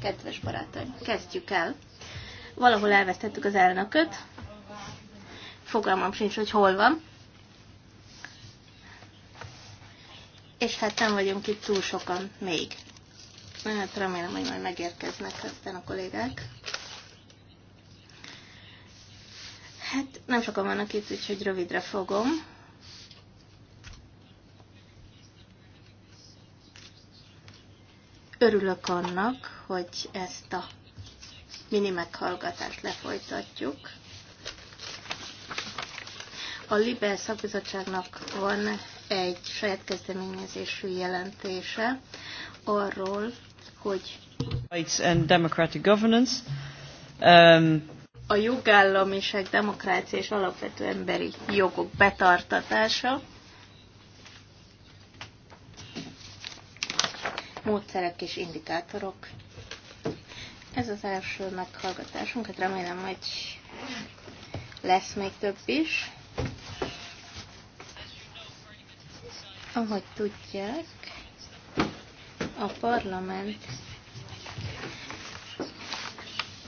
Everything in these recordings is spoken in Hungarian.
Kedves barátaim, kezdjük el. Valahol elvesztettük az elnököt. Fogalmam sincs, hogy hol van. És hát nem vagyunk itt túl sokan még. Hát remélem, hogy majd megérkeznek aztán a kollégák. Hát nem sokan vannak itt, úgyhogy rövidre fogom Örülök annak, hogy ezt a mini meghallgatást lefolytatjuk. A Libel szakbizottságnak van egy saját kezdeményezésű jelentése arról, hogy Rights and Democratic Governance. Um, a jogállamiság, demokrácia és alapvető emberi jogok betartatása módszerek és indikátorok. Ez az első meghallgatásunk, hát remélem, hogy lesz még több is. Ahogy tudják, a parlament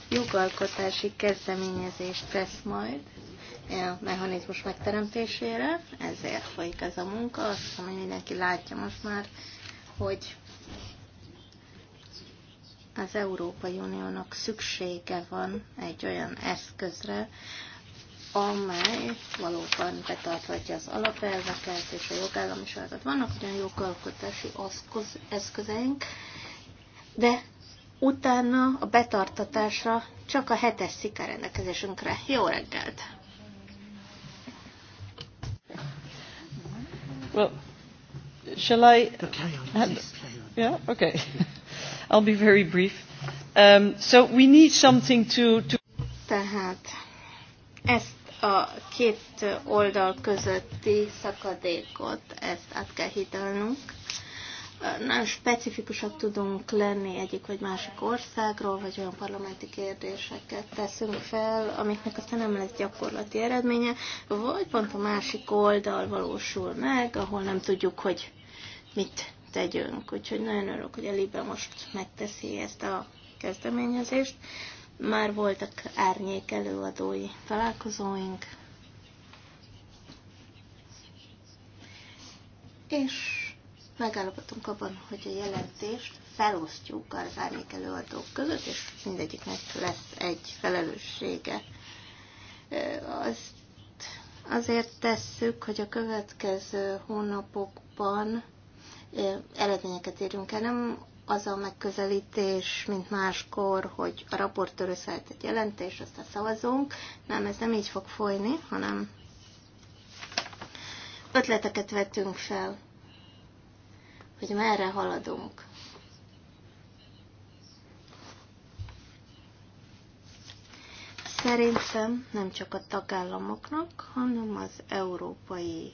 jogalkotási kezdeményezést tesz majd e a mechanizmus megteremtésére, ezért folyik ez a munka, azt hiszem, hogy mindenki látja most már, hogy az Európai Uniónak szüksége van egy olyan eszközre, amely valóban betartatja az alapelveket és a jogállamiságot. Vannak olyan jogalkotási eszközeink, de utána a betartatásra csak a hetes szika rendelkezésünkre. Jó reggelt! Well, shall I... yeah, okay. I'll be very brief. Um, so we need something to, to... Tehát ezt a két oldal közötti szakadékot, ezt át kell hitelnünk. Nagyon specifikusak tudunk lenni egyik vagy másik országról, vagy olyan parlamenti kérdéseket teszünk fel, amiknek aztán nem lesz gyakorlati eredménye, vagy pont a másik oldal valósul meg, ahol nem tudjuk, hogy mit tegyünk. Úgyhogy nagyon örülök, hogy a Libe most megteszi ezt a kezdeményezést. Már voltak árnyék előadói találkozóink, és megállapodtunk abban, hogy a jelentést felosztjuk az árnyék előadók között, és mindegyiknek lesz egy felelőssége. Azt azért tesszük, hogy a következő hónapokban eredményeket érünk, el. Nem az a megközelítés, mint máskor, hogy a raportőr összeállt egy jelentés, aztán szavazunk. Nem, ez nem így fog folyni, hanem ötleteket vetünk fel, hogy merre haladunk. Szerintem nem csak a tagállamoknak, hanem az Európai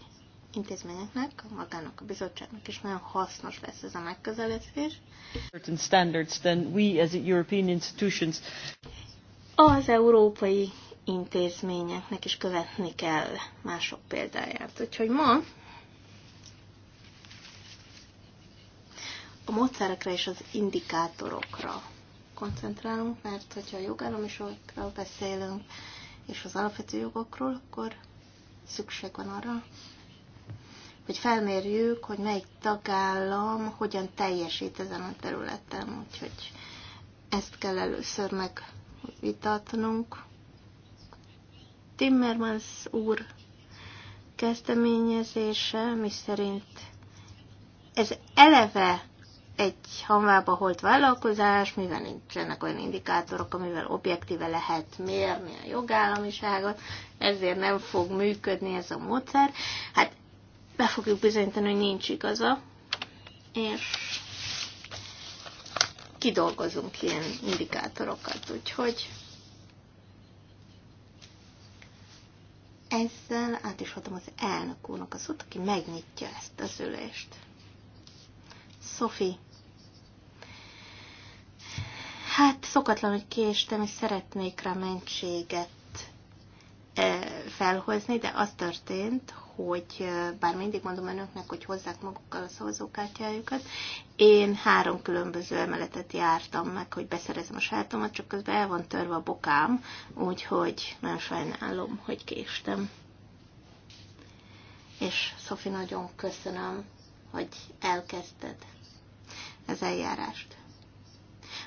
intézményeknek, magának a bizottságnak is nagyon hasznos lesz ez a megközelítés. Certain standards, then we as European institutions. Az európai intézményeknek is követni kell mások példáját. Úgyhogy ma a módszerekre és az indikátorokra koncentrálunk, mert hogyha a jogállamiságokról beszélünk, és az alapvető jogokról, akkor szükség van arra, hogy felmérjük, hogy melyik tagállam hogyan teljesít ezen a területen. Úgyhogy ezt kell először megvitatnunk. Timmermans úr kezdeményezése, mi szerint ez eleve egy hamvába holt vállalkozás, mivel nincsenek olyan indikátorok, amivel objektíve lehet mérni a jogállamiságot, ezért nem fog működni ez a módszer. Hát be fogjuk bizonyítani, hogy nincs igaza, és kidolgozunk ilyen indikátorokat, úgyhogy ezzel át is adom az elnök úrnak az ott, aki megnyitja ezt az ülést. Sophie, hát szokatlan, hogy késtem, és szeretnék rá mentséget eh, felhozni, de az történt, hogy bár mindig mondom önöknek, hogy hozzák magukkal a szavazókártyájukat, én három különböző emeletet jártam meg, hogy beszerezem a sátomat, csak közben el van törve a bokám, úgyhogy nagyon sajnálom, hogy késtem. És Szofi, nagyon köszönöm, hogy elkezdted az eljárást.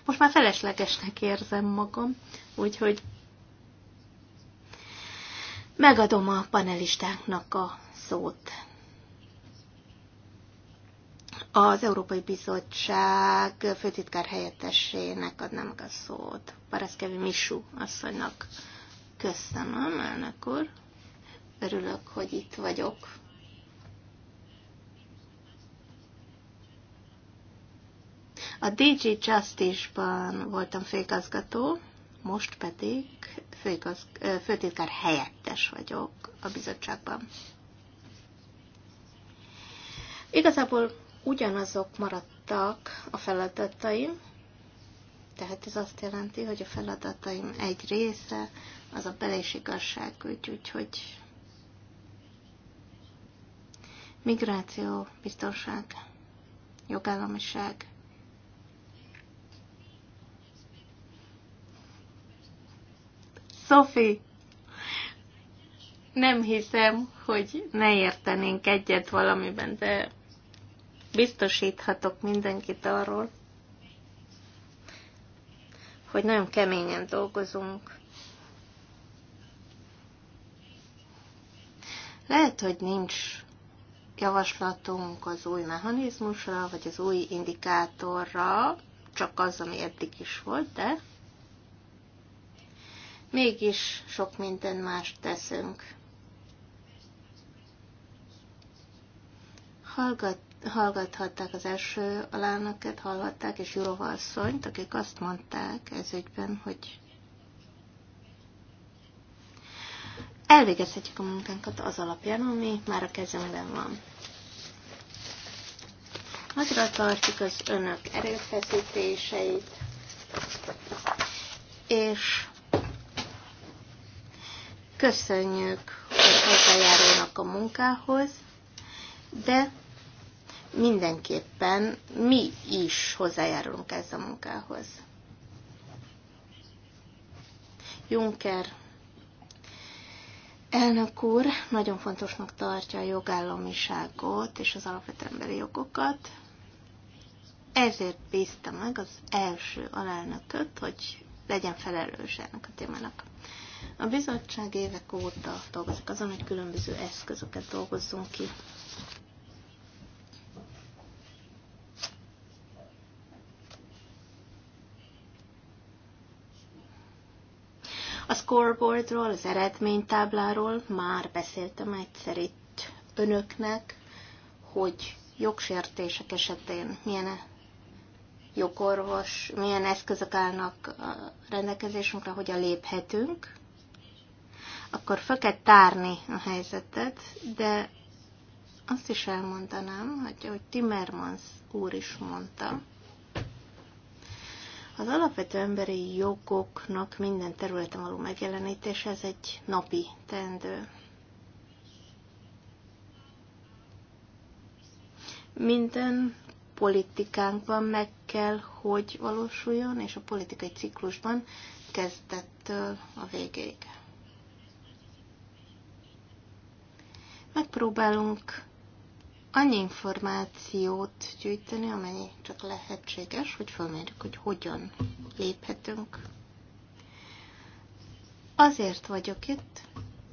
Most már feleslegesnek érzem magam, úgyhogy Megadom a panelistáknak a szót. Az Európai Bizottság főtitkár helyettesének adnám meg a szót. Paraszkevi Misú asszonynak. Köszönöm, elnök úr. Örülök, hogy itt vagyok. A DG Justice-ban voltam főigazgató, most pedig főigaz, főtitkár helyettes vagyok a bizottságban. Igazából ugyanazok maradtak a feladataim, tehát ez azt jelenti, hogy a feladataim egy része az a bel- és igazságügy, úgyhogy migráció, biztonság, jogállamiság, Szofi, nem hiszem, hogy ne értenénk egyet valamiben, de biztosíthatok mindenkit arról, hogy nagyon keményen dolgozunk. Lehet, hogy nincs javaslatunk az új mechanizmusra, vagy az új indikátorra, csak az, ami eddig is volt, de mégis sok minden más teszünk. Hallgat, hallgathatták az első alánöket, hallgatták, és Jurova asszonyt, akik azt mondták ez ügyben, hogy elvégezhetjük a munkánkat az alapján, ami már a kezünkben van. Nagyra tartjuk az önök erőfeszítéseit, és Köszönjük, hogy hozzájárulnak a munkához, de mindenképpen mi is hozzájárulunk ez a munkához. Juncker elnök úr nagyon fontosnak tartja a jogállamiságot és az alapvető emberi jogokat, ezért bízta meg az első alelnököt, hogy legyen felelős ennek a témának. A bizottság évek óta dolgozik azon, hogy különböző eszközöket dolgozzunk ki. A scoreboardról, az eredménytábláról már beszéltem egyszer itt önöknek, hogy jogsértések esetén milyen jogorvos, milyen eszközök állnak a rendelkezésünkre, hogyan léphetünk akkor fel kell tárni a helyzetet, de azt is elmondanám, hogy ahogy Timmermans úr is mondta, az alapvető emberi jogoknak minden területen való megjelenítése, ez egy napi teendő. Minden politikánkban meg kell, hogy valósuljon, és a politikai ciklusban kezdettől a végéig. Megpróbálunk annyi információt gyűjteni, amennyi csak lehetséges, hogy felmérjük, hogy hogyan léphetünk. Azért vagyok itt,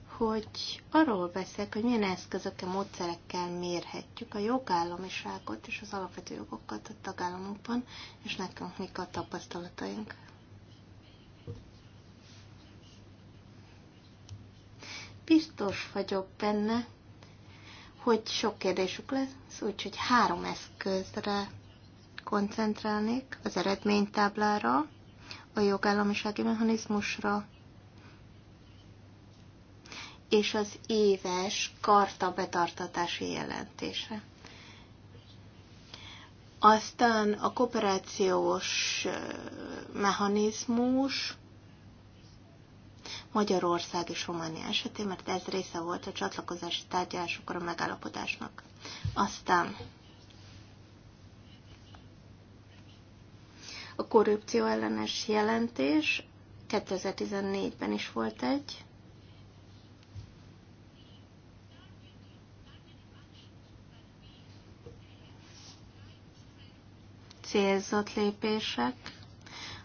hogy arról beszélek, hogy milyen eszközökkel, módszerekkel mérhetjük a jogállamiságot és az alapvető jogokat a tagállamokban, és nekünk mik a tapasztalataink. Biztos vagyok benne, hogy sok kérdésük lesz, úgyhogy három eszközre koncentrálnék, az eredménytáblára, a jogállamisági mechanizmusra, és az éves karta betartatási jelentése. Aztán a kooperációs mechanizmus, Magyarország és Románia esetén, mert ez része volt a csatlakozási tárgyalásokor a megállapodásnak. Aztán a korrupció ellenes jelentés 2014-ben is volt egy, célzott lépések,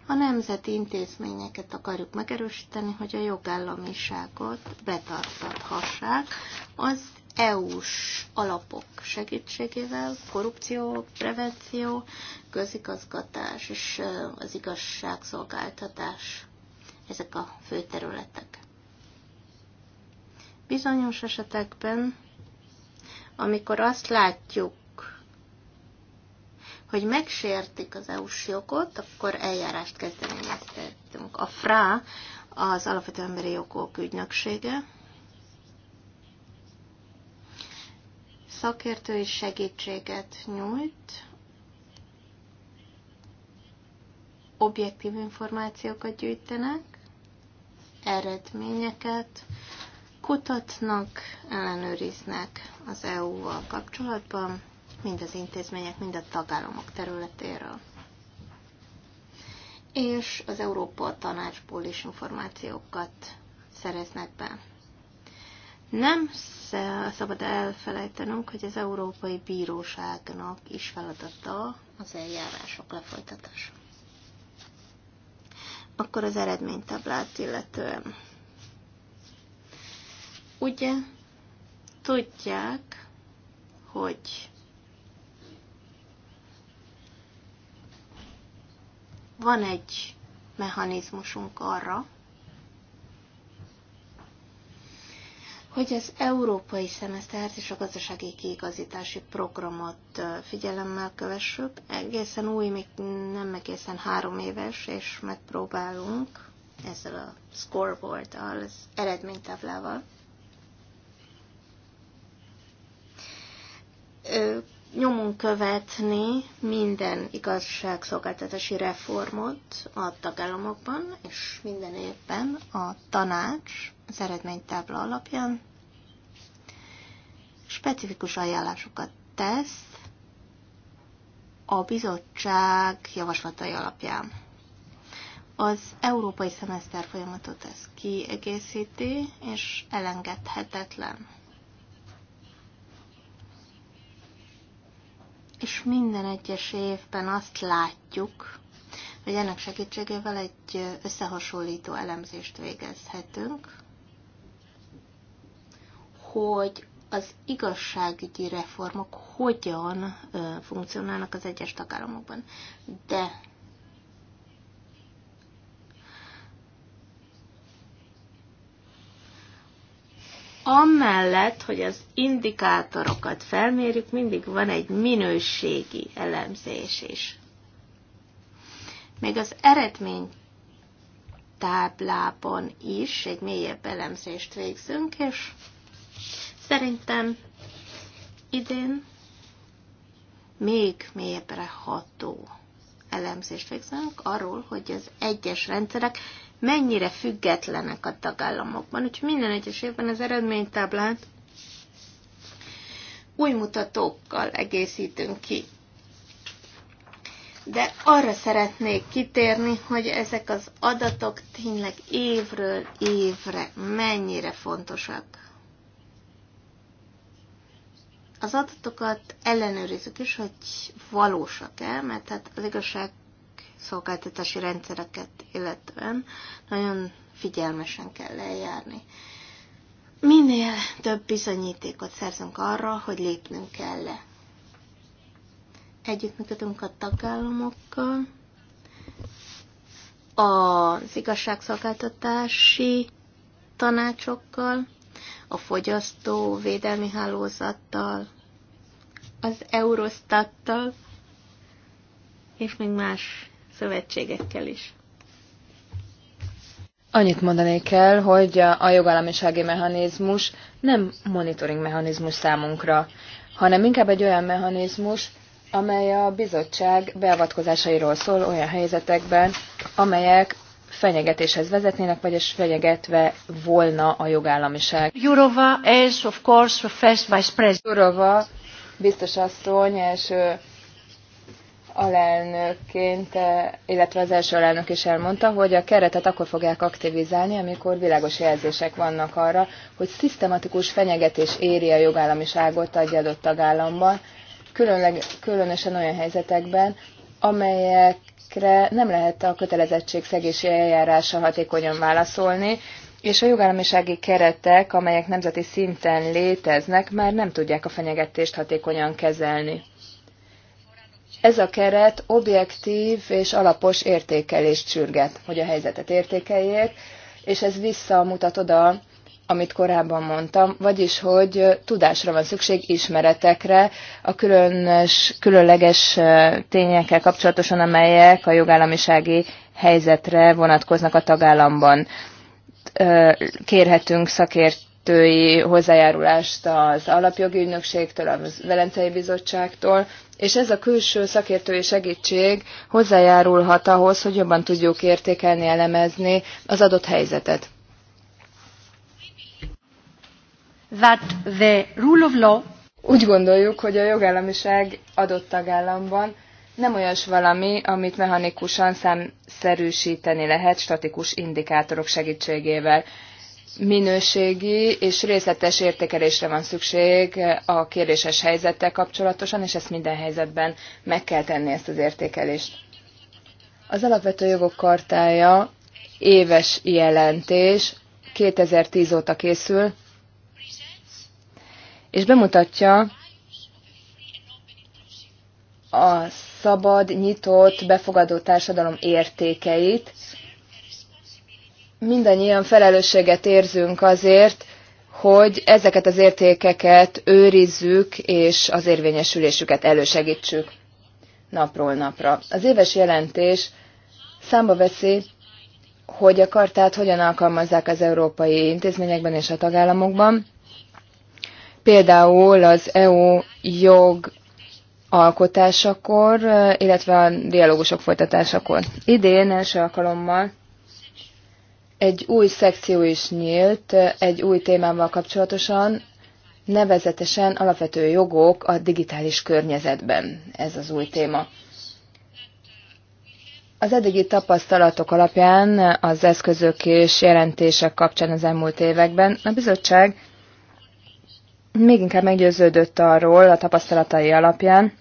a nemzeti intézményeket akarjuk megerősíteni, hogy a jogállamiságot betartathassák az EU-s alapok segítségével, korrupció, prevenció, közigazgatás és az igazságszolgáltatás. Ezek a fő területek. Bizonyos esetekben, amikor azt látjuk, hogy megsértik az EU-s jogot, akkor eljárást kezdeményeztetünk. A FRA, az Alapvető Emberi Jogok Ügynöksége, szakértői segítséget nyújt, objektív információkat gyűjtenek, eredményeket, kutatnak, ellenőriznek az EU-val kapcsolatban, mind az intézmények, mind a tagállamok területéről. És az Európa Tanácsból is információkat szereznek be. Nem szabad elfelejtenünk, hogy az Európai Bíróságnak is feladata az eljárások lefolytatása. Akkor az eredménytáblát illetően. Ugye tudják, hogy Van egy mechanizmusunk arra, hogy az európai szemesztert és a gazdasági kiigazítási programot figyelemmel kövessük. Egészen új, még nem egészen három éves, és megpróbálunk ezzel a scoreboarddal, az eredménytáblával nyomon követni minden igazságszolgáltatási reformot a tagállamokban, és minden évben a tanács az eredménytábla alapján specifikus ajánlásokat tesz a bizottság javaslatai alapján. Az európai szemeszter folyamatot ez kiegészíti, és elengedhetetlen és minden egyes évben azt látjuk, hogy ennek segítségével egy összehasonlító elemzést végezhetünk, hogy az igazságügyi reformok hogyan funkcionálnak az egyes tagállamokban. De amellett, hogy az indikátorokat felmérjük, mindig van egy minőségi elemzés is. Még az eredmény táblában is egy mélyebb elemzést végzünk, és szerintem idén még mélyebbre ható elemzést végzünk arról, hogy az egyes rendszerek mennyire függetlenek a tagállamokban. Úgyhogy minden egyes évben az eredménytáblát új mutatókkal egészítünk ki. De arra szeretnék kitérni, hogy ezek az adatok tényleg évről évre mennyire fontosak. Az adatokat ellenőrizzük is, hogy valósak-e, mert hát az igazság szolgáltatási rendszereket illetően nagyon figyelmesen kell eljárni. Minél több bizonyítékot szerzünk arra, hogy lépnünk kell le. Együttműködünk a tagállamokkal, az igazságszolgáltatási tanácsokkal, a fogyasztóvédelmi hálózattal, az Eurostattal, és még más szövetségekkel is. Annyit mondani kell, hogy a jogállamisági mechanizmus nem monitoring mechanizmus számunkra, hanem inkább egy olyan mechanizmus, amely a bizottság beavatkozásairól szól olyan helyzetekben, amelyek fenyegetéshez vezetnének, vagyis fenyegetve volna a jogállamiság. Jurova is, of course, first vice president. Jurova biztos asszony első alelnökként, eh, illetve az első alelnök is elmondta, hogy a keretet akkor fogják aktivizálni, amikor világos jelzések vannak arra, hogy szisztematikus fenyegetés éri a jogállamiságot egy adott tagállamban, különleg, különösen olyan helyzetekben, amelyekre nem lehet a szegési eljárása hatékonyan válaszolni, és a jogállamisági keretek, amelyek nemzeti szinten léteznek, már nem tudják a fenyegetést hatékonyan kezelni ez a keret objektív és alapos értékelést sürget, hogy a helyzetet értékeljék, és ez visszamutat oda, amit korábban mondtam, vagyis, hogy tudásra van szükség, ismeretekre, a különös, különleges tényekkel kapcsolatosan, amelyek a jogállamisági helyzetre vonatkoznak a tagállamban. Kérhetünk szakértői hozzájárulást az alapjogi ügynökségtől, a Velencei Bizottságtól, és ez a külső szakértői segítség hozzájárulhat ahhoz, hogy jobban tudjuk értékelni, elemezni az adott helyzetet. That the rule of law úgy gondoljuk, hogy a jogállamiság adott tagállamban nem olyas valami, amit mechanikusan számszerűsíteni lehet statikus indikátorok segítségével minőségi és részletes értékelésre van szükség a kérdéses helyzettel kapcsolatosan, és ezt minden helyzetben meg kell tenni ezt az értékelést. Az Alapvető Jogok Kartája éves jelentés 2010 óta készül, és bemutatja a szabad, nyitott, befogadó társadalom értékeit, mindannyian felelősséget érzünk azért, hogy ezeket az értékeket őrizzük, és az érvényesülésüket elősegítsük napról napra. Az éves jelentés számba veszi, hogy a kartát hogyan alkalmazzák az európai intézményekben és a tagállamokban. Például az EU jog alkotásakor, illetve a dialógusok folytatásakor. Idén első alkalommal egy új szekció is nyílt egy új témával kapcsolatosan, nevezetesen alapvető jogok a digitális környezetben. Ez az új téma. Az eddigi tapasztalatok alapján az eszközök és jelentések kapcsán az elmúlt években a bizottság még inkább meggyőződött arról a tapasztalatai alapján,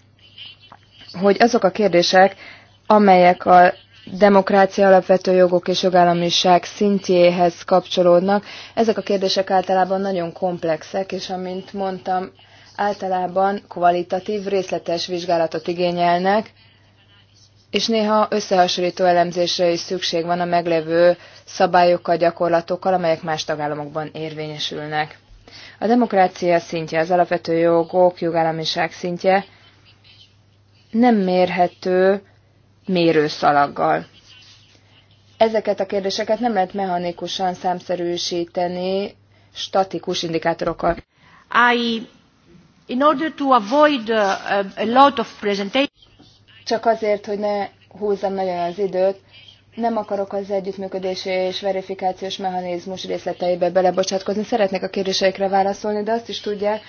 hogy azok a kérdések, amelyek a demokrácia, alapvető jogok és jogállamiság szintjéhez kapcsolódnak. Ezek a kérdések általában nagyon komplexek, és amint mondtam, általában kvalitatív, részletes vizsgálatot igényelnek, és néha összehasonlító elemzésre is szükség van a meglevő szabályokkal, gyakorlatokkal, amelyek más tagállamokban érvényesülnek. A demokrácia szintje, az alapvető jogok, jogállamiság szintje nem mérhető mérőszalaggal. Ezeket a kérdéseket nem lehet mechanikusan számszerűsíteni statikus indikátorokkal. I, in order to avoid a, uh, a lot of presentation... Csak azért, hogy ne húzzam nagyon az időt, nem akarok az együttműködési és verifikációs mechanizmus részleteibe belebocsátkozni. Szeretnék a kérdéseikre válaszolni, de azt is tudják,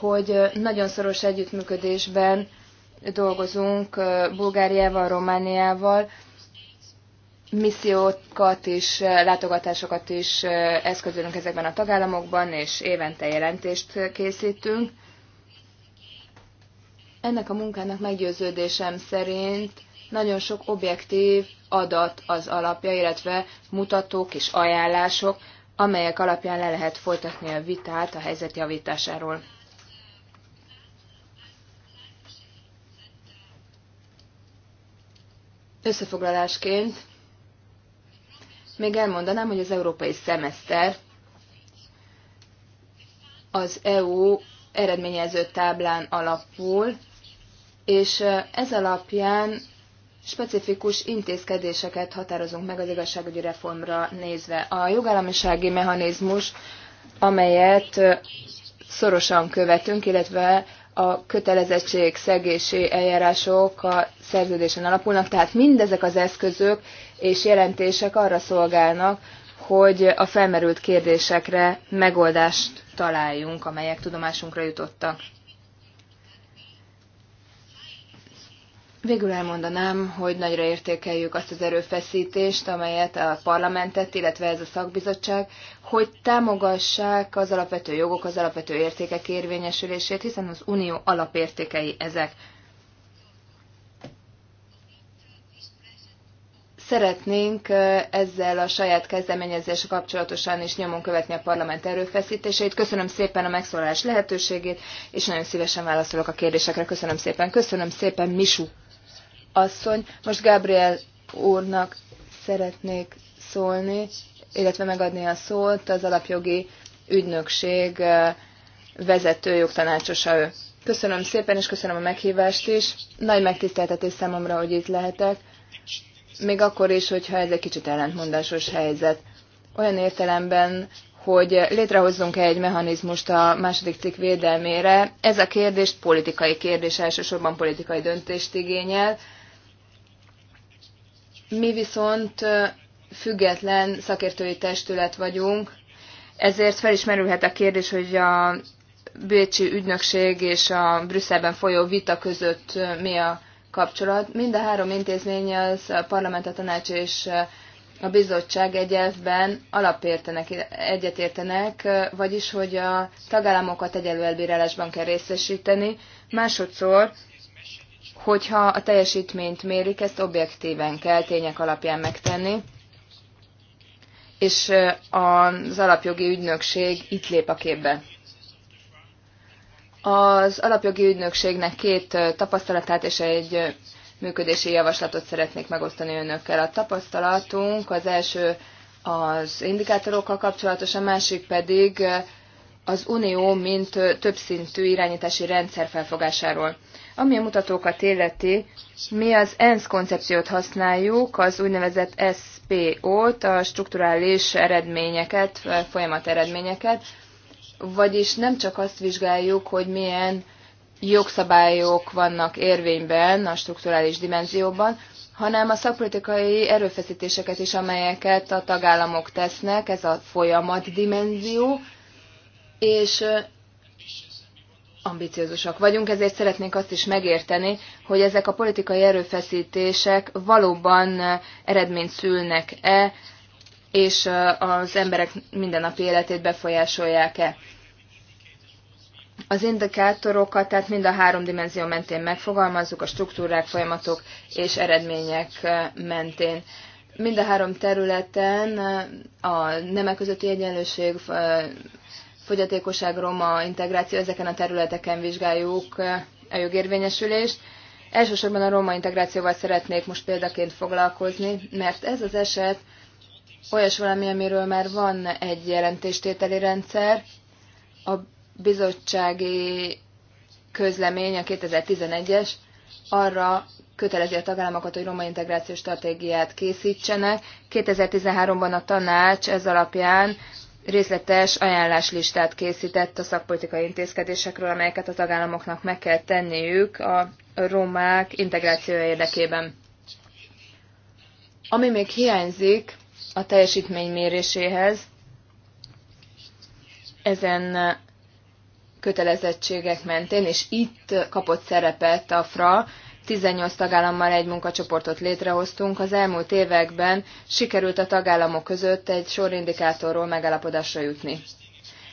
hogy uh, nagyon szoros együttműködésben dolgozunk Bulgáriával, Romániával, missziókat is, látogatásokat is eszközölünk ezekben a tagállamokban, és évente jelentést készítünk. Ennek a munkának meggyőződésem szerint nagyon sok objektív adat az alapja, illetve mutatók és ajánlások, amelyek alapján le lehet folytatni a vitát a helyzet javításáról. Összefoglalásként még elmondanám, hogy az európai szemeszter az EU eredményező táblán alapul, és ez alapján specifikus intézkedéseket határozunk meg az igazságügyi reformra nézve. A jogállamisági mechanizmus, amelyet szorosan követünk, illetve a kötelezettség szegési eljárások a szerződésen alapulnak, tehát mindezek az eszközök és jelentések arra szolgálnak, hogy a felmerült kérdésekre megoldást találjunk, amelyek tudomásunkra jutottak. Végül elmondanám, hogy nagyra értékeljük azt az erőfeszítést, amelyet a parlamentet, illetve ez a szakbizottság, hogy támogassák az alapvető jogok, az alapvető értékek érvényesülését, hiszen az unió alapértékei ezek. Szeretnénk ezzel a saját kezdeményezésre kapcsolatosan is nyomon követni a parlament erőfeszítéseit. Köszönöm szépen a megszólalás lehetőségét, és nagyon szívesen válaszolok a kérdésekre. Köszönöm szépen. Köszönöm szépen, Misu asszony. Most Gabriel úrnak szeretnék szólni, illetve megadni a szót, az alapjogi ügynökség vezető jogtanácsosa ő. Köszönöm szépen, és köszönöm a meghívást is. Nagy megtiszteltetés számomra, hogy itt lehetek. Még akkor is, hogyha ez egy kicsit ellentmondásos helyzet. Olyan értelemben, hogy létrehozzunk-e egy mechanizmust a második cikk védelmére. Ez a kérdés politikai kérdés, elsősorban politikai döntést igényel, mi viszont független szakértői testület vagyunk, ezért felismerülhet a kérdés, hogy a Bécsi ügynökség és a Brüsszelben folyó vita között mi a kapcsolat. Mind a három intézmény, az a parlament, a tanács és a bizottság egy elfben alapértenek, egyetértenek, vagyis, hogy a tagállamokat egyelő elbírálásban kell részesíteni. Másodszor hogyha a teljesítményt mérik, ezt objektíven kell tények alapján megtenni, és az alapjogi ügynökség itt lép a képbe. Az alapjogi ügynökségnek két tapasztalatát és egy működési javaslatot szeretnék megosztani önökkel. A tapasztalatunk az első az indikátorokkal kapcsolatos, a másik pedig az Unió, mint többszintű irányítási rendszer felfogásáról. Ami a mutatókat illeti, mi az ENSZ koncepciót használjuk, az úgynevezett SPO-t, a strukturális eredményeket, folyamat eredményeket, vagyis nem csak azt vizsgáljuk, hogy milyen jogszabályok vannak érvényben a strukturális dimenzióban, hanem a szakpolitikai erőfeszítéseket is, amelyeket a tagállamok tesznek, ez a folyamat dimenzió, és ambiciózusak vagyunk, ezért szeretnénk azt is megérteni, hogy ezek a politikai erőfeszítések valóban eredményt szülnek-e, és az emberek mindennapi életét befolyásolják-e. Az indikátorokat, tehát mind a három dimenzió mentén megfogalmazzuk, a struktúrák, folyamatok és eredmények mentén. Mind a három területen a nemek közötti egyenlőség, fogyatékosság, roma integráció, ezeken a területeken vizsgáljuk eh, a jogérvényesülést. Elsősorban a roma integrációval szeretnék most példaként foglalkozni, mert ez az eset olyas valami, amiről már van egy jelentéstételi rendszer, a bizottsági közlemény, a 2011-es, arra kötelezi a tagállamokat, hogy roma integrációs stratégiát készítsenek. 2013-ban a tanács ez alapján részletes ajánláslistát készített a szakpolitikai intézkedésekről, amelyeket a tagállamoknak meg kell tenniük a romák integrációja érdekében. Ami még hiányzik a teljesítmény méréséhez, ezen kötelezettségek mentén, és itt kapott szerepet a FRA, 18 tagállammal egy munkacsoportot létrehoztunk. Az elmúlt években sikerült a tagállamok között egy sor indikátorról megállapodásra jutni.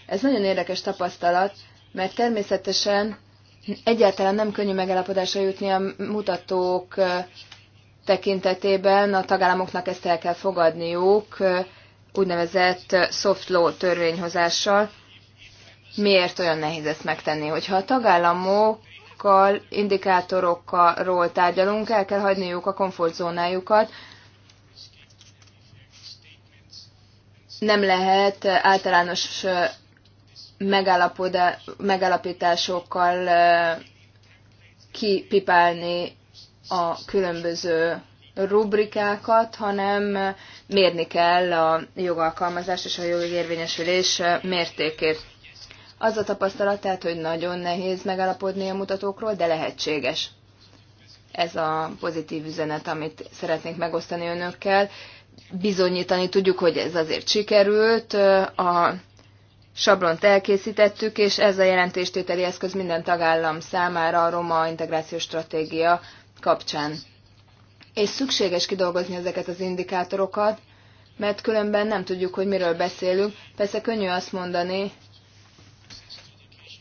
Ez nagyon érdekes tapasztalat, mert természetesen egyáltalán nem könnyű megállapodásra jutni a mutatók tekintetében, a tagállamoknak ezt el kell fogadniuk úgynevezett soft law törvényhozással. Miért olyan nehéz ezt megtenni? Hogyha a tagállamok indikátorokkal, indikátorokkal tárgyalunk, el kell hagyniuk a komfortzónájukat. Nem lehet általános megállapításokkal kipipálni a különböző rubrikákat, hanem mérni kell a jogalkalmazás és a jogi érvényesülés mértékét. Az a tapasztalat tehát, hogy nagyon nehéz megállapodni a mutatókról, de lehetséges. Ez a pozitív üzenet, amit szeretnénk megosztani önökkel. Bizonyítani tudjuk, hogy ez azért sikerült. A sablont elkészítettük, és ez a jelentéstételi eszköz minden tagállam számára a roma integrációs stratégia kapcsán. És szükséges kidolgozni ezeket az indikátorokat, mert különben nem tudjuk, hogy miről beszélünk. Persze könnyű azt mondani,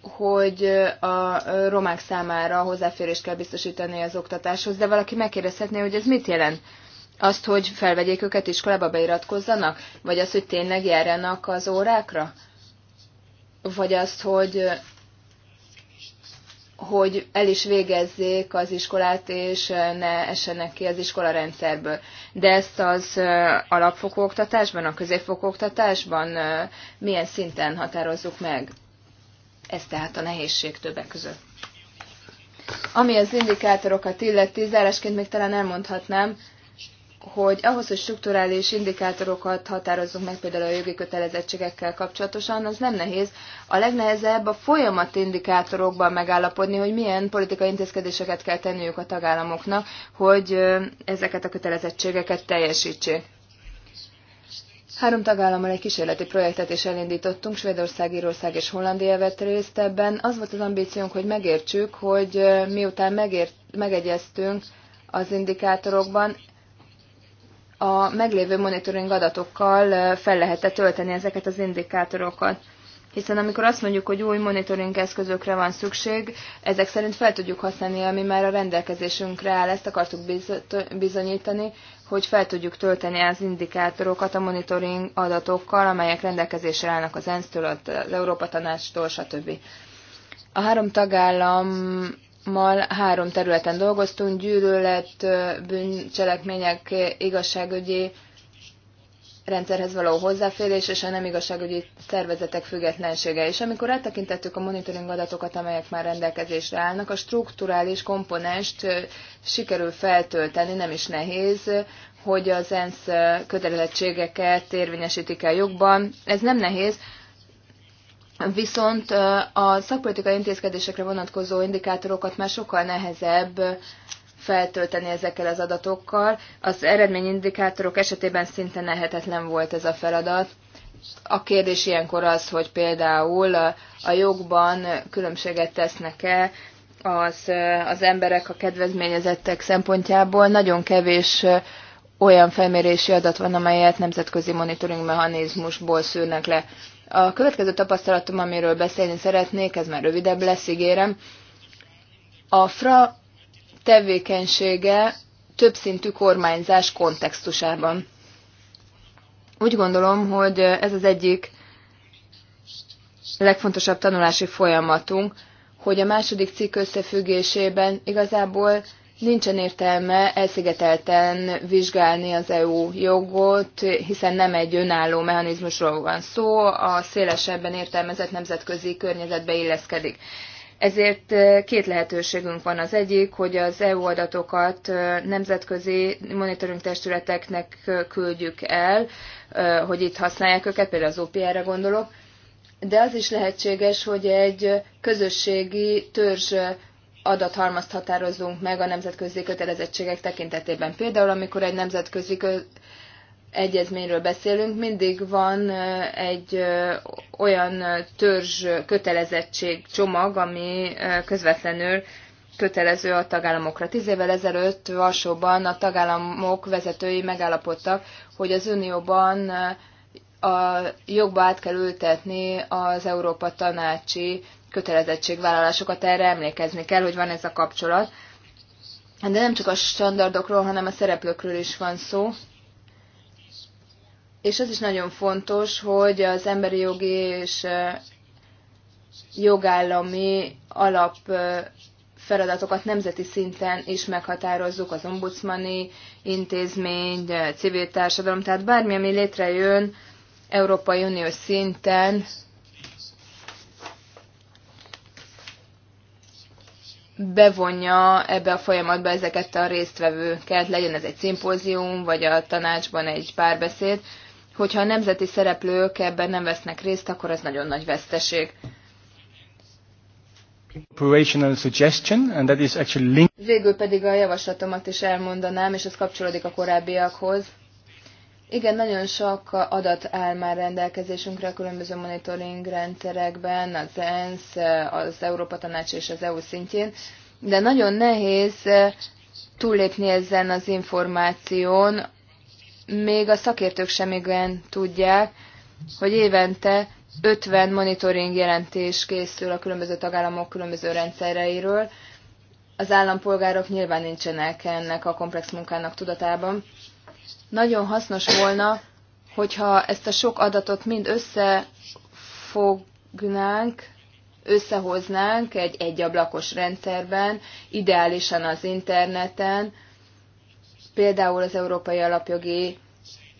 hogy a romák számára hozzáférést kell biztosítani az oktatáshoz, de valaki megkérdezhetné, hogy ez mit jelent? Azt, hogy felvegyék őket iskolába, beiratkozzanak? Vagy azt, hogy tényleg járjanak az órákra? Vagy azt, hogy, hogy el is végezzék az iskolát, és ne essenek ki az iskolarendszerből. De ezt az alapfokú oktatásban, a középfokú oktatásban milyen szinten határozzuk meg? Ez tehát a nehézség többek között. Ami az indikátorokat illeti, zárásként még talán elmondhatnám, hogy ahhoz, hogy strukturális indikátorokat határozzunk meg például a jogi kötelezettségekkel kapcsolatosan, az nem nehéz. A legnehezebb a folyamat indikátorokban megállapodni, hogy milyen politikai intézkedéseket kell tenniük a tagállamoknak, hogy ezeket a kötelezettségeket teljesítsék. Három tagállammal egy kísérleti projektet is elindítottunk, Svédország, Írország és Hollandia vett részt ebben. Az volt az ambíciónk, hogy megértsük, hogy miután megért, megegyeztünk az indikátorokban, a meglévő monitoring adatokkal fel -e tölteni ezeket az indikátorokat hiszen amikor azt mondjuk, hogy új monitoring eszközökre van szükség, ezek szerint fel tudjuk használni, ami már a rendelkezésünkre áll, ezt akartuk bizonyítani, hogy fel tudjuk tölteni az indikátorokat a monitoring adatokkal, amelyek rendelkezésre állnak az ENSZ-től, az Európa Tanácstól, stb. A három tagállammal három területen dolgoztunk, gyűlölet, bűncselekmények, igazságügyi rendszerhez való hozzáférés és a nem igazságügyi szervezetek függetlensége. És amikor áttekintettük a monitoring adatokat, amelyek már rendelkezésre állnak, a strukturális komponest sikerül feltölteni, nem is nehéz, hogy az ENSZ kötelezettségeket érvényesítik el jogban. Ez nem nehéz, viszont a szakpolitikai intézkedésekre vonatkozó indikátorokat már sokkal nehezebb feltölteni ezekkel az adatokkal. Az eredményindikátorok esetében szinte lehetetlen volt ez a feladat. A kérdés ilyenkor az, hogy például a jogban különbséget tesznek-e az, az emberek, a kedvezményezettek szempontjából. Nagyon kevés olyan felmérési adat van, amelyet nemzetközi monitoring mechanizmusból szűrnek le. A következő tapasztalatom, amiről beszélni szeretnék, ez már rövidebb lesz, ígérem. A FRA tevékenysége többszintű kormányzás kontextusában. Úgy gondolom, hogy ez az egyik legfontosabb tanulási folyamatunk, hogy a második cikk összefüggésében igazából nincsen értelme elszigetelten vizsgálni az EU jogot, hiszen nem egy önálló mechanizmusról van szó, a szélesebben értelmezett nemzetközi környezetbe illeszkedik. Ezért két lehetőségünk van. Az egyik, hogy az EU adatokat nemzetközi monitoring testületeknek küldjük el, hogy itt használják őket, például az OPR-re gondolok, de az is lehetséges, hogy egy közösségi törzs adathalmazt határozunk meg a nemzetközi kötelezettségek tekintetében. Például, amikor egy nemzetközi egyezményről beszélünk, mindig van egy olyan törzs kötelezettség csomag, ami közvetlenül kötelező a tagállamokra. Tíz évvel ezelőtt Varsóban a tagállamok vezetői megállapodtak, hogy az Unióban a jogba át kell ültetni az Európa tanácsi kötelezettségvállalásokat, erre emlékezni kell, hogy van ez a kapcsolat. De nem csak a standardokról, hanem a szereplőkről is van szó. És az is nagyon fontos, hogy az emberi jogi és jogállami alap feladatokat nemzeti szinten is meghatározzuk, az ombudsmani intézmény, civil társadalom, tehát bármi, ami létrejön Európai Unió szinten, bevonja ebbe a folyamatba ezeket a résztvevőket, legyen ez egy szimpózium, vagy a tanácsban egy párbeszéd, hogyha a nemzeti szereplők ebben nem vesznek részt, akkor ez nagyon nagy veszteség. Végül pedig a javaslatomat is elmondanám, és ez kapcsolódik a korábbiakhoz. Igen, nagyon sok adat áll már rendelkezésünkre a különböző monitoring rendszerekben, az ENSZ, az Európa Tanács és az EU szintjén, de nagyon nehéz túllépni ezen az információn, még a szakértők sem igen tudják, hogy évente 50 monitoring jelentés készül a különböző tagállamok különböző rendszereiről. Az állampolgárok nyilván nincsenek ennek a komplex munkának tudatában. Nagyon hasznos volna, hogyha ezt a sok adatot mind összefognánk, összehoznánk egy egyablakos rendszerben, ideálisan az interneten, például az Európai Alapjogi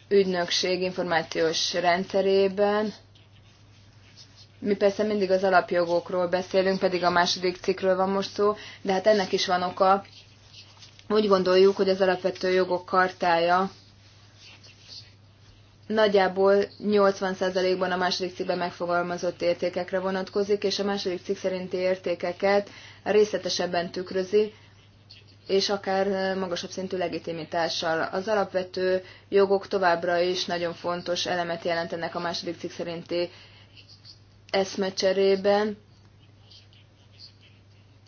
Ügynökség információs rendszerében. Mi persze mindig az alapjogokról beszélünk, pedig a második cikkről van most szó, de hát ennek is van oka. Úgy gondoljuk, hogy az alapvető jogok kartája nagyjából 80%-ban a második cikkben megfogalmazott értékekre vonatkozik, és a második cikk szerinti értékeket részletesebben tükrözi, és akár magasabb szintű legitimitással. Az alapvető jogok továbbra is nagyon fontos elemet jelentenek a második cikk szerinti eszmecserében.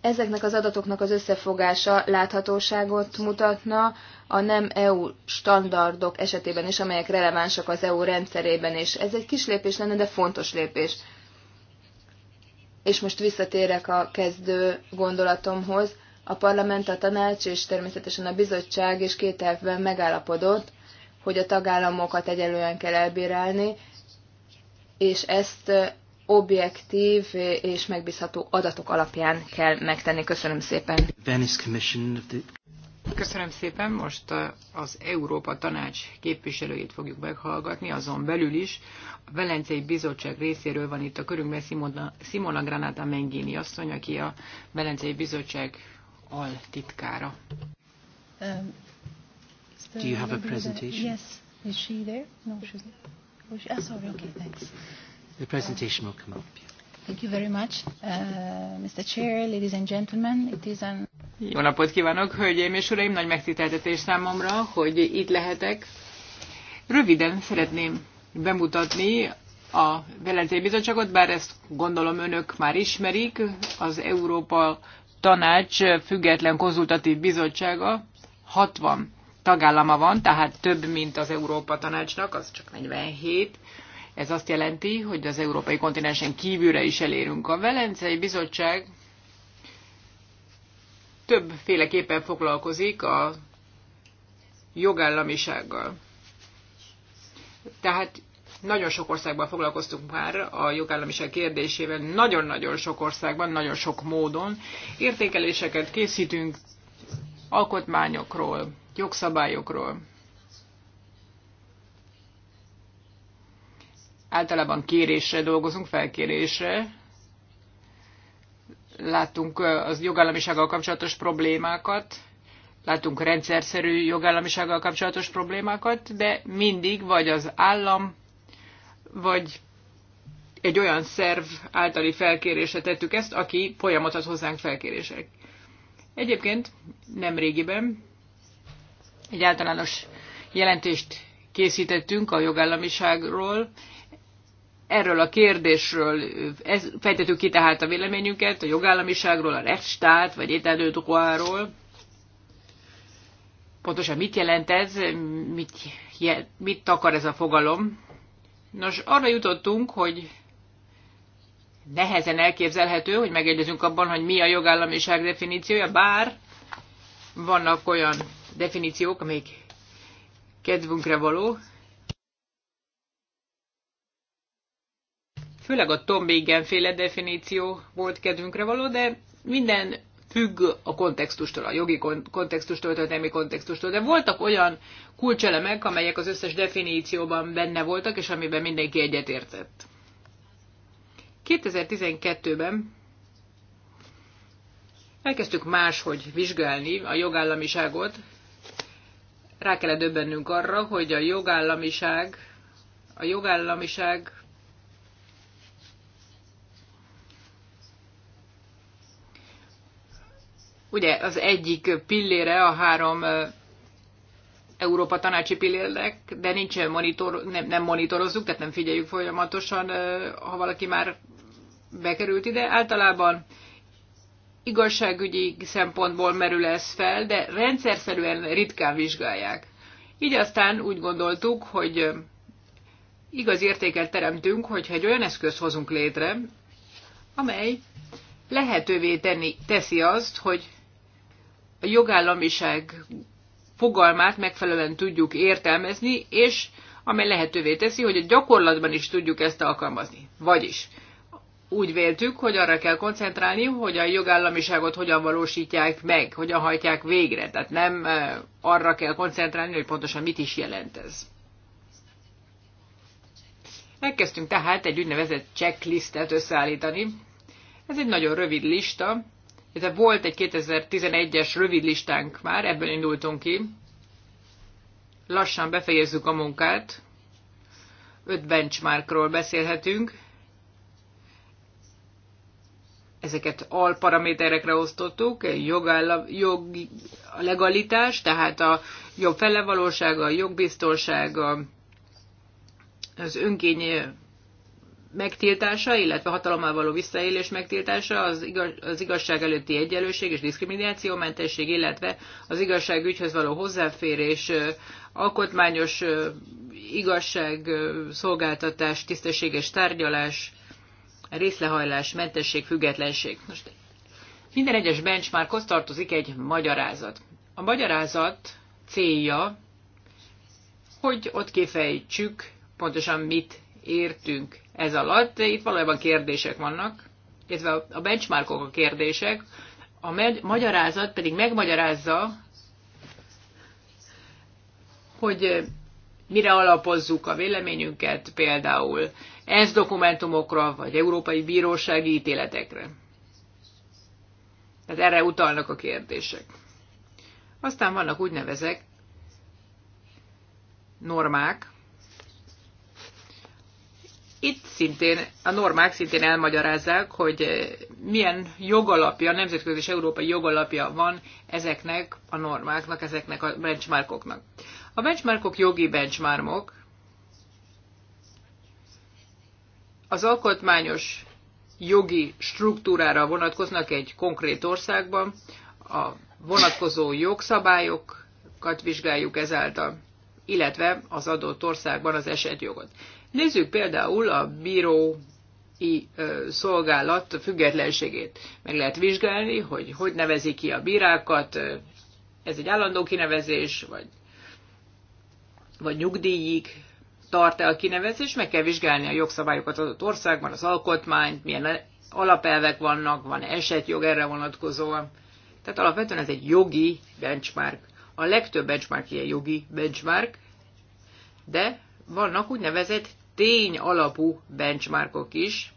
Ezeknek az adatoknak az összefogása láthatóságot mutatna a nem EU standardok esetében is, amelyek relevánsak az EU rendszerében is. Ez egy kis lépés lenne, de fontos lépés. És most visszatérek a kezdő gondolatomhoz a parlament, a tanács és természetesen a bizottság is két elvben megállapodott, hogy a tagállamokat egyelően kell elbírálni, és ezt objektív és megbízható adatok alapján kell megtenni. Köszönöm szépen. Köszönöm szépen. Most az Európa Tanács képviselőjét fogjuk meghallgatni, azon belül is. A Velencei Bizottság részéről van itt a körünkben Simona, Simona Granata Mengini asszony, aki a Velencei Bizottság altitkára. Um, Do you have a presentation? Yes. Is she there? No, she's not. Oh, she, ah, sorry. Okay, thanks. The presentation will come up. Thank you very much, uh, Mr. Chair, ladies and gentlemen. It is an... Jó napot kívánok, hölgyeim és uraim! Nagy megtiszteltetés számomra, hogy itt lehetek. Röviden szeretném bemutatni a Velencei Bizottságot, bár ezt gondolom önök már ismerik, az Európa tanács független konzultatív bizottsága 60 tagállama van, tehát több, mint az Európa tanácsnak, az csak 47. Ez azt jelenti, hogy az európai kontinensen kívülre is elérünk. A Velencei Bizottság többféleképpen foglalkozik a jogállamisággal. Tehát nagyon sok országban foglalkoztunk már a jogállamiság kérdésével, nagyon-nagyon sok országban, nagyon sok módon. Értékeléseket készítünk alkotmányokról, jogszabályokról. Általában kérésre dolgozunk, felkérésre. Láttunk az jogállamisággal kapcsolatos problémákat, látunk rendszerszerű jogállamisággal kapcsolatos problémákat, de mindig vagy az állam vagy egy olyan szerv általi felkérésre tettük ezt, aki folyamatot hozzánk felkérések. Egyébként nem régiben egy általános jelentést készítettünk a jogállamiságról. Erről a kérdésről ez, fejtettük ki tehát a véleményünket, a jogállamiságról, a rechtsstát, vagy ételődroáról. Pontosan mit jelent ez, mit, mit akar ez a fogalom? Nos, arra jutottunk, hogy nehezen elképzelhető, hogy megegyezünk abban, hogy mi a jogállamiság definíciója, bár vannak olyan definíciók, amik kedvünkre való. Főleg a Tom Bégen féle definíció volt kedvünkre való, de minden függ a kontextustól, a jogi kontextustól, a történelmi kontextustól, de voltak olyan kulcselemek, amelyek az összes definícióban benne voltak, és amiben mindenki egyetértett. 2012-ben elkezdtük máshogy vizsgálni a jogállamiságot. Rá kellett döbbennünk arra, hogy a jogállamiság, a jogállamiság Ugye az egyik pillére a három Európa tanácsi pillérnek, de nincs monitor, nem, nem monitorozzuk, tehát nem figyeljük folyamatosan, ha valaki már bekerült ide. Általában igazságügyi szempontból merül ez fel, de rendszerszerűen ritkán vizsgálják. Így aztán úgy gondoltuk, hogy igaz értéket teremtünk, hogyha egy olyan eszköz hozunk létre, amely lehetővé tenni, teszi azt, hogy a jogállamiság fogalmát megfelelően tudjuk értelmezni, és amely lehetővé teszi, hogy a gyakorlatban is tudjuk ezt alkalmazni. Vagyis úgy véltük, hogy arra kell koncentrálni, hogy a jogállamiságot hogyan valósítják meg, hogyan hajtják végre. Tehát nem arra kell koncentrálni, hogy pontosan mit is jelent ez. Megkezdtünk tehát egy úgynevezett checklistet összeállítani. Ez egy nagyon rövid lista, ez volt egy 2011-es rövid listánk már, ebből indultunk ki. Lassan befejezzük a munkát, öt benchmarkról beszélhetünk. Ezeket alparaméterekre osztottuk, jog, a legalitás, tehát a jobb felevalósága, a jogbiztonsága, az önkény megtiltása, illetve hatalommal való visszaélés megtiltása, az, igaz, az igazság előtti egyenlőség és diszkriminációmentesség, illetve az igazságügyhöz való hozzáférés, alkotmányos igazság szolgáltatás, tisztességes tárgyalás, részlehajlás, mentesség, függetlenség. Most minden egyes benchmarkhoz tartozik egy magyarázat. A magyarázat célja, hogy ott kifejtsük pontosan mit értünk ez alatt. Itt valójában kérdések vannak, illetve a benchmarkok a kérdések, a magyarázat pedig megmagyarázza, hogy mire alapozzuk a véleményünket, például ENSZ dokumentumokra, vagy európai bírósági ítéletekre. Tehát erre utalnak a kérdések. Aztán vannak úgynevezett normák, itt szintén a normák szintén elmagyarázzák, hogy eh, milyen jogalapja, nemzetközi és európai jogalapja van ezeknek a normáknak, ezeknek a benchmarkoknak. A benchmarkok jogi benchmarkok, az alkotmányos jogi struktúrára vonatkoznak egy konkrét országban, a vonatkozó jogszabályokat vizsgáljuk ezáltal, illetve az adott országban az esetjogot. Nézzük például a bíró szolgálat függetlenségét. Meg lehet vizsgálni, hogy hogy nevezik ki a bírákat, ez egy állandó kinevezés, vagy, vagy nyugdíjig tart-e a kinevezés, meg kell vizsgálni a jogszabályokat adott országban, az alkotmányt, milyen alapelvek vannak, van esetjog erre vonatkozóan. Tehát alapvetően ez egy jogi benchmark. A legtöbb benchmark ilyen jogi benchmark, de vannak úgynevezett tény alapú benchmarkok is.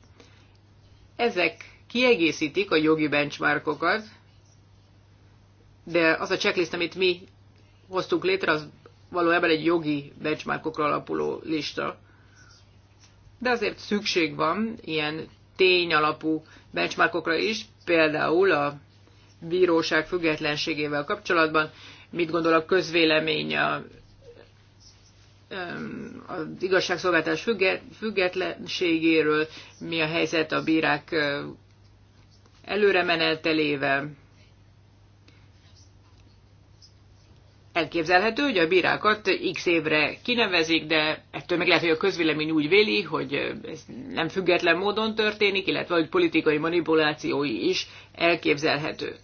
Ezek kiegészítik a jogi benchmarkokat, de az a checklist, amit mi hoztunk létre, az valójában egy jogi benchmarkokra alapuló lista. De azért szükség van ilyen tény alapú benchmarkokra is, például a bíróság függetlenségével kapcsolatban, mit gondol a közvélemény a az igazságszolgáltás függetlenségéről, mi a helyzet a bírák előre menetelével. Elképzelhető, hogy a bírákat x évre kinevezik, de ettől meg lehet, hogy a közvélemény úgy véli, hogy ez nem független módon történik, illetve hogy politikai manipuláció is elképzelhető.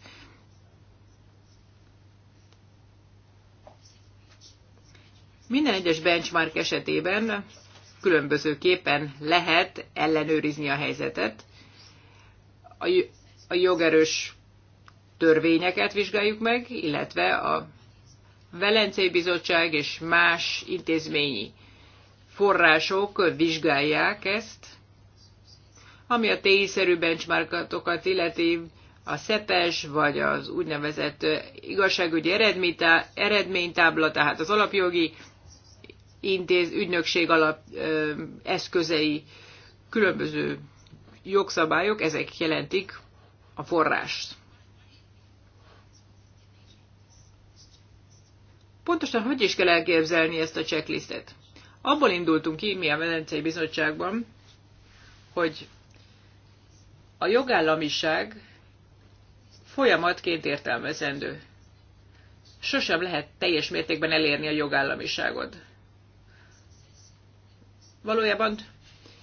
Minden egyes benchmark esetében különbözőképpen lehet ellenőrizni a helyzetet. A jogerős törvényeket vizsgáljuk meg, illetve a Velencei Bizottság és más intézményi források vizsgálják ezt, ami a tényszerű benchmarkatokat benchmarkokat illeti, a SZEPES, vagy az úgynevezett igazságügyi eredménytábla, tehát az alapjogi intéz, ügynökség alap ö, eszközei, különböző jogszabályok, ezek jelentik a forrást. Pontosan hogy is kell elképzelni ezt a checklistet? Abból indultunk ki mi a Velencei Bizottságban, hogy a jogállamiság folyamatként értelmezendő. Sosem lehet teljes mértékben elérni a jogállamiságot. Valójában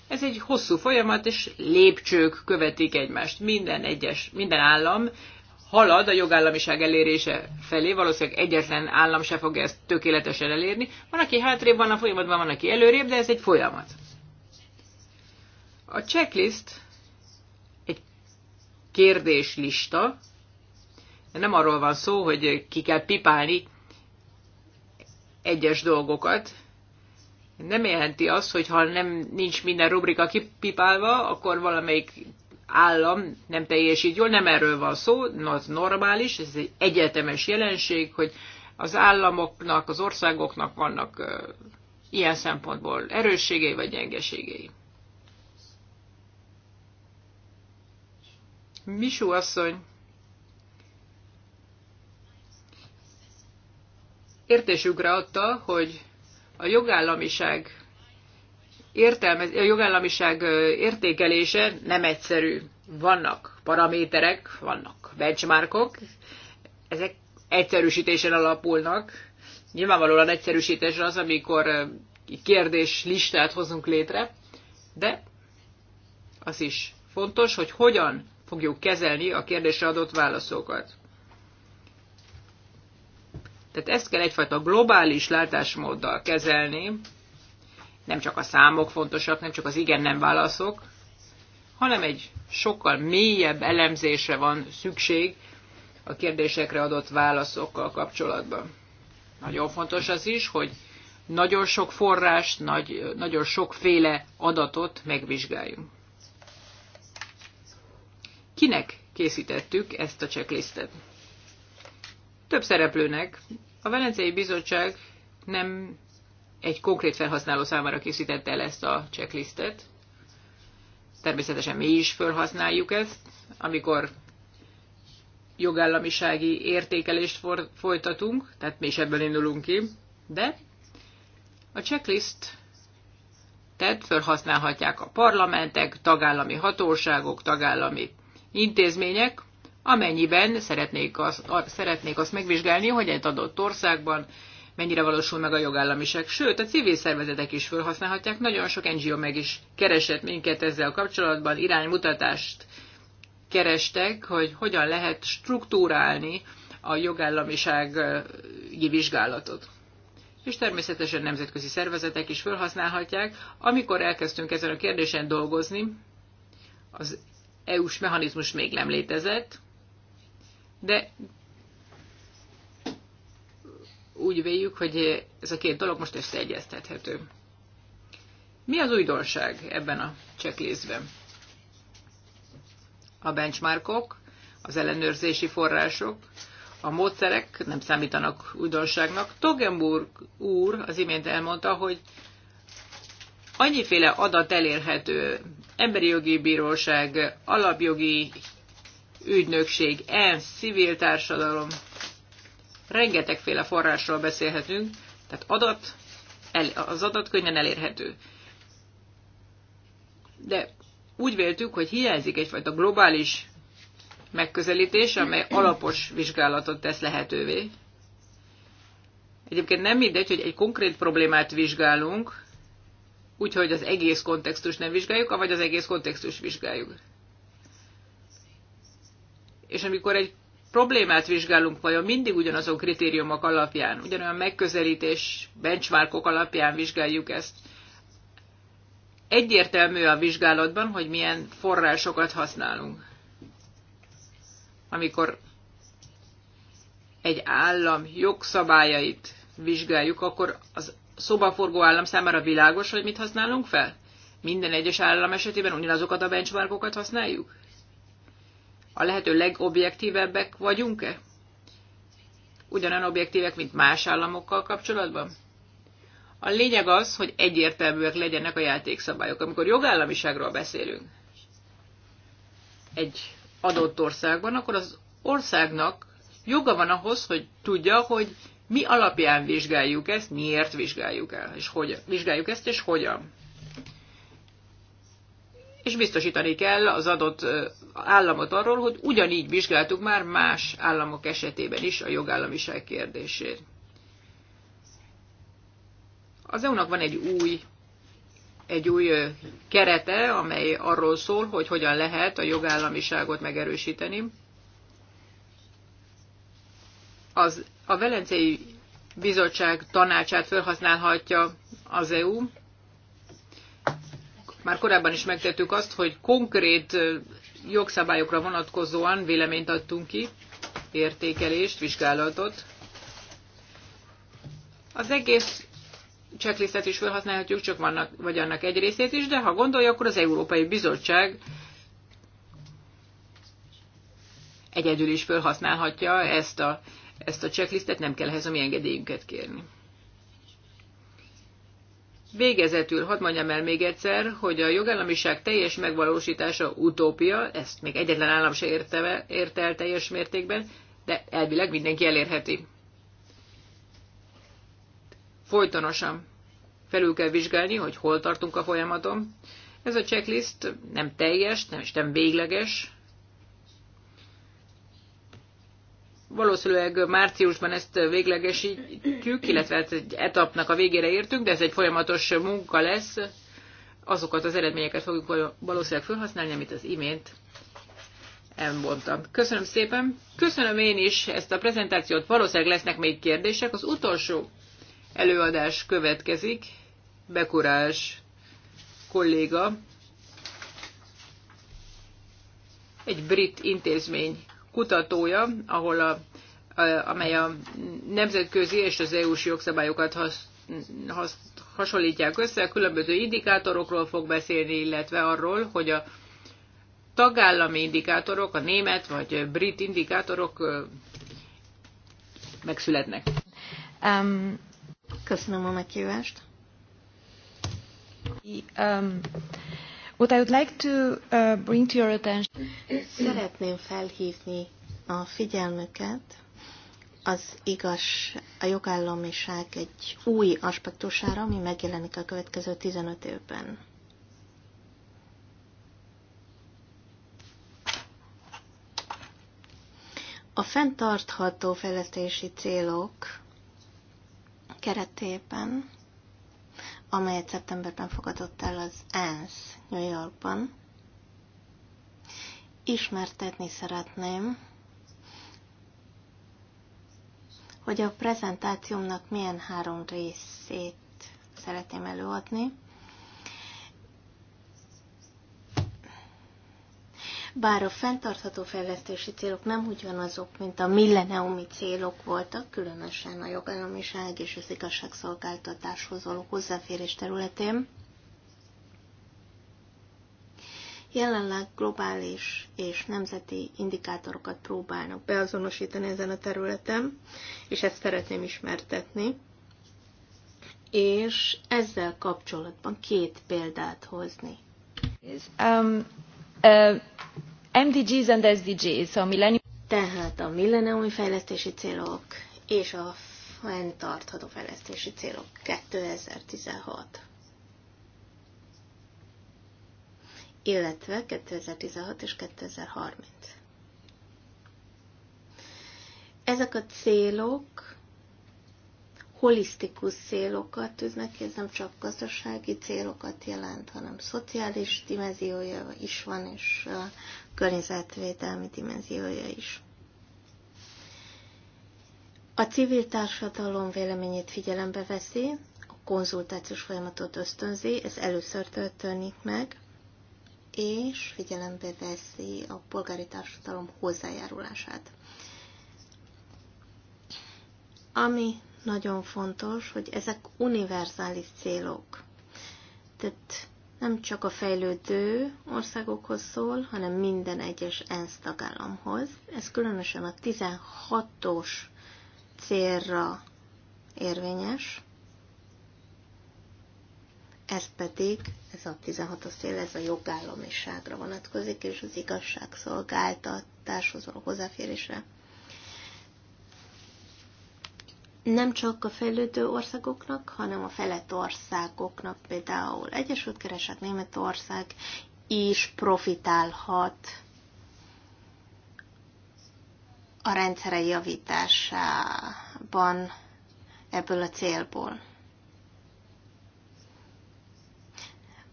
ez egy hosszú folyamat, és lépcsők követik egymást. Minden egyes, minden állam halad a jogállamiság elérése felé, valószínűleg egyetlen állam se fogja ezt tökéletesen elérni. Van, aki hátrébb van a folyamatban, van, aki előrébb, de ez egy folyamat. A checklist egy kérdéslista, de nem arról van szó, hogy ki kell pipálni egyes dolgokat, nem jelenti azt, hogy ha nem nincs minden rubrika kipipálva, akkor valamelyik állam nem teljesít jól, nem erről van szó, az normális, ez egy egyetemes jelenség, hogy az államoknak, az országoknak vannak uh, ilyen szempontból erősségei vagy gyengeségei. Misú asszony, értésükre adta, hogy a jogállamiság értelme, a jogállamiság értékelése nem egyszerű. Vannak paraméterek, vannak benchmarkok, ezek egyszerűsítésen alapulnak. Nyilvánvalóan egyszerűsítés az, amikor kérdés listát hozunk létre, de az is fontos, hogy hogyan fogjuk kezelni a kérdésre adott válaszokat. Tehát ezt kell egyfajta globális látásmóddal kezelni, nem csak a számok fontosak, nem csak az igen-nem válaszok, hanem egy sokkal mélyebb elemzésre van szükség a kérdésekre adott válaszokkal kapcsolatban. Nagyon fontos az is, hogy nagyon sok forrást, nagy, nagyon sokféle adatot megvizsgáljunk. Kinek készítettük ezt a checklistet? több szereplőnek. A Velencei Bizottság nem egy konkrét felhasználó számára készítette el ezt a checklistet. Természetesen mi is felhasználjuk ezt, amikor jogállamisági értékelést folytatunk, tehát mi is ebből indulunk ki, de a checklist tehát felhasználhatják a parlamentek, tagállami hatóságok, tagállami intézmények, amennyiben szeretnék azt, a, szeretnék azt megvizsgálni, hogy egy adott országban mennyire valósul meg a jogállamiság. Sőt, a civil szervezetek is felhasználhatják, nagyon sok NGO meg is keresett minket ezzel kapcsolatban, iránymutatást kerestek, hogy hogyan lehet struktúrálni a jogállamisági vizsgálatot. És természetesen nemzetközi szervezetek is felhasználhatják. Amikor elkezdtünk ezen a kérdésen dolgozni, az EU-s mechanizmus még nem létezett, de úgy véljük, hogy ez a két dolog most összeegyeztethető. Mi az újdonság ebben a checklistben? A benchmarkok, az ellenőrzési források, a módszerek nem számítanak újdonságnak. Togenburg úr az imént elmondta, hogy annyiféle adat elérhető, emberi jogi bíróság, alapjogi ügynökség, ENSZ, civil társadalom, rengetegféle forrásról beszélhetünk, tehát adat, el, az adat könnyen elérhető. De úgy véltük, hogy hiányzik egyfajta globális megközelítés, amely alapos vizsgálatot tesz lehetővé. Egyébként nem mindegy, hogy egy konkrét problémát vizsgálunk, úgyhogy az egész kontextus nem vizsgáljuk, vagy az egész kontextus vizsgáljuk és amikor egy problémát vizsgálunk, vajon mindig ugyanazon kritériumok alapján, ugyanolyan megközelítés, benchmarkok alapján vizsgáljuk ezt. Egyértelmű a vizsgálatban, hogy milyen forrásokat használunk. Amikor egy állam jogszabályait vizsgáljuk, akkor az szobaforgó állam számára világos, hogy mit használunk fel? Minden egyes állam esetében ugyanazokat a benchmarkokat használjuk? a lehető legobjektívebbek vagyunk-e? Ugyanan objektívek, mint más államokkal kapcsolatban? A lényeg az, hogy egyértelműek legyenek a játékszabályok. Amikor jogállamiságról beszélünk egy adott országban, akkor az országnak joga van ahhoz, hogy tudja, hogy mi alapján vizsgáljuk ezt, miért vizsgáljuk el, és hogy, vizsgáljuk ezt, és hogyan és biztosítani kell az adott államot arról, hogy ugyanígy vizsgáltuk már más államok esetében is a jogállamiság kérdését. Az EU-nak van egy új, egy új kerete, amely arról szól, hogy hogyan lehet a jogállamiságot megerősíteni. Az, a Velencei Bizottság tanácsát felhasználhatja az EU, már korábban is megtettük azt, hogy konkrét jogszabályokra vonatkozóan véleményt adtunk ki, értékelést, vizsgálatot. Az egész checklistet is felhasználhatjuk, csak vannak, vagy annak egy részét is, de ha gondolja, akkor az Európai Bizottság egyedül is felhasználhatja ezt a, ezt a checklistet, nem kell ehhez a mi engedélyünket kérni. Végezetül hadd mondjam el még egyszer, hogy a jogállamiság teljes megvalósítása utópia, ezt még egyetlen állam se érte, érte el teljes mértékben, de elvileg mindenki elérheti. Folytonosan felül kell vizsgálni, hogy hol tartunk a folyamaton. Ez a checklist nem teljes, nem is nem végleges, valószínűleg márciusban ezt véglegesítjük, illetve hát egy etapnak a végére értünk, de ez egy folyamatos munka lesz. Azokat az eredményeket fogjuk valószínűleg felhasználni, amit az imént elmondtam. Köszönöm szépen. Köszönöm én is ezt a prezentációt. Valószínűleg lesznek még kérdések. Az utolsó előadás következik. Bekurás kolléga. Egy brit intézmény kutatója, ahol a, a, amely a nemzetközi és az EU-s jogszabályokat has, has, hasonlítják össze, a különböző indikátorokról fog beszélni, illetve arról, hogy a tagállami indikátorok, a német vagy brit indikátorok megszületnek. Um, köszönöm a meghívást. Um, What I would like to uh, bring to your attention... Szeretném felhívni a figyelmüket az igaz, a jogállamiság egy új aspektusára, ami megjelenik a következő 15 évben. A fenntartható fejlesztési célok keretében amelyet szeptemberben fogadott el az ENSZ New Yorkban. Ismertetni szeretném, hogy a prezentációmnak milyen három részét szeretném előadni. Bár a fenntartható fejlesztési célok nem ugyanazok, mint a milleniumi célok voltak, különösen a jogállamiság és az igazságszolgáltatáshoz való hozzáférés területén, jelenleg globális és nemzeti indikátorokat próbálnak beazonosítani ezen a területen, és ezt szeretném ismertetni. És ezzel kapcsolatban két példát hozni. Um, uh... MDGs and SDGs, a millennium... Tehát a milleniumi fejlesztési célok és a fenntartható fejlesztési célok 2016. Illetve 2016 és 2030. Ezek a célok holisztikus célokat tűznek ki, ez nem csak gazdasági célokat jelent, hanem szociális dimenziója is van, és környezetvédelmi dimenziója is. A civil társadalom véleményét figyelembe veszi, a konzultációs folyamatot ösztönzi, ez először történik meg, és figyelembe veszi a polgári társadalom hozzájárulását. Ami nagyon fontos, hogy ezek univerzális célok. Tehát nem csak a fejlődő országokhoz szól, hanem minden egyes ENSZ tagállamhoz. Ez különösen a 16-os célra érvényes, ez pedig, ez a 16-os cél, ez a jogállamiságra vonatkozik, és az igazságszolgáltatáshoz való hozzáférésre. nem csak a fejlődő országoknak, hanem a felett országoknak, például Egyesült Királyság, Németország is profitálhat a rendszere javításában ebből a célból.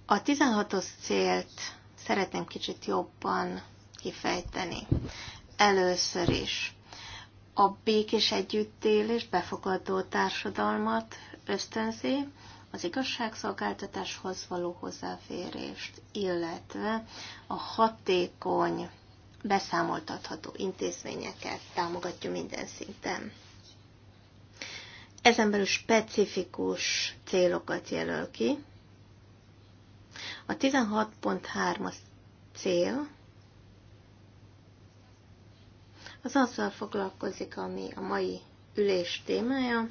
A 16-os célt szeretném kicsit jobban kifejteni. Először is a békés együttélés befogadó társadalmat ösztönzi, az igazságszolgáltatáshoz való hozzáférést, illetve a hatékony, beszámoltatható intézményeket támogatja minden szinten. Ezen belül specifikus célokat jelöl ki. A 163 cél az azzal foglalkozik, ami a mai ülés témája,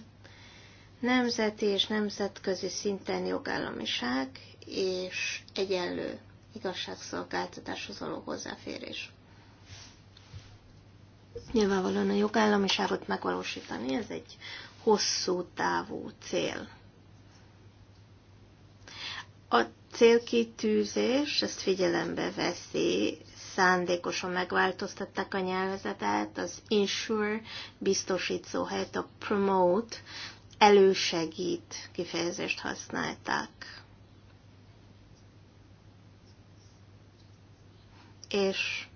nemzeti és nemzetközi szinten jogállamiság és egyenlő igazságszolgáltatáshoz való hozzáférés. Nyilvánvalóan a jogállamiságot megvalósítani, ez egy hosszú távú cél. A célkitűzés ezt figyelembe veszi szándékosan megváltoztatták a nyelvezetet, az insure biztosít szó helyett a promote elősegít kifejezést használták. És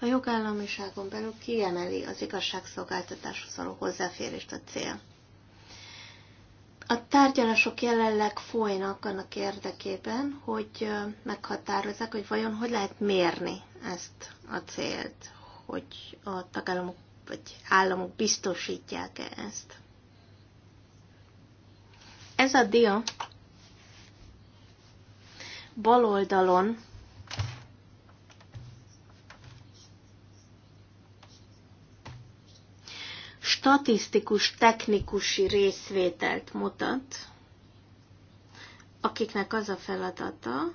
a jogállamiságon belül kiemeli az igazságszolgáltatáshoz való hozzáférést a cél. A tárgyalások jelenleg folynak annak érdekében, hogy meghatározzák, hogy vajon hogy lehet mérni ezt a célt, hogy a tagállamok vagy államok biztosítják-e ezt. Ez a dia bal oldalon statisztikus technikusi részvételt mutat, akiknek az a feladata,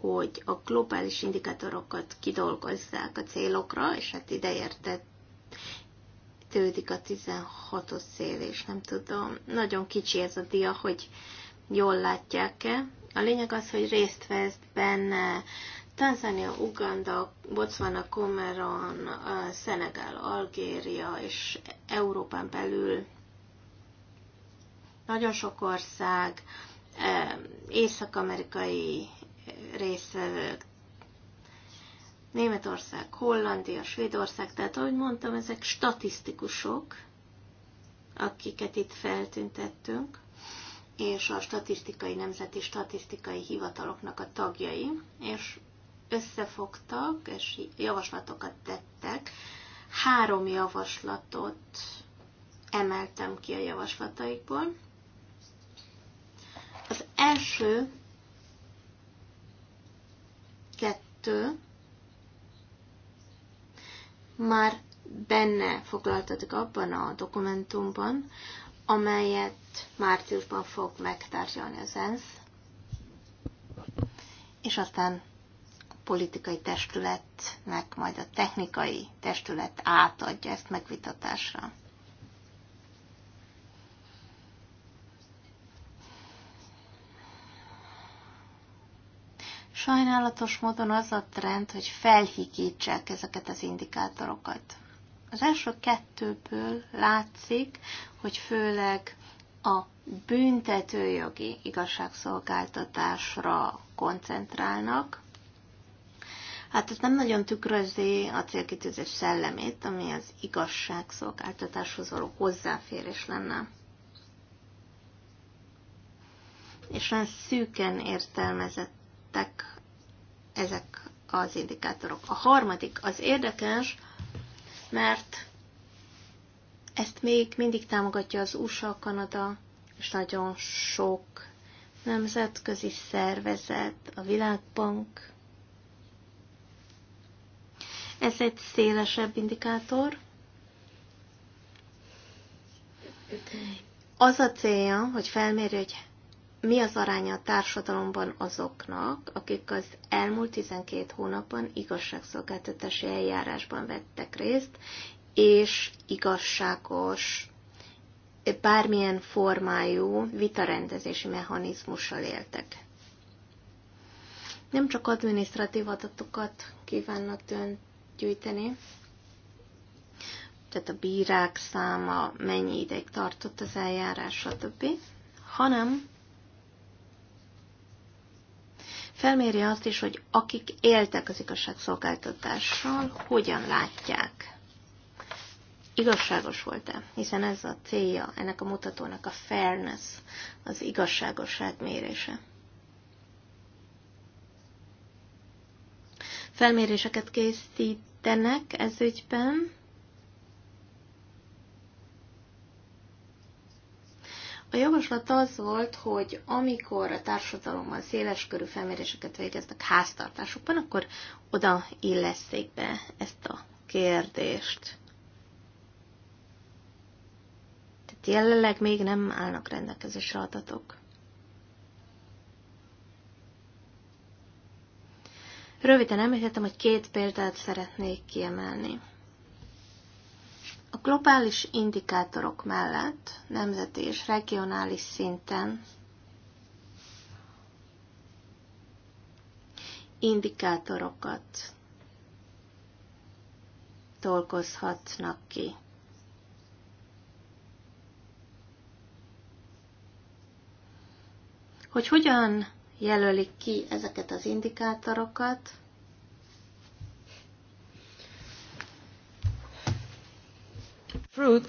hogy a globális indikátorokat kidolgozzák a célokra, és hát ide tődik a 16-os cél, és nem tudom, nagyon kicsi ez a dia, hogy jól látják-e. A lényeg az, hogy részt vesz benne Tanzania, Uganda, Botswana, Komeron, Szenegál, Algéria és Európán belül nagyon sok ország, e, észak-amerikai e, részvevők, Németország, Hollandia, Svédország, tehát ahogy mondtam, ezek statisztikusok, akiket itt feltüntettünk, és a statisztikai, nemzeti statisztikai hivataloknak a tagjai, és összefogtak, és javaslatokat tettek. Három javaslatot emeltem ki a javaslataikból. Az első kettő már benne foglaltatok abban a dokumentumban, amelyet márciusban fog megtárgyalni az ENSZ, és aztán politikai testületnek majd a technikai testület átadja ezt megvitatásra. Sajnálatos módon az a trend, hogy felhigítsák ezeket az indikátorokat. Az első kettőből látszik, hogy főleg a büntetőjogi igazságszolgáltatásra koncentrálnak, Hát ez nem nagyon tükrözi a célkitűzés szellemét, ami az igazságszolgáltatáshoz való hozzáférés lenne. És nem szűken értelmezettek ezek az indikátorok. A harmadik az érdekes, mert ezt még mindig támogatja az USA, Kanada, és nagyon sok nemzetközi szervezet, a Világbank, ez egy szélesebb indikátor. Az a célja, hogy felmérj, hogy mi az aránya a társadalomban azoknak, akik az elmúlt 12 hónapban igazságszolgáltatási eljárásban vettek részt, és igazságos, bármilyen formájú vitarendezési mechanizmussal éltek. Nem csak adminisztratív adatokat kívánnak dönt gyűjteni. Tehát a bírák száma, mennyi ideig tartott az eljárás, stb. Hanem felméri azt is, hogy akik éltek az igazságszolgáltatással, hogyan látják. Igazságos volt-e? Hiszen ez a célja ennek a mutatónak a fairness, az igazságosság mérése. Felméréseket készít tennek ez ügyben. A javaslat az volt, hogy amikor a társadalommal széleskörű felméréseket végeznek háztartásokban, akkor oda illeszték be ezt a kérdést. Tehát jelenleg még nem állnak rendelkezésre adatok. Röviden említettem, hogy két példát szeretnék kiemelni. A globális indikátorok mellett nemzeti és regionális szinten indikátorokat dolgozhatnak ki. Hogy hogyan jelölik ki ezeket az indikátorokat. Fruit.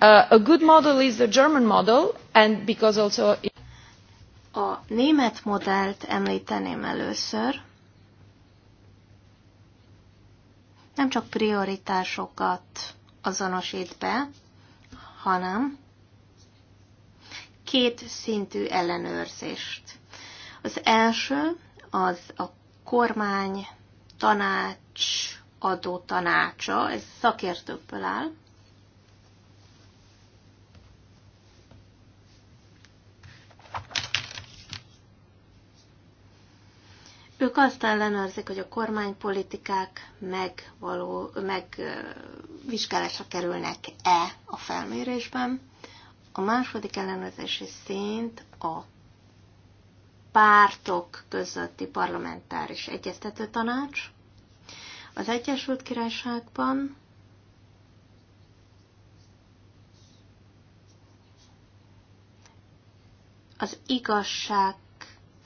Uh, a good model is the German model, and because also a német modellt említeném először. Nem csak prioritásokat azonosít be, hanem két szintű ellenőrzést az első az a kormány tanács adó tanácsa, ez szakértőkből áll, Ők azt ellenőrzik, hogy a kormánypolitikák megvaló, megvizsgálásra kerülnek-e a felmérésben. A második ellenőrzési szint a pártok közötti parlamentáris egyeztető tanács. Az Egyesült Királyságban az igazság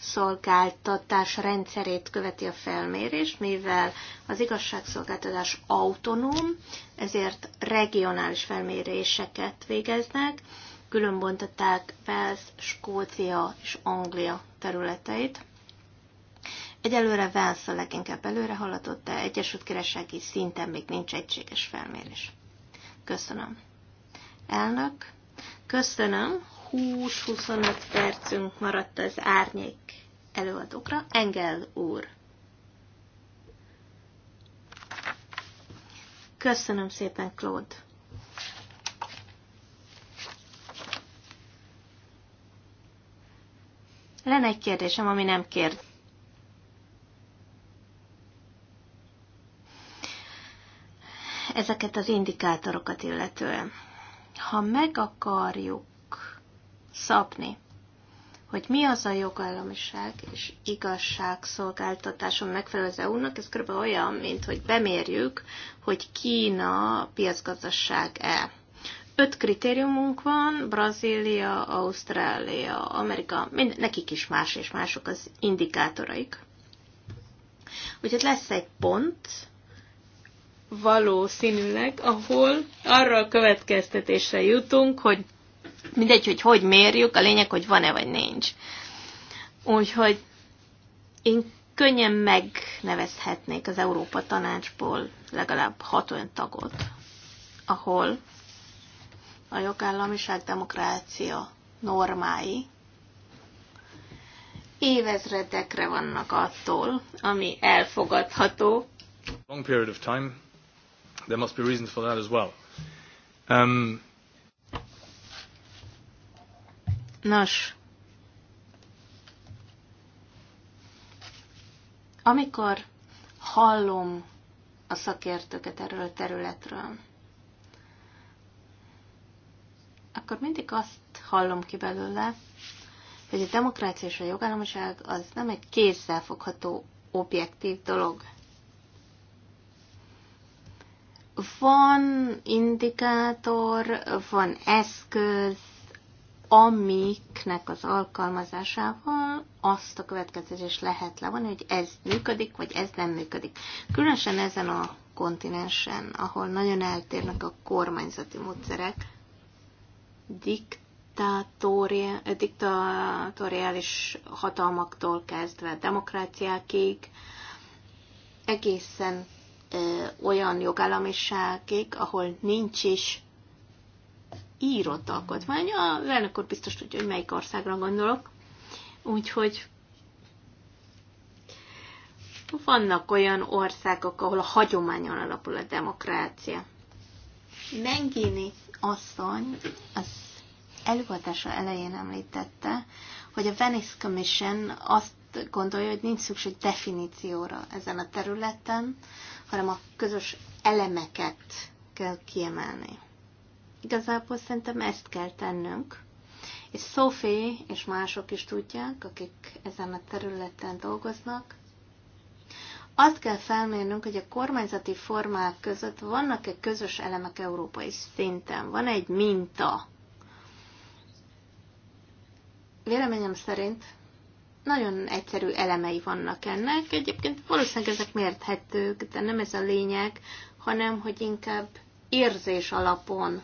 szolgáltatás rendszerét követi a felmérés, mivel az igazságszolgáltatás autonóm, ezért regionális felméréseket végeznek, különbontották Wales, Skócia és Anglia területeit. Egyelőre Wales a leginkább előre haladott, de Egyesült Királysági szinten még nincs egységes felmérés. Köszönöm. Elnök, köszönöm. 20-25 percünk maradt az árnyék előadókra. Engel úr. Köszönöm szépen, Claude. Lenne egy kérdésem, ami nem kérd. Ezeket az indikátorokat illetően. Ha meg akarjuk szabni, hogy mi az a jogállamiság és igazságszolgáltatáson megfelelő az EU-nak, ez kb. olyan, mint hogy bemérjük, hogy Kína piacgazdaság-e. Öt kritériumunk van, Brazília, Ausztrália, Amerika, mind, nekik is más és mások az indikátoraik. Úgyhogy lesz egy pont, valószínűleg, ahol arra a következtetésre jutunk, hogy mindegy, hogy hogy mérjük, a lényeg, hogy van-e vagy nincs. Úgyhogy én könnyen megnevezhetnék az Európa Tanácsból legalább hat olyan tagot, ahol a jogállamiság demokrácia normái évezredekre vannak attól, ami elfogadható. Long period of time, there must be reasons for that as well. Um, Nos, amikor hallom a szakértőket erről a területről, akkor mindig azt hallom ki belőle, hogy a demokrácia és a jogállamiság az nem egy kézzelfogható objektív dolog. Van indikátor, van eszköz, amiknek az alkalmazásával azt a következés lehet levonni, hogy ez működik, vagy ez nem működik. Különösen ezen a kontinensen, ahol nagyon eltérnek a kormányzati módszerek, diktatóriális hatalmaktól kezdve demokráciákig, egészen ö, olyan jogállamiságig, ahol nincs is írott alkotmány. A elnök úr biztos tudja, hogy melyik országra gondolok. Úgyhogy vannak olyan országok, ahol a hagyományon alapul a demokrácia. Mengini asszony az előadása elején említette, hogy a Venice Commission azt gondolja, hogy nincs szükség definícióra ezen a területen, hanem a közös elemeket kell kiemelni. Igazából szerintem ezt kell tennünk, és Sophie és mások is tudják, akik ezen a területen dolgoznak, azt kell felmérnünk, hogy a kormányzati formák között vannak-e közös elemek európai szinten, van -e egy minta. Véleményem szerint nagyon egyszerű elemei vannak ennek. Egyébként valószínűleg ezek mérthetők, de nem ez a lényeg, hanem hogy inkább érzés alapon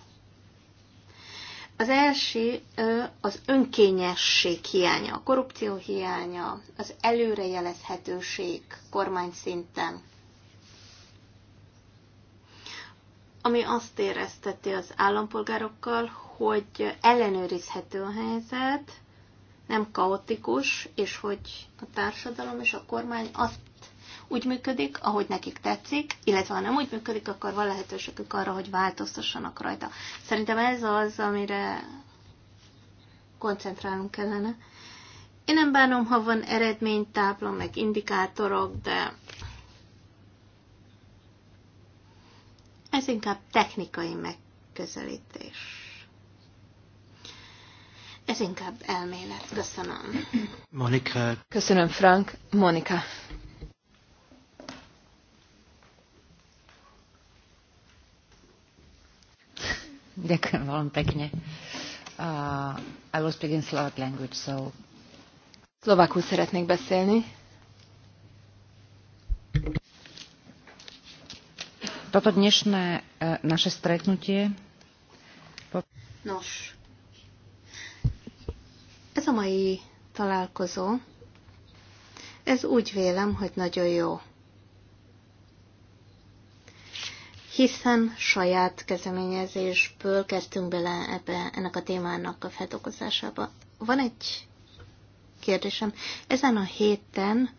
az első az önkényesség hiánya, a korrupció hiánya, az előrejelezhetőség kormány szinten, ami azt érezteti az állampolgárokkal, hogy ellenőrizhető a helyzet, nem kaotikus, és hogy a társadalom és a kormány azt úgy működik, ahogy nekik tetszik, illetve ha nem úgy működik, akkor van lehetőségük arra, hogy változtassanak rajta. Szerintem ez az, amire koncentrálnunk kellene. Én nem bánom, ha van eredménytábla, meg indikátorok, de ez inkább technikai megközelítés. Ez inkább elmélet. Köszönöm. Monika. Köszönöm, Frank. Monika. Ďakujem veľmi pekne. Uh, I will speak in Slovak language, so... Szlovákul szeretnék beszélni. Toto dnešné uh, naše stretnutie... Po... Nos, ez a mai találkozó, ez úgy vélem, hogy nagyon jó hiszen saját kezdeményezésből kezdtünk bele ebbe ennek a témának a feldolgozásába. Van egy kérdésem. Ezen a héten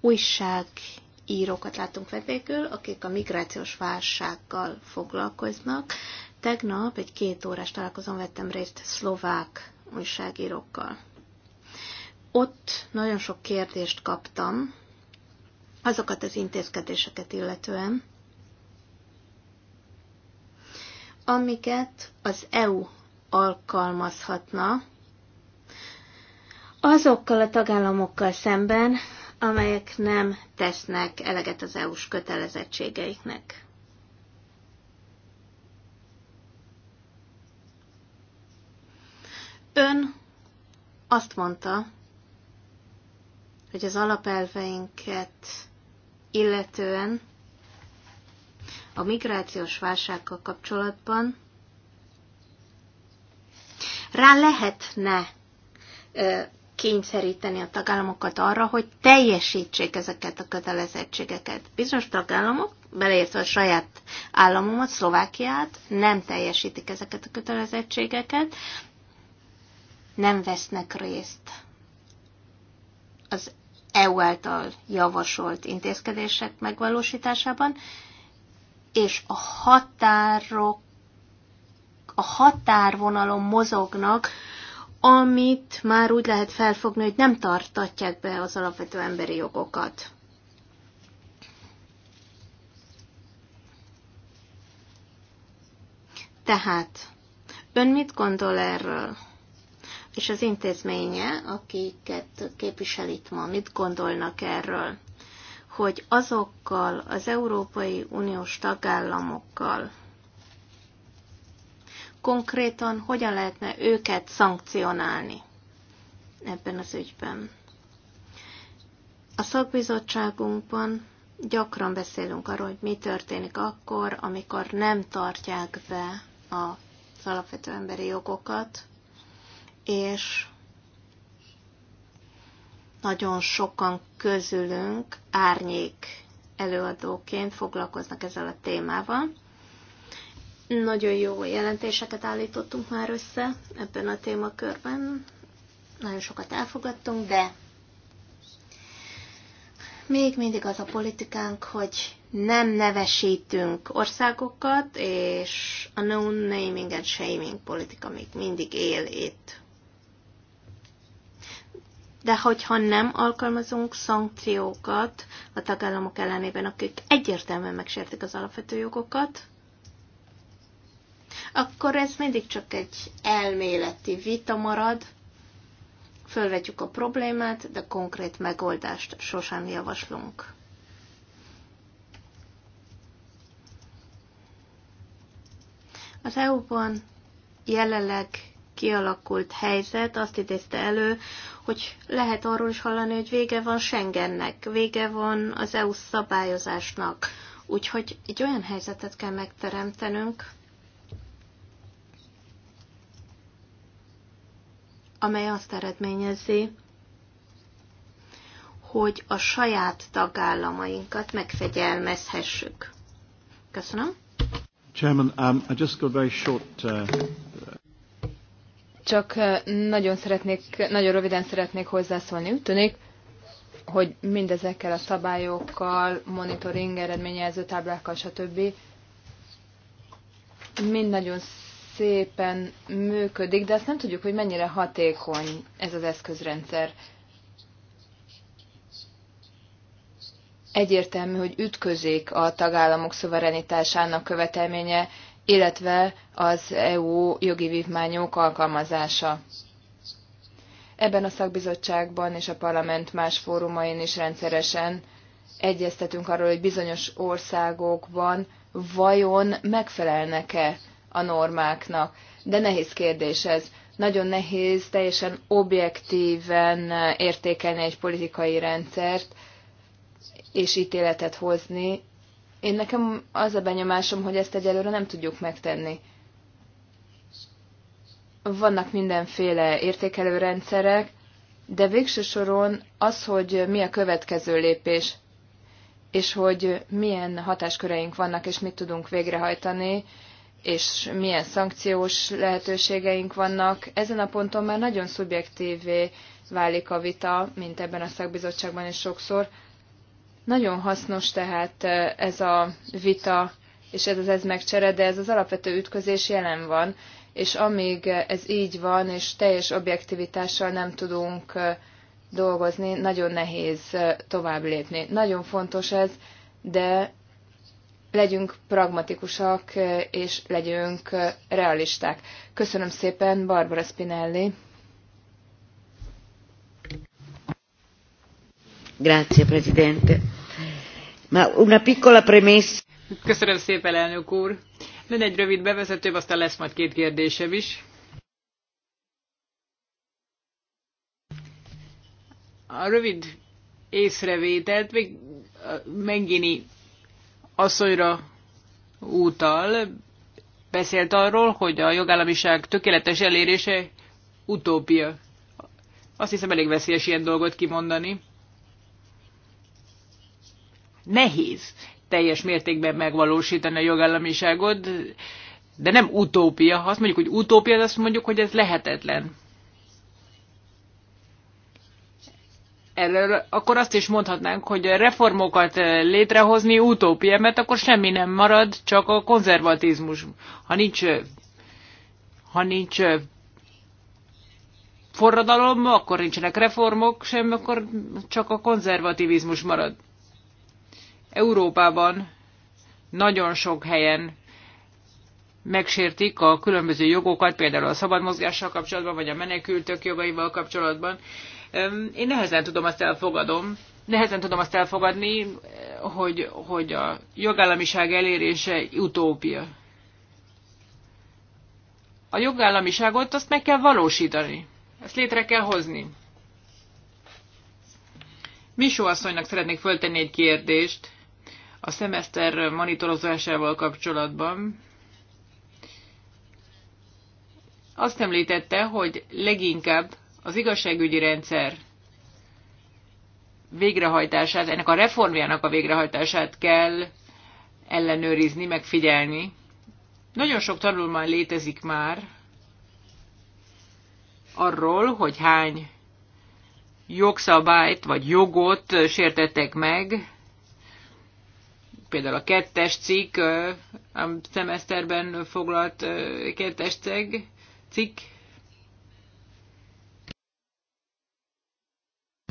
újságírókat látunk vendégül, akik a migrációs válsággal foglalkoznak. Tegnap egy két órás találkozón vettem részt szlovák újságírókkal. Ott nagyon sok kérdést kaptam, azokat az intézkedéseket illetően, amiket az EU alkalmazhatna azokkal a tagállamokkal szemben, amelyek nem tesznek eleget az EU-s kötelezettségeiknek. Ön azt mondta, hogy az alapelveinket illetően a migrációs válsággal kapcsolatban rá lehetne kényszeríteni a tagállamokat arra, hogy teljesítsék ezeket a kötelezettségeket. Bizonyos tagállamok, beleértve a saját államomat, Szlovákiát, nem teljesítik ezeket a kötelezettségeket, nem vesznek részt az EU által javasolt intézkedések megvalósításában, és a határok, a határvonalon mozognak, amit már úgy lehet felfogni, hogy nem tartatják be az alapvető emberi jogokat. Tehát, ön mit gondol erről? És az intézménye, akiket képvisel itt ma, mit gondolnak erről? hogy azokkal az Európai Uniós tagállamokkal konkrétan hogyan lehetne őket szankcionálni ebben az ügyben. A szakbizottságunkban gyakran beszélünk arról, hogy mi történik akkor, amikor nem tartják be az alapvető emberi jogokat, és nagyon sokan közülünk árnyék előadóként foglalkoznak ezzel a témával. Nagyon jó jelentéseket állítottunk már össze ebben a témakörben. Nagyon sokat elfogadtunk, de még mindig az a politikánk, hogy nem nevesítünk országokat, és a no naming and shaming politika még mindig él itt de hogyha nem alkalmazunk szankciókat a tagállamok ellenében, akik egyértelműen megsértik az alapvető jogokat, akkor ez mindig csak egy elméleti vita marad, fölvetjük a problémát, de konkrét megoldást sosem javaslunk. Az EU-ban jelenleg kialakult helyzet azt idézte elő, hogy lehet arról is hallani, hogy vége van Schengennek, vége van az EU szabályozásnak. Úgyhogy egy olyan helyzetet kell megteremtenünk, amely azt eredményezi, hogy a saját tagállamainkat megfegyelmezhessük. Köszönöm. Chairman, um, I just got very short uh, csak nagyon szeretnék, nagyon röviden szeretnék hozzászólni. Úgy tűnik, hogy mindezekkel a szabályokkal, monitoring eredményező táblákkal, stb. mind nagyon szépen működik, de azt nem tudjuk, hogy mennyire hatékony ez az eszközrendszer. Egyértelmű, hogy ütközik a tagállamok szuverenitásának követelménye illetve az EU jogi vívmányok alkalmazása. Ebben a szakbizottságban és a parlament más fórumain is rendszeresen egyeztetünk arról, hogy bizonyos országokban vajon megfelelnek-e a normáknak. De nehéz kérdés ez. Nagyon nehéz teljesen objektíven értékelni egy politikai rendszert és ítéletet hozni, én nekem az a benyomásom, hogy ezt egyelőre nem tudjuk megtenni. Vannak mindenféle értékelő rendszerek, de végső soron az, hogy mi a következő lépés, és hogy milyen hatásköreink vannak, és mit tudunk végrehajtani, és milyen szankciós lehetőségeink vannak. Ezen a ponton már nagyon szubjektívé válik a vita, mint ebben a szakbizottságban is sokszor. Nagyon hasznos tehát ez a vita, és ez az ez megcsere, de ez az alapvető ütközés jelen van, és amíg ez így van, és teljes objektivitással nem tudunk dolgozni, nagyon nehéz tovább lépni. Nagyon fontos ez, de legyünk pragmatikusak, és legyünk realisták. Köszönöm szépen, Barbara Spinelli. Grazie, Presidente. Ma una piccola premessa. Köszönöm szépen, elnök úr. Lenne egy rövid bevezető, aztán lesz majd két kérdésem is. A rövid észrevételt még Mengini asszonyra utal, beszélt arról, hogy a jogállamiság tökéletes elérése utópia. Azt hiszem elég veszélyes ilyen dolgot kimondani nehéz teljes mértékben megvalósítani a jogállamiságot, de nem utópia. Ha azt mondjuk, hogy utópia, azt mondjuk, hogy ez lehetetlen. Erről akkor azt is mondhatnánk, hogy reformokat létrehozni utópia, mert akkor semmi nem marad, csak a konzervatizmus. Ha nincs, ha nincs forradalom, akkor nincsenek reformok sem, akkor csak a konzervativizmus marad. Európában nagyon sok helyen megsértik a különböző jogokat, például a szabad mozgással kapcsolatban, vagy a menekültök jogaival kapcsolatban. Én nehezen tudom azt elfogadom, nehezen tudom azt elfogadni, hogy, hogy a jogállamiság elérése utópia. A jogállamiságot azt meg kell valósítani. Ezt létre kell hozni. Misó asszonynak szeretnék föltenni egy kérdést a szemeszter monitorozásával kapcsolatban. Azt említette, hogy leginkább az igazságügyi rendszer végrehajtását, ennek a reformjának a végrehajtását kell ellenőrizni, megfigyelni. Nagyon sok tanulmány létezik már arról, hogy hány jogszabályt vagy jogot sértettek meg például a kettes cikk, a szemeszterben foglalt kettes cikk.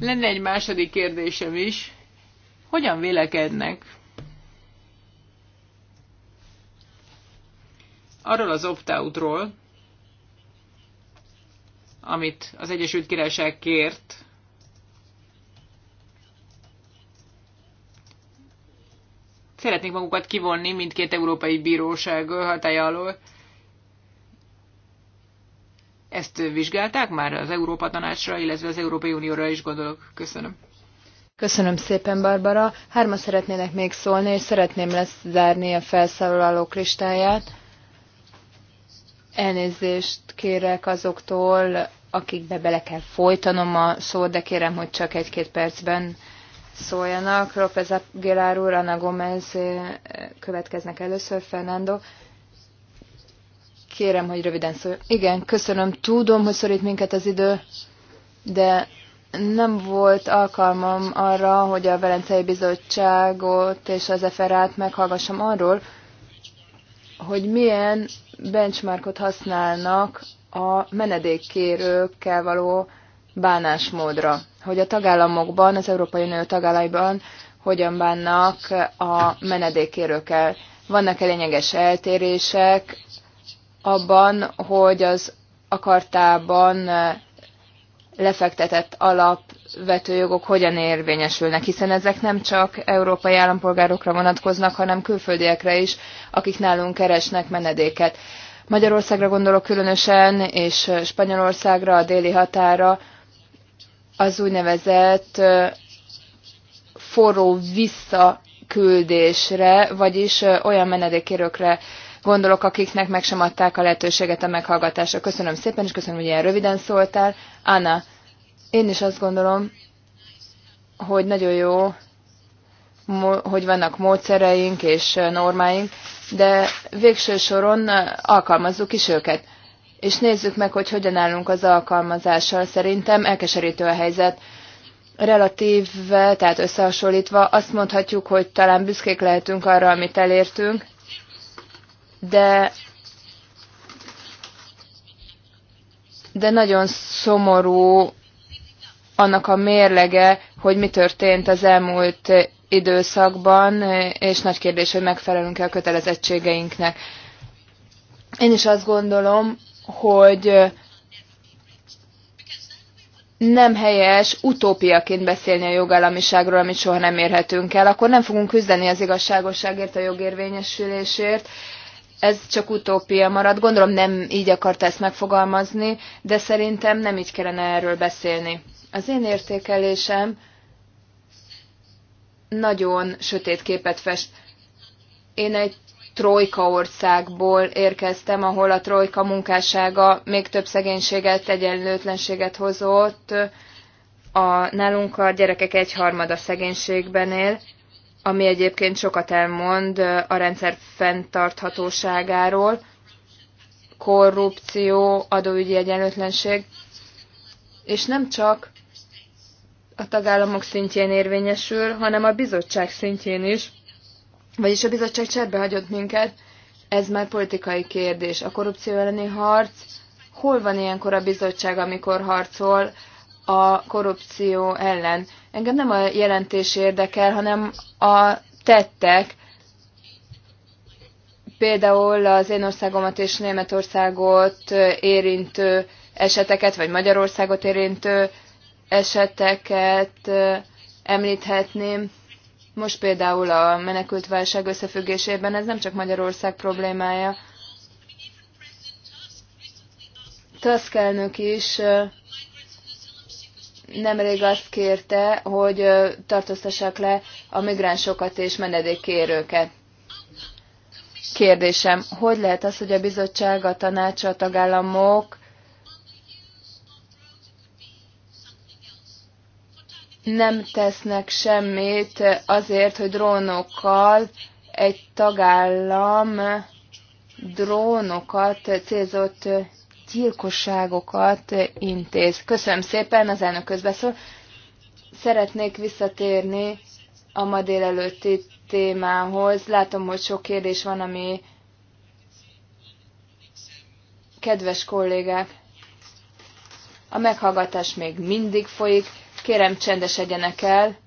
Lenne egy második kérdésem is. Hogyan vélekednek arról az opt-outról, amit az Egyesült Királyság kért, szeretnék magukat kivonni mindkét európai bíróság hatája alól. Ezt vizsgálták már az Európa Tanácsra, illetve az Európai Unióra is gondolok. Köszönöm. Köszönöm szépen, Barbara. Hárma szeretnének még szólni, és szeretném lezárni a felszólalók listáját. Elnézést kérek azoktól, akikbe bele kell folytanom a szót, de kérem, hogy csak egy-két percben szóljanak. López Aguilar úr, Ana Gomez eh, következnek először, Fernando. Kérem, hogy röviden szól. Igen, köszönöm. Tudom, hogy szorít minket az idő, de nem volt alkalmam arra, hogy a Velencei Bizottságot és az FRA-t meghallgassam arról, hogy milyen benchmarkot használnak a menedékkérőkkel való bánásmódra hogy a tagállamokban, az Európai Unió tagállamokban hogyan bánnak a menedékérőkkel. Vannak-e lényeges eltérések abban, hogy az akartában lefektetett alapvető jogok hogyan érvényesülnek, hiszen ezek nem csak európai állampolgárokra vonatkoznak, hanem külföldiekre is, akik nálunk keresnek menedéket. Magyarországra gondolok különösen, és Spanyolországra, a déli határa, az úgynevezett forró visszaküldésre, vagyis olyan menedékérőkre gondolok, akiknek meg sem adták a lehetőséget a meghallgatásra. Köszönöm szépen, és köszönöm, hogy ilyen röviden szóltál. Anna, én is azt gondolom, hogy nagyon jó, hogy vannak módszereink és normáink, de végső soron alkalmazzuk is őket és nézzük meg, hogy hogyan állunk az alkalmazással. Szerintem elkeserítő a helyzet. Relatív, tehát összehasonlítva azt mondhatjuk, hogy talán büszkék lehetünk arra, amit elértünk, de de nagyon szomorú annak a mérlege, hogy mi történt az elmúlt időszakban, és nagy kérdés, hogy megfelelünk-e a kötelezettségeinknek. Én is azt gondolom, hogy nem helyes utópiaként beszélni a jogállamiságról, amit soha nem érhetünk el, akkor nem fogunk küzdeni az igazságosságért, a jogérvényesülésért. Ez csak utópia marad. Gondolom nem így akart ezt megfogalmazni, de szerintem nem így kellene erről beszélni. Az én értékelésem nagyon sötét képet fest. Én egy trojka országból érkeztem, ahol a trojka munkássága még több szegénységet, egyenlőtlenséget hozott. A, nálunk a gyerekek egyharmada szegénységben él, ami egyébként sokat elmond a rendszer fenntarthatóságáról. Korrupció, adóügyi egyenlőtlenség, és nem csak a tagállamok szintjén érvényesül, hanem a bizottság szintjén is vagyis a bizottság cserbe hagyott minket, ez már politikai kérdés. A korrupció elleni harc, hol van ilyenkor a bizottság, amikor harcol a korrupció ellen? Engem nem a jelentés érdekel, hanem a tettek, például az én országomat és Németországot érintő eseteket, vagy Magyarországot érintő eseteket említhetném. Most például a menekültválság összefüggésében ez nem csak Magyarország problémája. Tusk elnök is nemrég azt kérte, hogy tartóztassák le a migránsokat és menedékkérőket. Kérdésem, hogy lehet az, hogy a bizottság, a tanács, a tagállamok nem tesznek semmit azért, hogy drónokkal egy tagállam drónokat célzott gyilkosságokat intéz. Köszönöm szépen, az elnök közbeszól. Szeretnék visszatérni a ma délelőtti témához. Látom, hogy sok kérdés van, ami kedves kollégák, a meghallgatás még mindig folyik Kérem, csendesedjenek el.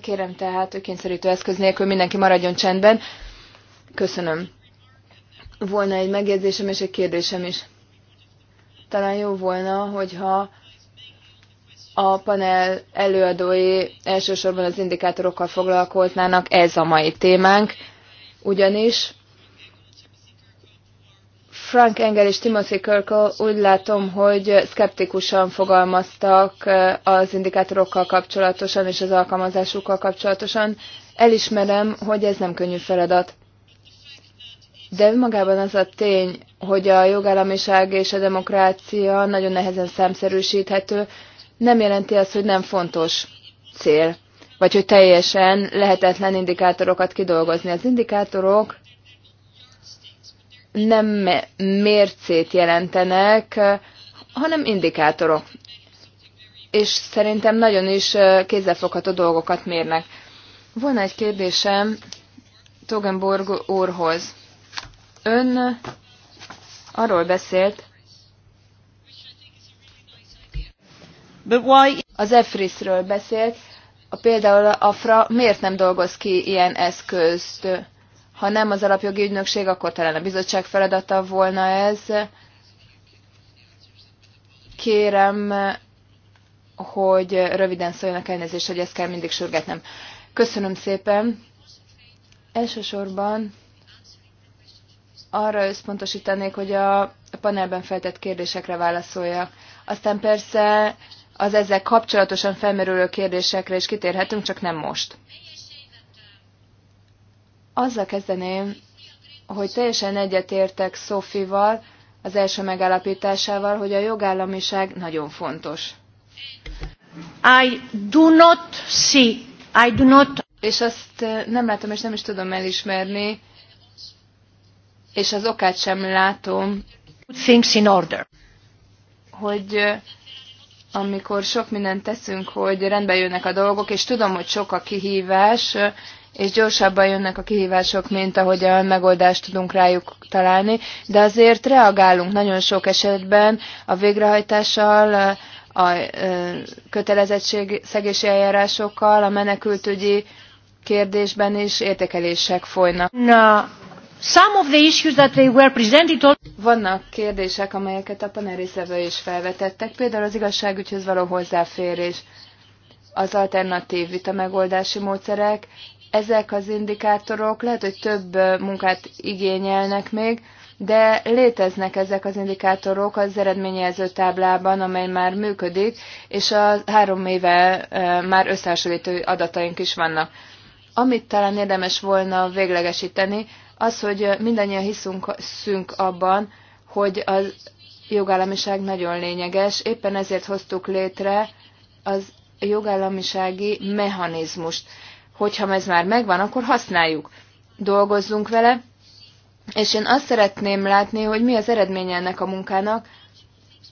Kérem tehát, hogy kényszerítő eszköz nélkül mindenki maradjon csendben. Köszönöm. Volna egy megjegyzésem és egy kérdésem is. Talán jó volna, hogyha a panel előadói elsősorban az indikátorokkal foglalkoznának, ez a mai témánk, ugyanis Frank Engel és Timothy Kirkle úgy látom, hogy szkeptikusan fogalmaztak az indikátorokkal kapcsolatosan és az alkalmazásukkal kapcsolatosan. Elismerem, hogy ez nem könnyű feladat. De önmagában az a tény, hogy a jogállamiság és a demokrácia nagyon nehezen számszerűsíthető, nem jelenti azt, hogy nem fontos cél, vagy hogy teljesen lehetetlen indikátorokat kidolgozni. Az indikátorok nem mércét jelentenek, hanem indikátorok. És szerintem nagyon is kézzelfogható dolgokat mérnek. Volna egy kérdésem Togenborg úrhoz. Ön arról beszélt, az EFRIS-ről beszélt, a, például a FRA miért nem dolgoz ki ilyen eszközt? Ha nem az alapjogi ügynökség, akkor talán a bizottság feladata volna ez. Kérem, hogy röviden szóljanak elnézést, hogy ezt kell mindig sürgetnem. Köszönöm szépen. Elsősorban arra összpontosítanék, hogy a panelben feltett kérdésekre válaszoljak. Aztán persze az ezzel kapcsolatosan felmerülő kérdésekre is kitérhetünk, csak nem most. Azzal kezdeném, hogy teljesen egyetértek Szofival, az első megállapításával, hogy a jogállamiság nagyon fontos. I do not see, I do not... És azt eh, nem látom, és nem is tudom elismerni, és az okát sem látom, things in order. hogy eh, amikor sok mindent teszünk, hogy rendbe jönnek a dolgok, és tudom, hogy sok a kihívás, eh, és gyorsabban jönnek a kihívások, mint ahogy a megoldást tudunk rájuk találni, de azért reagálunk nagyon sok esetben a végrehajtással, a kötelezettség szegési eljárásokkal, a menekültügyi kérdésben is értékelések folynak. Na, Some of the issues that they were presented all... Vannak kérdések, amelyeket a paneliszevő is felvetettek, például az igazságügyhöz való hozzáférés, az alternatív vita megoldási módszerek ezek az indikátorok lehet, hogy több munkát igényelnek még, de léteznek ezek az indikátorok az eredményjelző táblában, amely már működik, és a három éve már összehasonlító adataink is vannak. Amit talán érdemes volna véglegesíteni, az, hogy mindannyian hiszünk szünk abban, hogy a jogállamiság nagyon lényeges, éppen ezért hoztuk létre az jogállamisági mechanizmust hogyha ez már megvan, akkor használjuk, dolgozzunk vele, és én azt szeretném látni, hogy mi az eredménye ennek a munkának,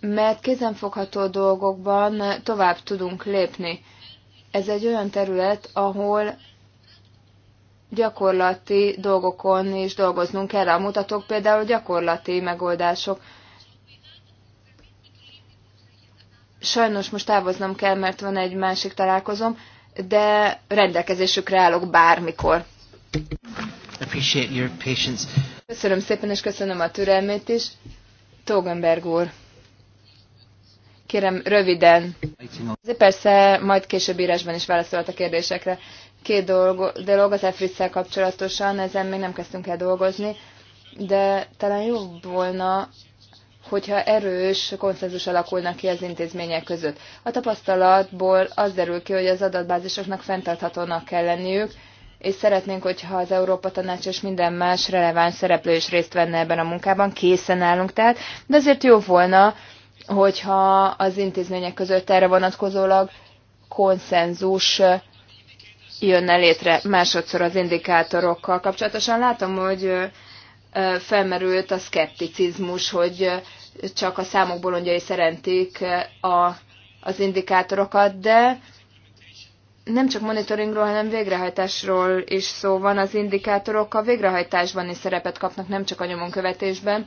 mert kézenfogható dolgokban tovább tudunk lépni. Ez egy olyan terület, ahol gyakorlati dolgokon is dolgoznunk kell. A mutatók például gyakorlati megoldások. Sajnos most távoznom kell, mert van egy másik találkozom de rendelkezésükre állok bármikor. Köszönöm szépen, és köszönöm a türelmét is. Togenberg úr. Kérem, röviden. Azért persze majd később írásban is válaszolt a kérdésekre. Két dolog, dolog az efric kapcsolatosan, ezen még nem kezdtünk el dolgozni, de talán jobb volna, hogyha erős konszenzus alakulnak ki az intézmények között. A tapasztalatból az derül ki, hogy az adatbázisoknak fenntarthatónak kell lenniük, és szeretnénk, hogyha az Európa Tanács és minden más releváns szereplő is részt venne ebben a munkában, készen állunk tehát, de azért jó volna, hogyha az intézmények között erre vonatkozólag konszenzus jönne létre másodszor az indikátorokkal kapcsolatosan. Látom, hogy felmerült a szkepticizmus, hogy csak a számok bolondjai szerentik eh, a, az indikátorokat, de nem csak monitoringról, hanem végrehajtásról is szó van. Az indikátorok a végrehajtásban is szerepet kapnak, nem csak a nyomon követésben,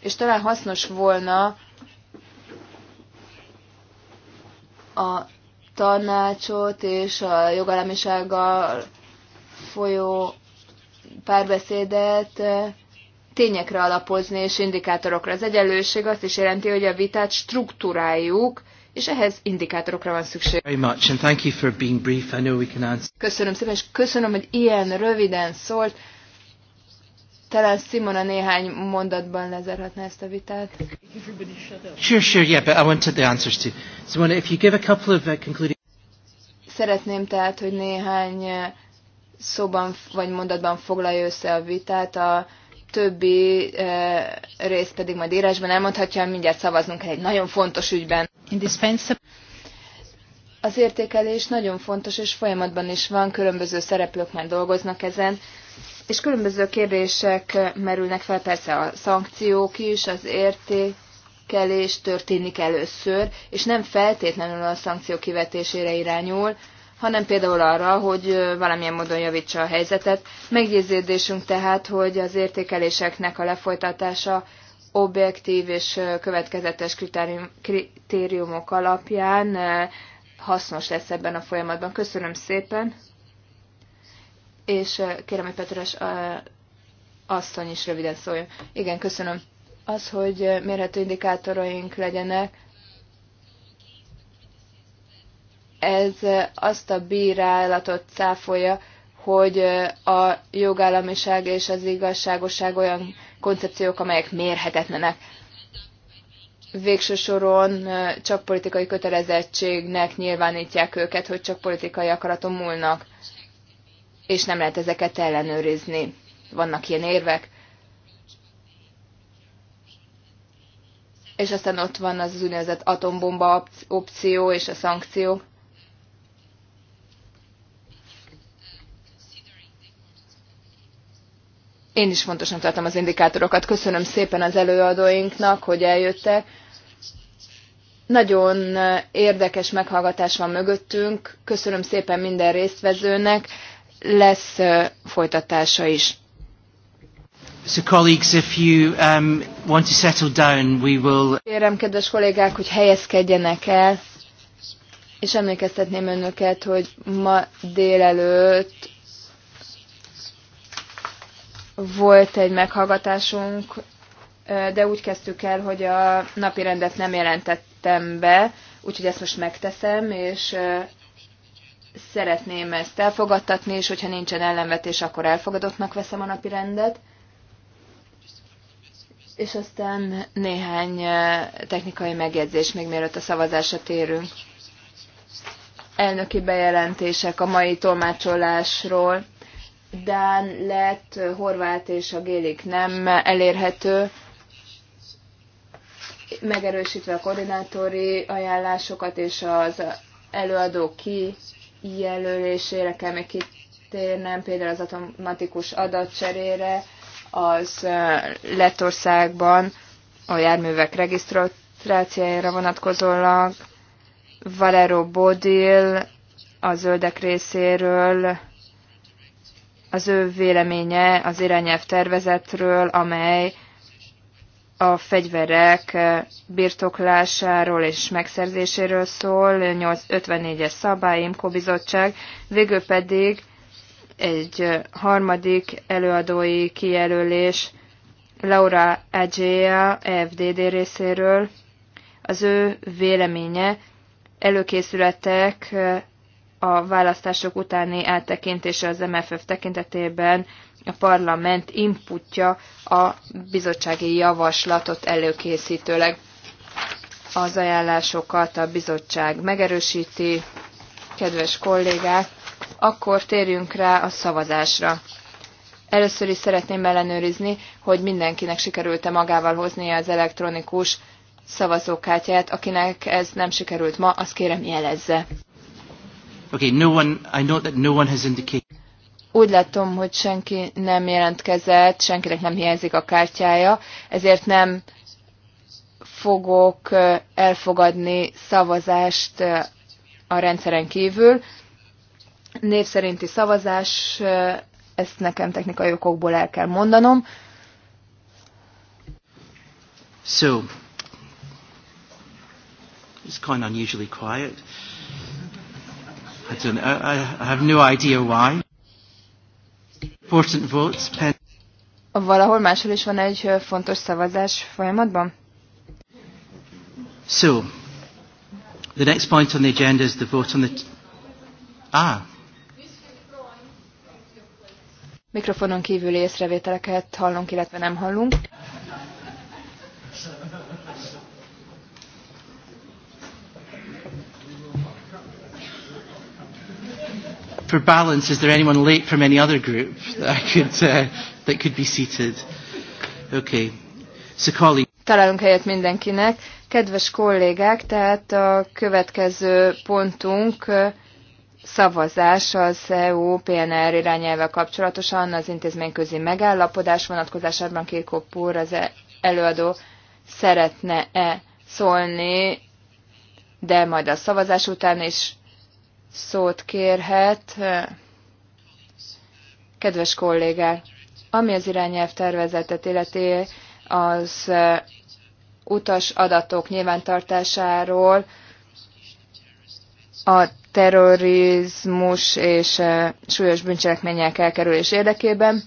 és talán hasznos volna a tanácsot és a jogállamisággal folyó párbeszédet eh, tényekre alapozni és indikátorokra. Az egyenlőség azt is jelenti, hogy a vitát struktúráljuk, és ehhez indikátorokra van szükség. Köszönöm szépen, és köszönöm, hogy ilyen röviden szólt. Talán Simona néhány mondatban lezárhatná ezt a vitát. Sure, sure, yeah, but I wanted the answers too. Simona, if you give a couple of uh, concluding... Szeretném tehát, hogy néhány uh, szóban vagy mondatban foglalja össze a vitát. A, többi eh, rész pedig majd írásban elmondhatja, mindjárt szavaznunk kell egy nagyon fontos ügyben. Az értékelés nagyon fontos, és folyamatban is van, különböző szereplők már dolgoznak ezen, és különböző kérdések merülnek fel, persze a szankciók is, az értékelés történik először, és nem feltétlenül a szankció kivetésére irányul, hanem például arra, hogy valamilyen módon javítsa a helyzetet. Meggyőződésünk tehát, hogy az értékeléseknek a lefolytatása objektív és következetes kritérium, kritériumok alapján hasznos lesz ebben a folyamatban. Köszönöm szépen, és kérem, hogy Petres asszony is röviden szóljon. Igen, köszönöm. Az, hogy mérhető indikátoraink legyenek, ez azt a bírálatot cáfolja, hogy a jogállamiság és az igazságosság olyan koncepciók, amelyek mérhetetlenek. Végső soron csak politikai kötelezettségnek nyilvánítják őket, hogy csak politikai akaraton múlnak, és nem lehet ezeket ellenőrizni. Vannak ilyen érvek. És aztán ott van az úgynevezett atombomba opció és a szankciók Én is fontosnak tartom az indikátorokat. Köszönöm szépen az előadóinknak, hogy eljöttek. Nagyon érdekes meghallgatás van mögöttünk. Köszönöm szépen minden résztvevőnek. Lesz folytatása is. So colleagues, if you um, want to settle down, we will... Kérem, kedves kollégák, hogy helyezkedjenek el, és emlékeztetném önöket, hogy ma délelőtt volt egy meghallgatásunk, de úgy kezdtük el, hogy a napi rendet nem jelentettem be, úgyhogy ezt most megteszem, és szeretném ezt elfogadtatni, és hogyha nincsen ellenvetés, akkor elfogadottnak veszem a napi rendet. És aztán néhány technikai megjegyzés, még mielőtt a szavazásra térünk. Elnöki bejelentések a mai tolmácsolásról. Dán, Lett, Horvát és a Gélik nem elérhető, megerősítve a koordinátori ajánlásokat és az előadó kijelölésére kell még kitérnem, például az automatikus adatcserére, az Lettországban a járművek regisztrációjára vonatkozólag, Valero Bodil a zöldek részéről az ő véleménye az irányelv tervezetről, amely a fegyverek birtoklásáról és megszerzéséről szól, 54-es szabály, IMCO bizottság, végül pedig egy harmadik előadói kijelölés Laura Adjea e FDD részéről. Az ő véleménye előkészületek a választások utáni eltekintése az MFF tekintetében a parlament inputja a bizottsági javaslatot előkészítőleg. Az ajánlásokat a bizottság megerősíti, kedves kollégák, akkor térjünk rá a szavazásra. Először is szeretném ellenőrizni, hogy mindenkinek sikerült-e magával hoznia az elektronikus szavazókártyát. Akinek ez nem sikerült ma, azt kérem jelezze. Okay, no one, I know that no one has indicated. Úgy látom, hogy senki nem jelentkezett, senkinek nem hiányzik a kártyája, ezért nem fogok elfogadni szavazást a rendszeren kívül. Név szerinti szavazás, ezt nekem technikai okokból el kell mondanom. So, it's kind of unusually quiet. I don't know. I, I have no idea why. Important votes. Pen Valahol máshol is van egy fontos szavazás folyamatban? So, the next point on the agenda is the vote on the... ah. Mikrofonon kívüli észrevételeket hallunk, illetve nem hallunk. for balance, is there anyone late from any other group that I could uh, that could be seated? Okay. So colleague. Találunk helyet mindenkinek. Kedves kollégák, tehát a következő pontunk szavazás az EU PNR irányelve kapcsolatosan az intézményközi megállapodás vonatkozásában Kirkop úr az előadó szeretne-e szólni, de majd a szavazás után is szót kérhet. Kedves kollégák, ami az irányelv tervezetet illeti, az utas adatok nyilvántartásáról a terrorizmus és súlyos bűncselekmények elkerülés érdekében.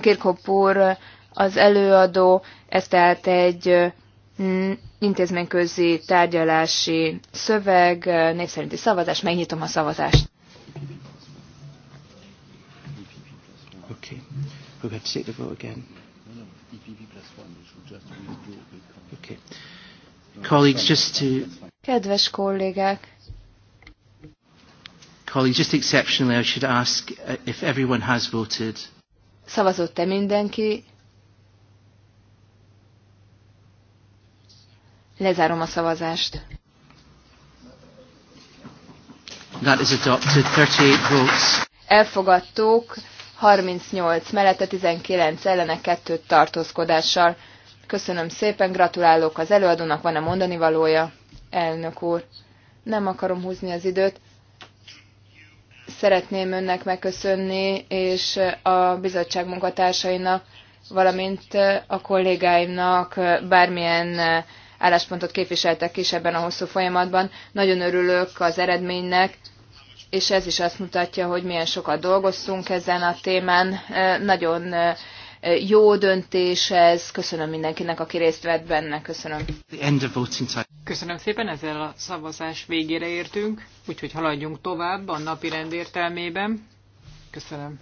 Kirkhop úr az előadó, ez tehát egy intézményközi tárgyalási szöveg, népszerinti szavazás, megnyitom a szavazást. Okay. We're going to take the vote again. Okay. Colleagues, just to... Kedves kollégák! Colleagues, just exceptionally, I should ask uh, if everyone has voted. Szavazott-e mindenki? Lezárom a szavazást. That is adopted. 38 votes. Elfogadtuk 38 mellette 19 ellene 2 tartózkodással. Köszönöm szépen, gratulálok az előadónak, van-e mondani valója? Elnök úr, nem akarom húzni az időt. Szeretném önnek megköszönni, és a bizottság munkatársainak, valamint a kollégáimnak bármilyen álláspontot képviseltek is ebben a hosszú folyamatban. Nagyon örülök az eredménynek, és ez is azt mutatja, hogy milyen sokat dolgoztunk ezen a témán. Nagyon jó döntés ez. Köszönöm mindenkinek, aki részt vett benne. Köszönöm. Köszönöm szépen, ezzel a szavazás végére értünk, úgyhogy haladjunk tovább a napi rend értelmében. Köszönöm.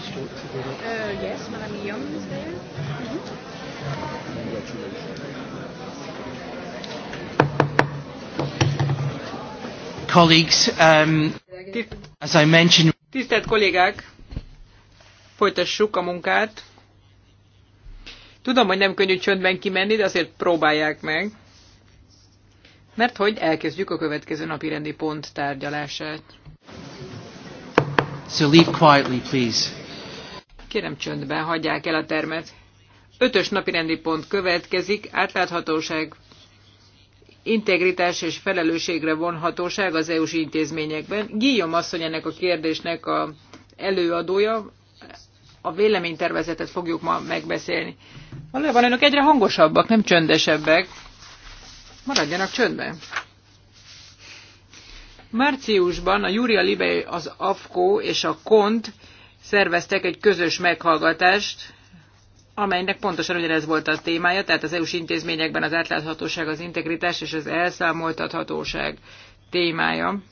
Uh, yes, Madame Young is there. Mm -hmm. Congratulations. Colleagues, um, as I mentioned... Tisztelt kollégák, folytassuk a munkát. Tudom, hogy nem könnyű csöndben kimenni, de azért próbálják meg. Mert hogy elkezdjük a következő napi rendi pont tárgyalását. So leave quietly, please. Kérem csöndben hagyják el a termet. Ötös napi rendi pont következik, átláthatóság, integritás és felelősségre vonhatóság az EU-s intézményekben. Guillaume asszony ennek a kérdésnek a előadója, a véleménytervezetet fogjuk ma megbeszélni. Valójában önök egyre hangosabbak, nem csöndesebbek. Maradjanak csöndben. Márciusban a Júria Libe, az AFKO és a KONT szerveztek egy közös meghallgatást, amelynek pontosan ugyanez volt a témája, tehát az EU-s intézményekben az átláthatóság, az integritás és az elszámoltathatóság témája.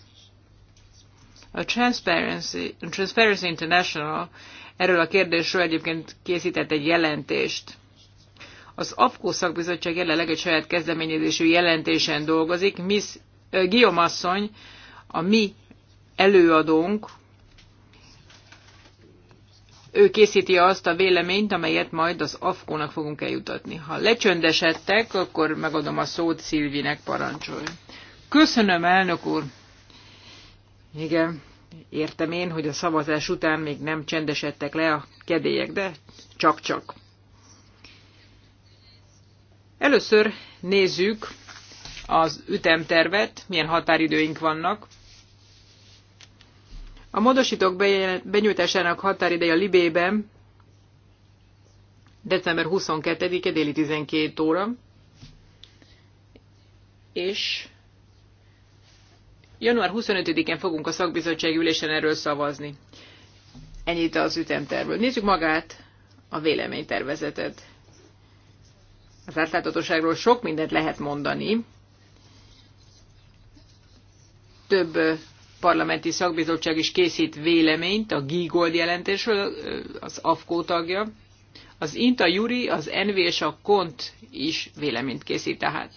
A Transparency, Transparency International erről a kérdésről egyébként készített egy jelentést. Az APKO szakbizottság jelenleg egy saját kezdeményezésű jelentésen dolgozik. Miss uh, Guillaume asszony, a mi előadónk ő készíti azt a véleményt, amelyet majd az AFKO-nak fogunk eljutatni. Ha lecsöndesedtek, akkor megadom a szót Szilvinek parancsolj. Köszönöm, elnök úr! Igen, értem én, hogy a szavazás után még nem csendesedtek le a kedélyek, de csak-csak. Először nézzük az ütemtervet, milyen határidőink vannak. A módosítók benyújtásának határideje a Libében december 22-e déli 12 óra, és január 25-én fogunk a szakbizottság ülésen erről szavazni. Ennyit az ütemtervről. Nézzük magát a véleménytervezetet. Az átláthatóságról sok mindent lehet mondani. Több parlamenti szakbizottság is készít véleményt a Gigold jelentésről, az AFKO tagja. Az INTA, Juri, az NV és a KONT is véleményt készít tehát.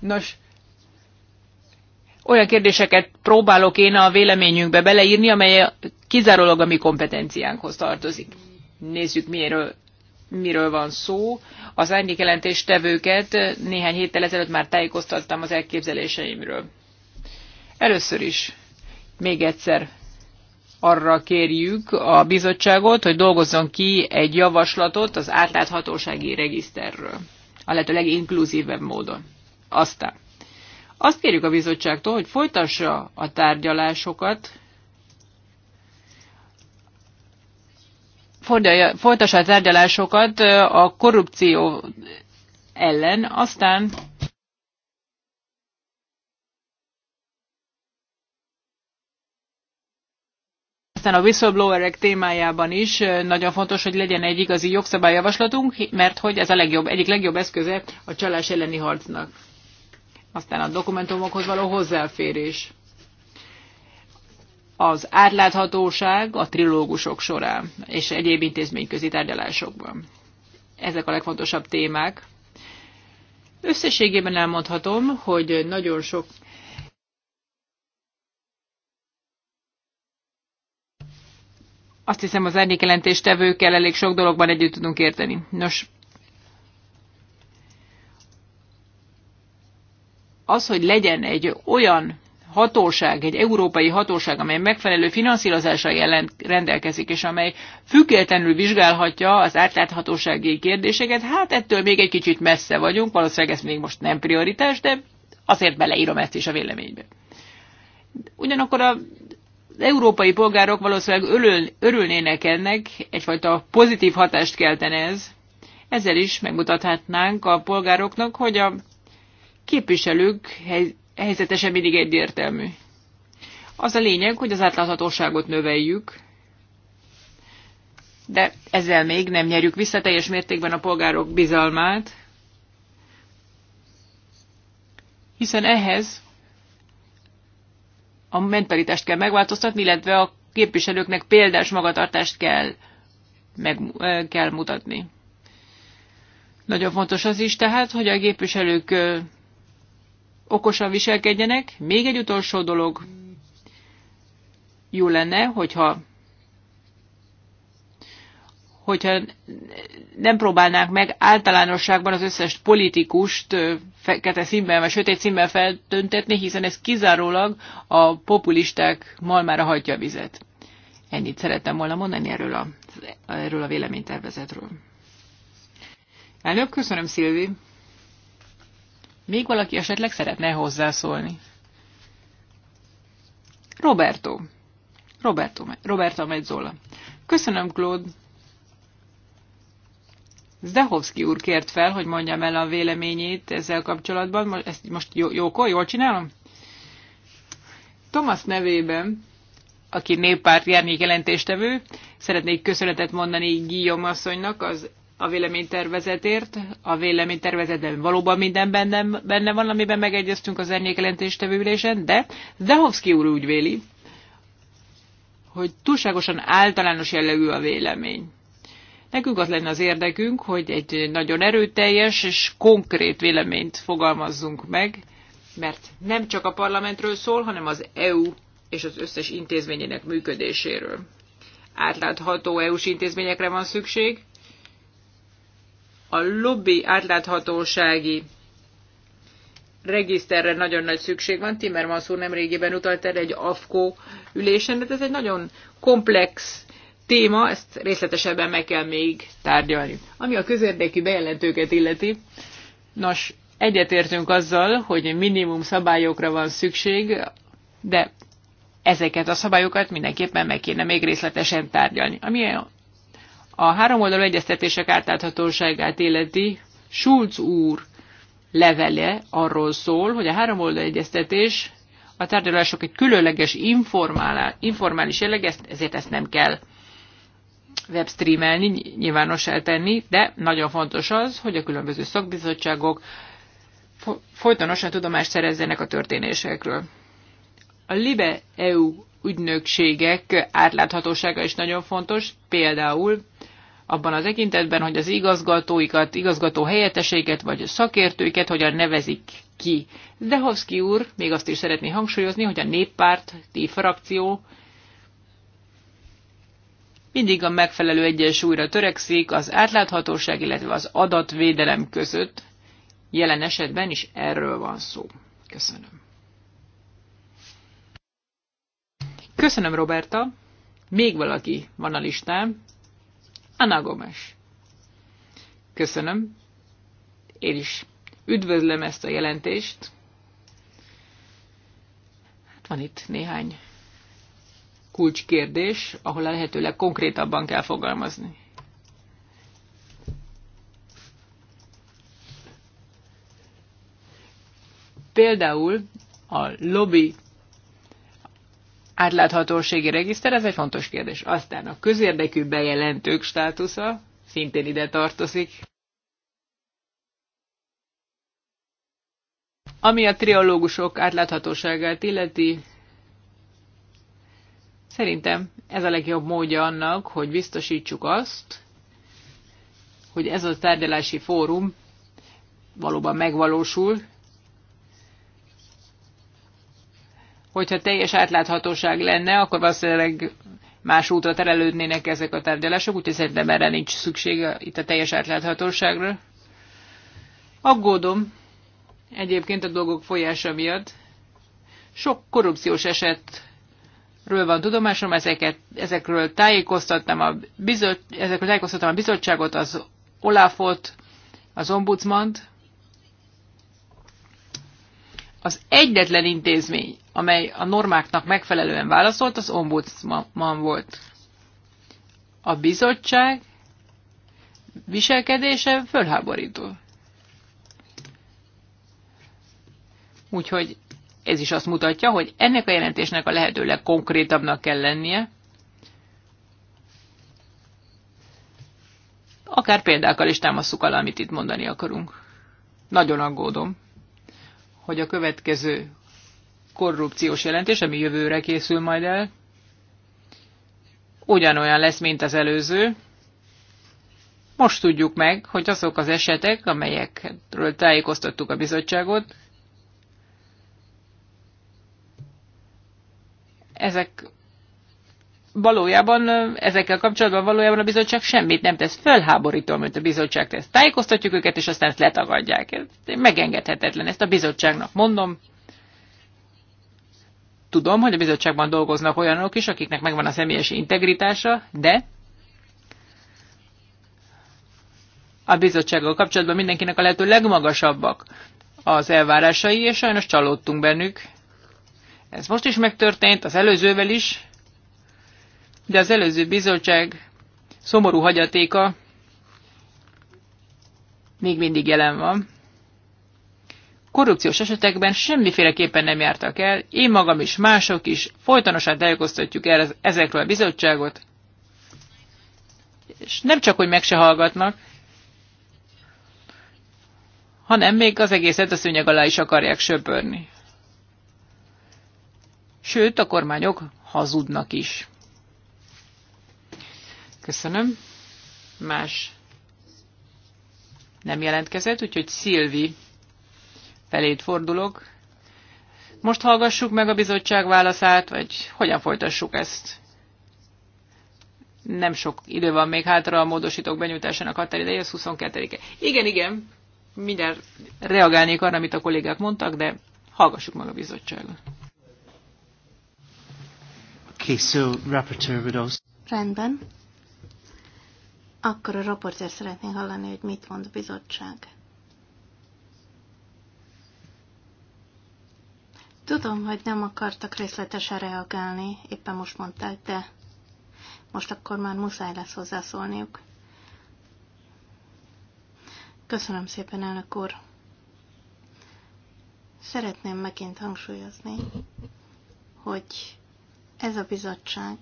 Nos, olyan kérdéseket próbálok én a véleményünkbe beleírni, amely kizárólag a mi kompetenciánkhoz tartozik. Nézzük, miről, miről van szó. Az árnyékjelentés tevőket néhány héttel ezelőtt már tájékoztattam az elképzeléseimről. Először is még egyszer arra kérjük a bizottságot, hogy dolgozzon ki egy javaslatot az átláthatósági regiszterről, a lehető leginkluzívebb módon. Aztán azt kérjük a bizottságtól, hogy folytassa a tárgyalásokat folytassa a tárgyalásokat a korrupció ellen, aztán aztán a whistleblowerek témájában is nagyon fontos, hogy legyen egy igazi jogszabályjavaslatunk, mert hogy ez a legjobb, egyik legjobb eszköze a csalás elleni harcnak. Aztán a dokumentumokhoz való hozzáférés az átláthatóság a trilógusok során és egyéb intézményközi tárgyalásokban. Ezek a legfontosabb témák. Összességében elmondhatom, hogy nagyon sok azt hiszem az árnyékjelentéstevőkkel elég sok dologban együtt tudunk érteni. Nos, az, hogy legyen egy olyan hatóság, egy európai hatóság, amely megfelelő jelent, rendelkezik, és amely függetlenül vizsgálhatja az átláthatósági kérdéseket, hát ettől még egy kicsit messze vagyunk, valószínűleg ez még most nem prioritás, de azért beleírom ezt is a véleménybe. Ugyanakkor a az európai polgárok valószínűleg örül, örülnének ennek, egyfajta pozitív hatást keltene ez. Ezzel is megmutathatnánk a polgároknak, hogy a képviselők hely, helyzete sem mindig egyértelmű. Az a lényeg, hogy az átláthatóságot növeljük, de ezzel még nem nyerjük vissza teljes mértékben a polgárok bizalmát, hiszen ehhez a mentalitást kell megváltoztatni, illetve a képviselőknek példás magatartást kell, meg, kell mutatni. Nagyon fontos az is tehát, hogy a képviselők okosan viselkedjenek. Még egy utolsó dolog. Jó lenne, hogyha hogyha nem próbálnánk meg általánosságban az összes politikust fekete színben vagy sötét színben feltöntetni, hiszen ez kizárólag a populisták malmára hagyja a vizet. Ennyit szerettem volna mondani erről a, erről a véleménytervezetről. Elnök, köszönöm Szilvi. Még valaki esetleg szeretne hozzászólni? Roberto. Roberto, Roberto Mezzola. Köszönöm, Claude. Zdehovszki úr kért fel, hogy mondjam el a véleményét ezzel kapcsolatban. Ezt most jó, jókor, jól csinálom? Thomas nevében, aki néppárt járnék jelentéstevő, szeretnék köszönetet mondani Guillaume asszonynak az a véleménytervezetért. A véleménytervezetben valóban minden benne, benne van, amiben megegyeztünk az árnyékelentéstevő ülésen, de Zahovszki úr úgy véli, hogy túlságosan általános jellegű a vélemény. Nekünk az lenne az érdekünk, hogy egy nagyon erőteljes és konkrét véleményt fogalmazzunk meg, mert nem csak a parlamentről szól, hanem az EU és az összes intézményének működéséről. Átlátható EU-s intézményekre van szükség, a lobby átláthatósági regiszterre nagyon nagy szükség van. Timmermans úr nemrégiben utalt erre egy AFKO ülésen, de ez egy nagyon komplex téma, ezt részletesebben meg kell még tárgyalni. Ami a közérdekű bejelentőket illeti, nos, egyetértünk azzal, hogy minimum szabályokra van szükség, de ezeket a szabályokat mindenképpen meg kéne még részletesen tárgyalni. Ami a a háromoldalú egyeztetések átláthatóságát illeti Schulz úr levele arról szól, hogy a háromoldalú egyeztetés a tárgyalások egy különleges informális jelleg, ezért ezt nem kell webstreamelni, nyilvános eltenni, de nagyon fontos az, hogy a különböző szakbizottságok folytonosan tudomást szerezzenek a történésekről. A LIBE EU ügynökségek átláthatósága is nagyon fontos, például abban a tekintetben, hogy az igazgatóikat, igazgató helyetteséget vagy szakértőiket hogyan nevezik ki. Zdehovszki úr még azt is szeretné hangsúlyozni, hogy a néppárti frakció mindig a megfelelő egyensúlyra törekszik az átláthatóság, illetve az adatvédelem között. Jelen esetben is erről van szó. Köszönöm. Köszönöm, Roberta. Még valaki van a listán. Anna Gomes. Köszönöm. Én is üdvözlöm ezt a jelentést. Hát van itt néhány kulcskérdés, ahol a lehetőleg konkrétabban kell fogalmazni. Például a lobby átláthatósági regiszter, ez egy fontos kérdés. Aztán a közérdekű bejelentők státusza szintén ide tartozik. Ami a triológusok átláthatóságát illeti, szerintem ez a legjobb módja annak, hogy biztosítsuk azt, hogy ez a tárgyalási fórum valóban megvalósul, Hogyha teljes átláthatóság lenne, akkor valószínűleg más útra terelődnének ezek a tárgyalások, úgyhogy szerintem erre nincs szükség itt a teljes átláthatóságra. Aggódom egyébként a dolgok folyása miatt. Sok korrupciós esetről van tudomásom, ezeket, ezekről, tájékoztattam a bizot, ezekről tájékoztattam a bizottságot, az Olafot, az ombudsmant, az egyetlen intézmény, amely a normáknak megfelelően válaszolt, az ombudsman volt. A bizottság viselkedése fölháborító. Úgyhogy ez is azt mutatja, hogy ennek a jelentésnek a lehető legkonkrétabbnak kell lennie, akár példákkal is támasszuk alá, amit itt mondani akarunk. Nagyon aggódom hogy a következő korrupciós jelentés, ami jövőre készül majd el, ugyanolyan lesz, mint az előző. Most tudjuk meg, hogy azok az esetek, amelyekről tájékoztattuk a bizottságot, ezek valójában ezekkel kapcsolatban valójában a bizottság semmit nem tesz. Fölháborító, amit a bizottság tesz. Tájékoztatjuk őket, és aztán ezt letagadják. Ez megengedhetetlen. Ezt a bizottságnak mondom. Tudom, hogy a bizottságban dolgoznak olyanok is, akiknek megvan a személyes integritása, de a bizottsággal kapcsolatban mindenkinek a lehető legmagasabbak az elvárásai, és sajnos csalódtunk bennük. Ez most is megtörtént, az előzővel is, de az előző bizottság szomorú hagyatéka még mindig jelen van. Korrupciós esetekben semmiféleképpen nem jártak el, én magam is, mások is, folytonosan tájékoztatjuk el ezekről a bizottságot, és nem csak, hogy meg se hallgatnak, hanem még az egészet a szőnyeg alá is akarják söpörni. Sőt, a kormányok hazudnak is. Köszönöm. Más nem jelentkezett, úgyhogy Szilvi felét fordulok. Most hallgassuk meg a bizottság válaszát, vagy hogyan folytassuk ezt? Nem sok idő van még hátra a módosítók benyújtásának határideje, ez 22-e. Igen, igen, mindjárt reagálnék arra, amit a kollégák mondtak, de hallgassuk meg a bizottságot. Okay, so, rapporteur Rendben. Akkor a raportér szeretné hallani, hogy mit mond a bizottság. Tudom, hogy nem akartak részletesen reagálni, éppen most mondták, de most akkor már muszáj lesz hozzászólniuk. Köszönöm szépen, elnök úr. Szeretném megint hangsúlyozni, hogy ez a bizottság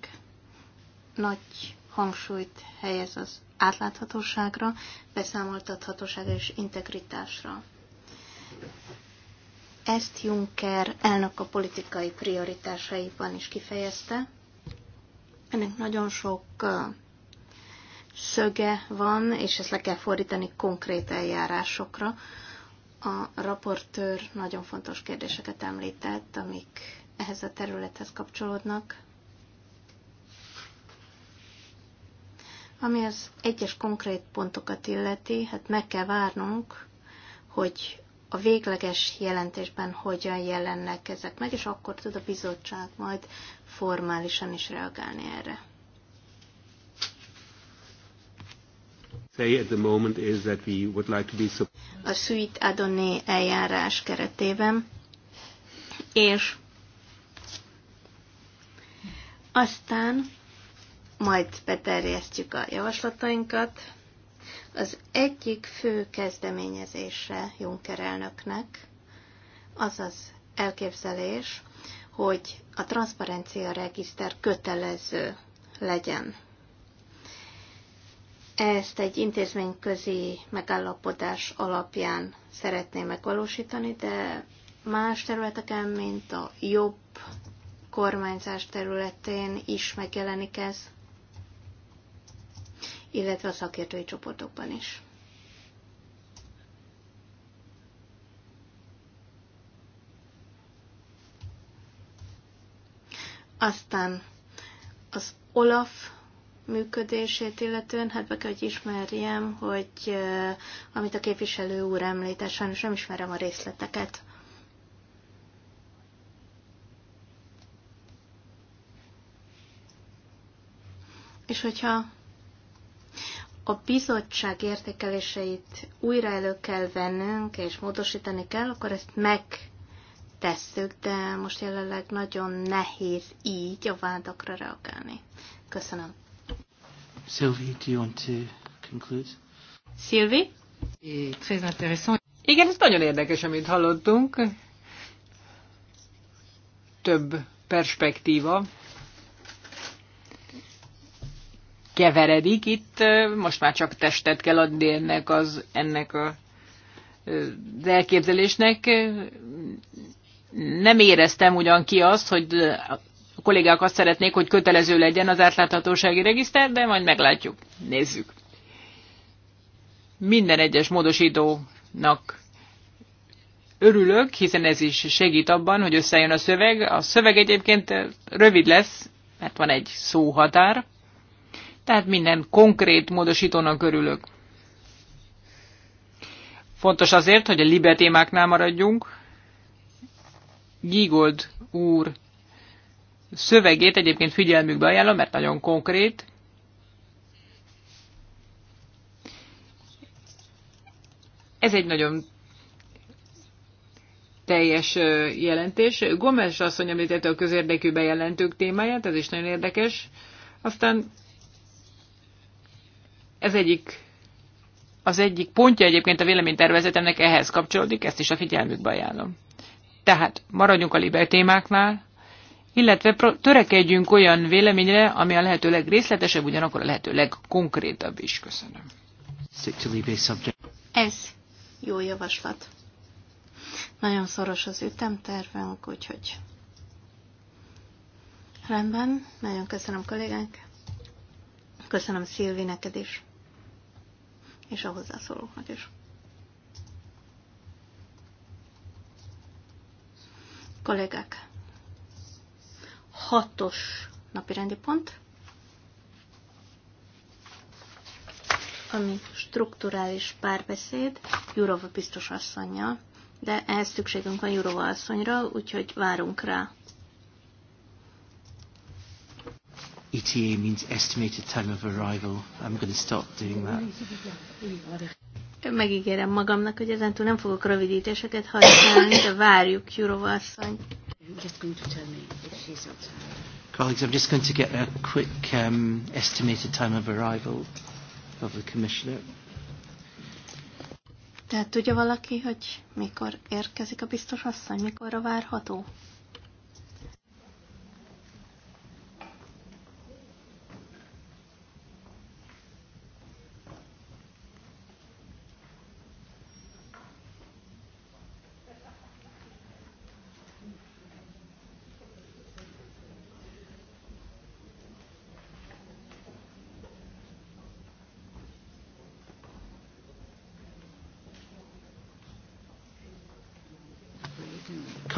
nagy hangsúlyt helyez az átláthatóságra, beszámoltathatóságra és integritásra. Ezt Juncker elnök a politikai prioritásaiban is kifejezte. Ennek nagyon sok szöge van, és ezt le kell fordítani konkrét eljárásokra. A raportőr nagyon fontos kérdéseket említett, amik ehhez a területhez kapcsolódnak. Ami az egyes konkrét pontokat illeti, hát meg kell várnunk, hogy a végleges jelentésben hogyan jelennek ezek meg, és akkor tud a bizottság majd formálisan is reagálni erre. A suite adoné eljárás keretében, és aztán majd beterjesztjük a javaslatainkat. Az egyik fő kezdeményezése Juncker elnöknek az az elképzelés, hogy a transzparencia regiszter kötelező legyen. Ezt egy intézményközi megállapodás alapján szeretné megvalósítani, de más területeken, mint a jobb kormányzás területén is megjelenik ez illetve a szakértői csoportokban is. Aztán az Olaf működését illetően, hát be kell, hogy ismerjem, hogy eh, amit a képviselő úr említett, sajnos nem ismerem a részleteket. És hogyha a bizottság értékeléseit újra elő kell vennünk, és módosítani kell, akkor ezt megtesszük, de most jelenleg nagyon nehéz így a vádakra reagálni. Köszönöm. Sylvie, do you want to conclude? Sylvie? Igen, ez nagyon érdekes, amit hallottunk. Több perspektíva keveredik itt, most már csak testet kell adni ennek, az, ennek a, az elképzelésnek. Nem éreztem ugyan ki azt, hogy a kollégák azt szeretnék, hogy kötelező legyen az átláthatósági regiszter, de majd meglátjuk, nézzük. Minden egyes módosítónak örülök, hiszen ez is segít abban, hogy összejön a szöveg. A szöveg egyébként rövid lesz, mert van egy szóhatár, tehát minden konkrét módosítónak örülök. Fontos azért, hogy a libe témáknál maradjunk. Gigold úr szövegét egyébként figyelmükbe ajánlom, mert nagyon konkrét. Ez egy nagyon teljes jelentés. Gomes asszony említette a közérdekű bejelentők témáját, ez is nagyon érdekes. Aztán ez egyik, az egyik pontja egyébként a véleménytervezetemnek ehhez kapcsolódik, ezt is a figyelmükbe ajánlom. Tehát maradjunk a liber témáknál, illetve törekedjünk olyan véleményre, ami a lehető legrészletesebb, ugyanakkor a lehető legkonkrétabb is. Köszönöm. Ez jó javaslat. Nagyon szoros az ütemtervünk, úgyhogy rendben. Nagyon köszönöm kollégánk. Köszönöm Szilvi neked is és a hozzászólóknak is. Kollégák, hatos napi rendi pont, ami strukturális párbeszéd Jurova biztos asszonynal, de ehhez szükségünk van Jurova asszonyra, úgyhogy várunk rá. ETA means estimated time of arrival. I'm going to stop doing that. Megígérem magamnak, hogy ezentúl nem fogok rövidítéseket használni, de várjuk Jurova asszony. Colleagues, I'm just going to get a quick um, estimated time of arrival of the commissioner. Tehát tudja valaki, hogy mikor érkezik a biztos asszony, mikorra várható?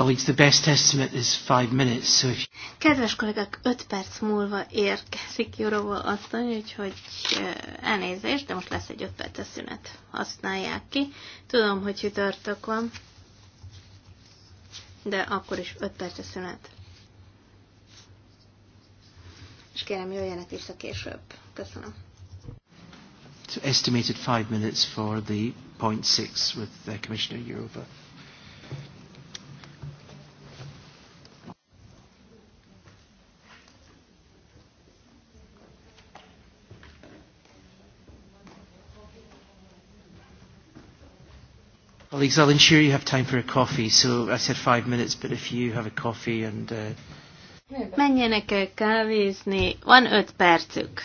Oh, Kedves kollégák, öt perc múlva érkezik Jorova asszony, úgyhogy eh, elnézést, de most lesz egy öt perces szünet. Használják ki. Tudom, hogy csütörtök van, de akkor is öt perces szünet. És kérem, jöjjenek vissza később. Köszönöm. So estimated five minutes for the point six with the uh, Commissioner Eurova. colleagues, I'll ensure you have time for a coffee. So I said five minutes, but if you have a coffee and... Uh... Menjenek el kávézni, van öt percük.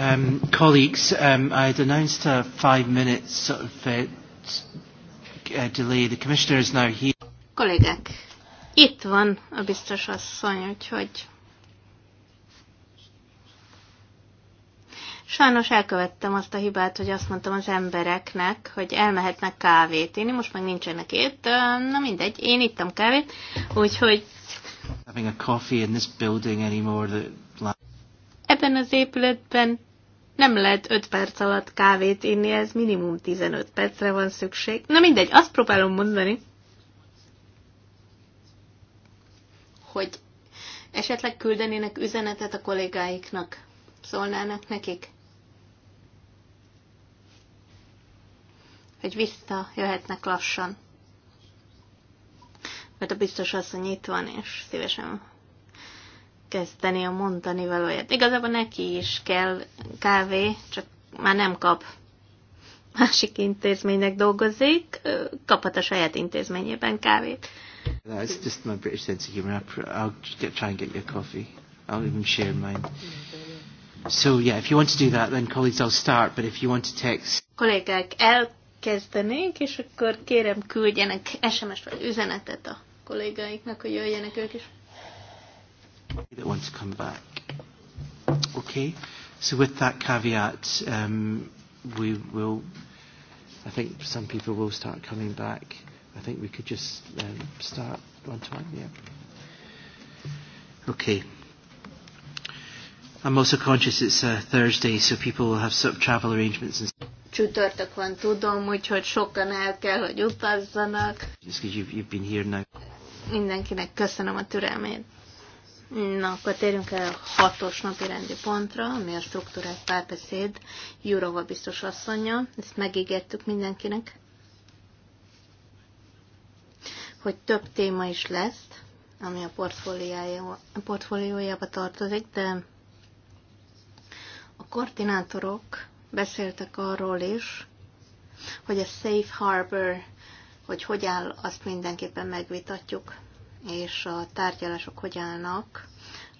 Um, colleagues, um, I had announced a five-minute sort of uh, uh, delay. The commissioner is now here. Kollégák, itt van a biztos asszony, úgyhogy Sajnos elkövettem azt a hibát, hogy azt mondtam az embereknek, hogy elmehetnek kávét inni, most meg nincsenek itt, na mindegy, én ittam kávét, úgyhogy... Having a coffee in this building anymore that... Ebben az épületben nem lehet 5 perc alatt kávét inni, ez minimum 15 percre van szükség. Na mindegy, azt próbálom mondani, hogy esetleg küldenének üzenetet a kollégáiknak, szólnának nekik, hogy vissza jöhetnek lassan. Mert a biztos asszony itt van, és szívesen kezdeni a mondani valóját. Igazából neki is kell kávé, csak már nem kap. Másik intézménynek dolgozik, kaphat a saját intézményében kávét. That's just my British sense of humor. I'll get, try and get you a coffee. I'll even share mine. So yeah, if you want to do that, then colleagues, I'll start. But if you want to text, kollégák elkezdenék, és akkor kérem küldjenek SMS-t vagy üzenetet a kollégáiknak, hogy jöjjenek ők is. That want to come back. Okay. So with that caveat, um, we will. I think some people will start coming back. I think we could just um, start one time. Yeah. Okay. I'm also conscious it's a Thursday, so people will have sort travel arrangements and. Csütörtök van, tudom, úgyhogy sokan el kell, hogy utazzanak. Just you've, you've been here now. Mindenkinek köszönöm a türelmét. Na, akkor térjünk el a hatos napi rendi pontra, ami a struktúrák párbeszéd Jurova biztos asszonya. Ezt megígértük mindenkinek, hogy több téma is lesz, ami a, portfóliója, a portfóliójába tartozik, de a koordinátorok beszéltek arról is, hogy a Safe Harbor, hogy hogy áll, azt mindenképpen megvitatjuk és a tárgyalások hogy állnak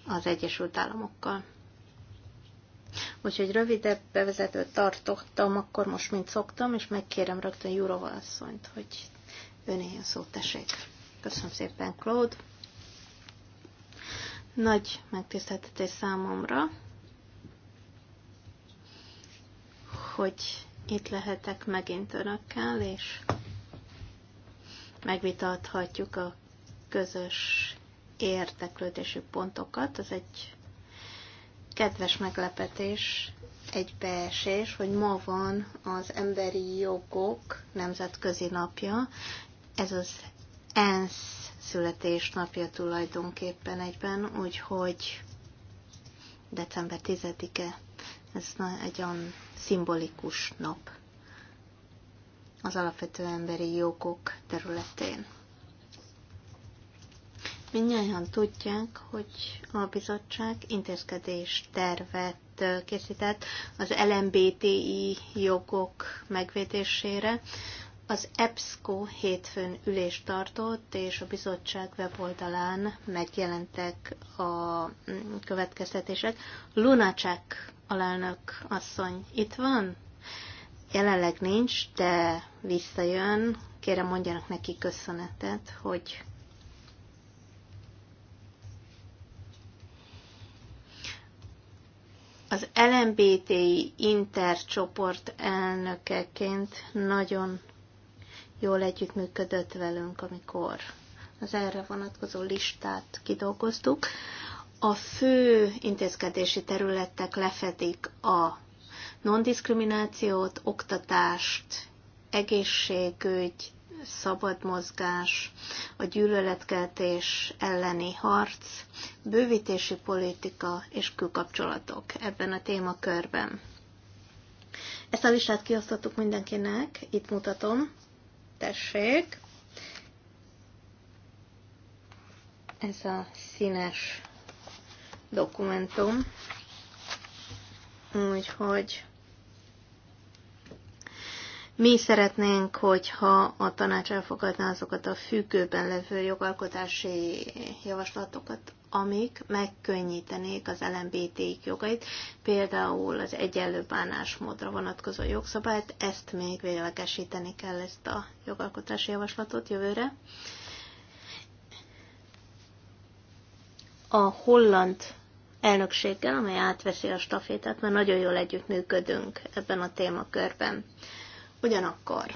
az Egyesült Államokkal. Úgyhogy rövidebb bevezetőt tartottam, akkor most, mint szoktam, és megkérem rögtön Jurova asszonyt, hogy ön a szót tessék. Köszönöm szépen, Claude. Nagy megtiszteltetés számomra, hogy itt lehetek megint önökkel, és megvitathatjuk a közös érteklődésű pontokat. Az egy kedves meglepetés, egy beesés, hogy ma van az Emberi Jogok Nemzetközi Napja. Ez az ENSZ születésnapja tulajdonképpen egyben, úgyhogy december 10-e, ez egy olyan szimbolikus nap az alapvető emberi jogok területén. Mindnyáján tudják, hogy a bizottság intézkedés tervet készített az LMBTI jogok megvédésére. Az EBSCO hétfőn ülést tartott, és a bizottság weboldalán megjelentek a mm, következtetések. Lunacek alelnök asszony itt van? Jelenleg nincs, de visszajön. Kérem mondjanak neki köszönetet, hogy az LMBTI intercsoport elnökeként nagyon jól együttműködött velünk, amikor az erre vonatkozó listát kidolgoztuk. A fő intézkedési területek lefedik a nondiskriminációt, oktatást, egészségügy, szabad mozgás, a gyűlöletkeltés elleni harc, bővítési politika és külkapcsolatok ebben a témakörben. Ezt a listát kiosztottuk mindenkinek, itt mutatom, tessék. Ez a színes dokumentum. Úgyhogy mi szeretnénk, hogyha a tanács elfogadná azokat a függőben levő jogalkotási javaslatokat, amik megkönnyítenék az LMBT jogait, például az egyenlő bánásmódra vonatkozó jogszabályt, ezt még véglegesíteni kell ezt a jogalkotási javaslatot jövőre. A holland elnökséggel, amely átveszi a stafétát, mert nagyon jól együttműködünk ebben a témakörben. Ugyanakkor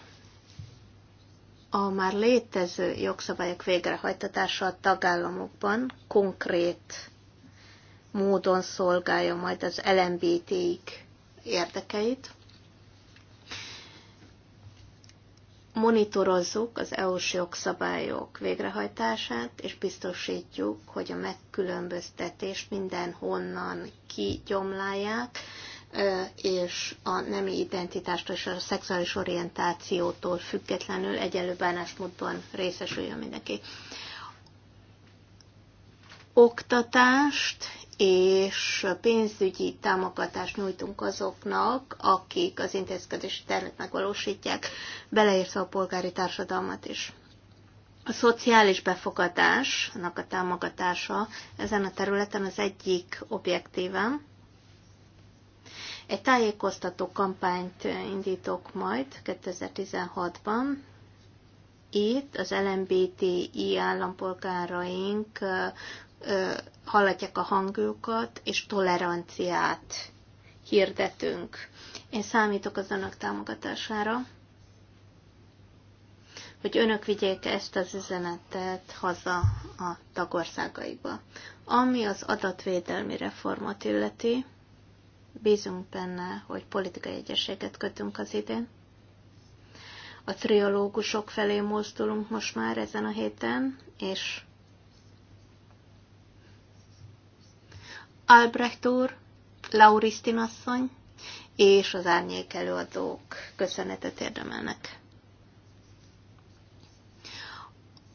a már létező jogszabályok végrehajtatása a tagállamokban konkrét módon szolgálja majd az LMBT-ik érdekeit. Monitorozzuk az EU-s jogszabályok végrehajtását, és biztosítjuk, hogy a megkülönböztetést mindenhonnan kigyomlálják, és a nemi identitástól és a szexuális orientációtól függetlenül egyenlő bánásmódban részesüljön mindenki. Oktatást és pénzügyi támogatást nyújtunk azoknak, akik az intézkedési tervet megvalósítják, beleértve a polgári társadalmat is. A szociális befogadásnak a támogatása ezen a területen az egyik objektívem, egy tájékoztató kampányt indítok majd 2016-ban. Itt az LMBTI állampolgáraink hallatják a hangjukat, és toleranciát hirdetünk. Én számítok az önök támogatására, hogy önök vigyék ezt az üzenetet haza a tagországaiba. Ami az adatvédelmi reformot illeti, Bízunk benne, hogy politikai egyességet kötünk az idén. A triológusok felé mozdulunk most már ezen a héten, és Albrecht úr, Laurisztin asszony és az árnyék előadók köszönetet érdemelnek.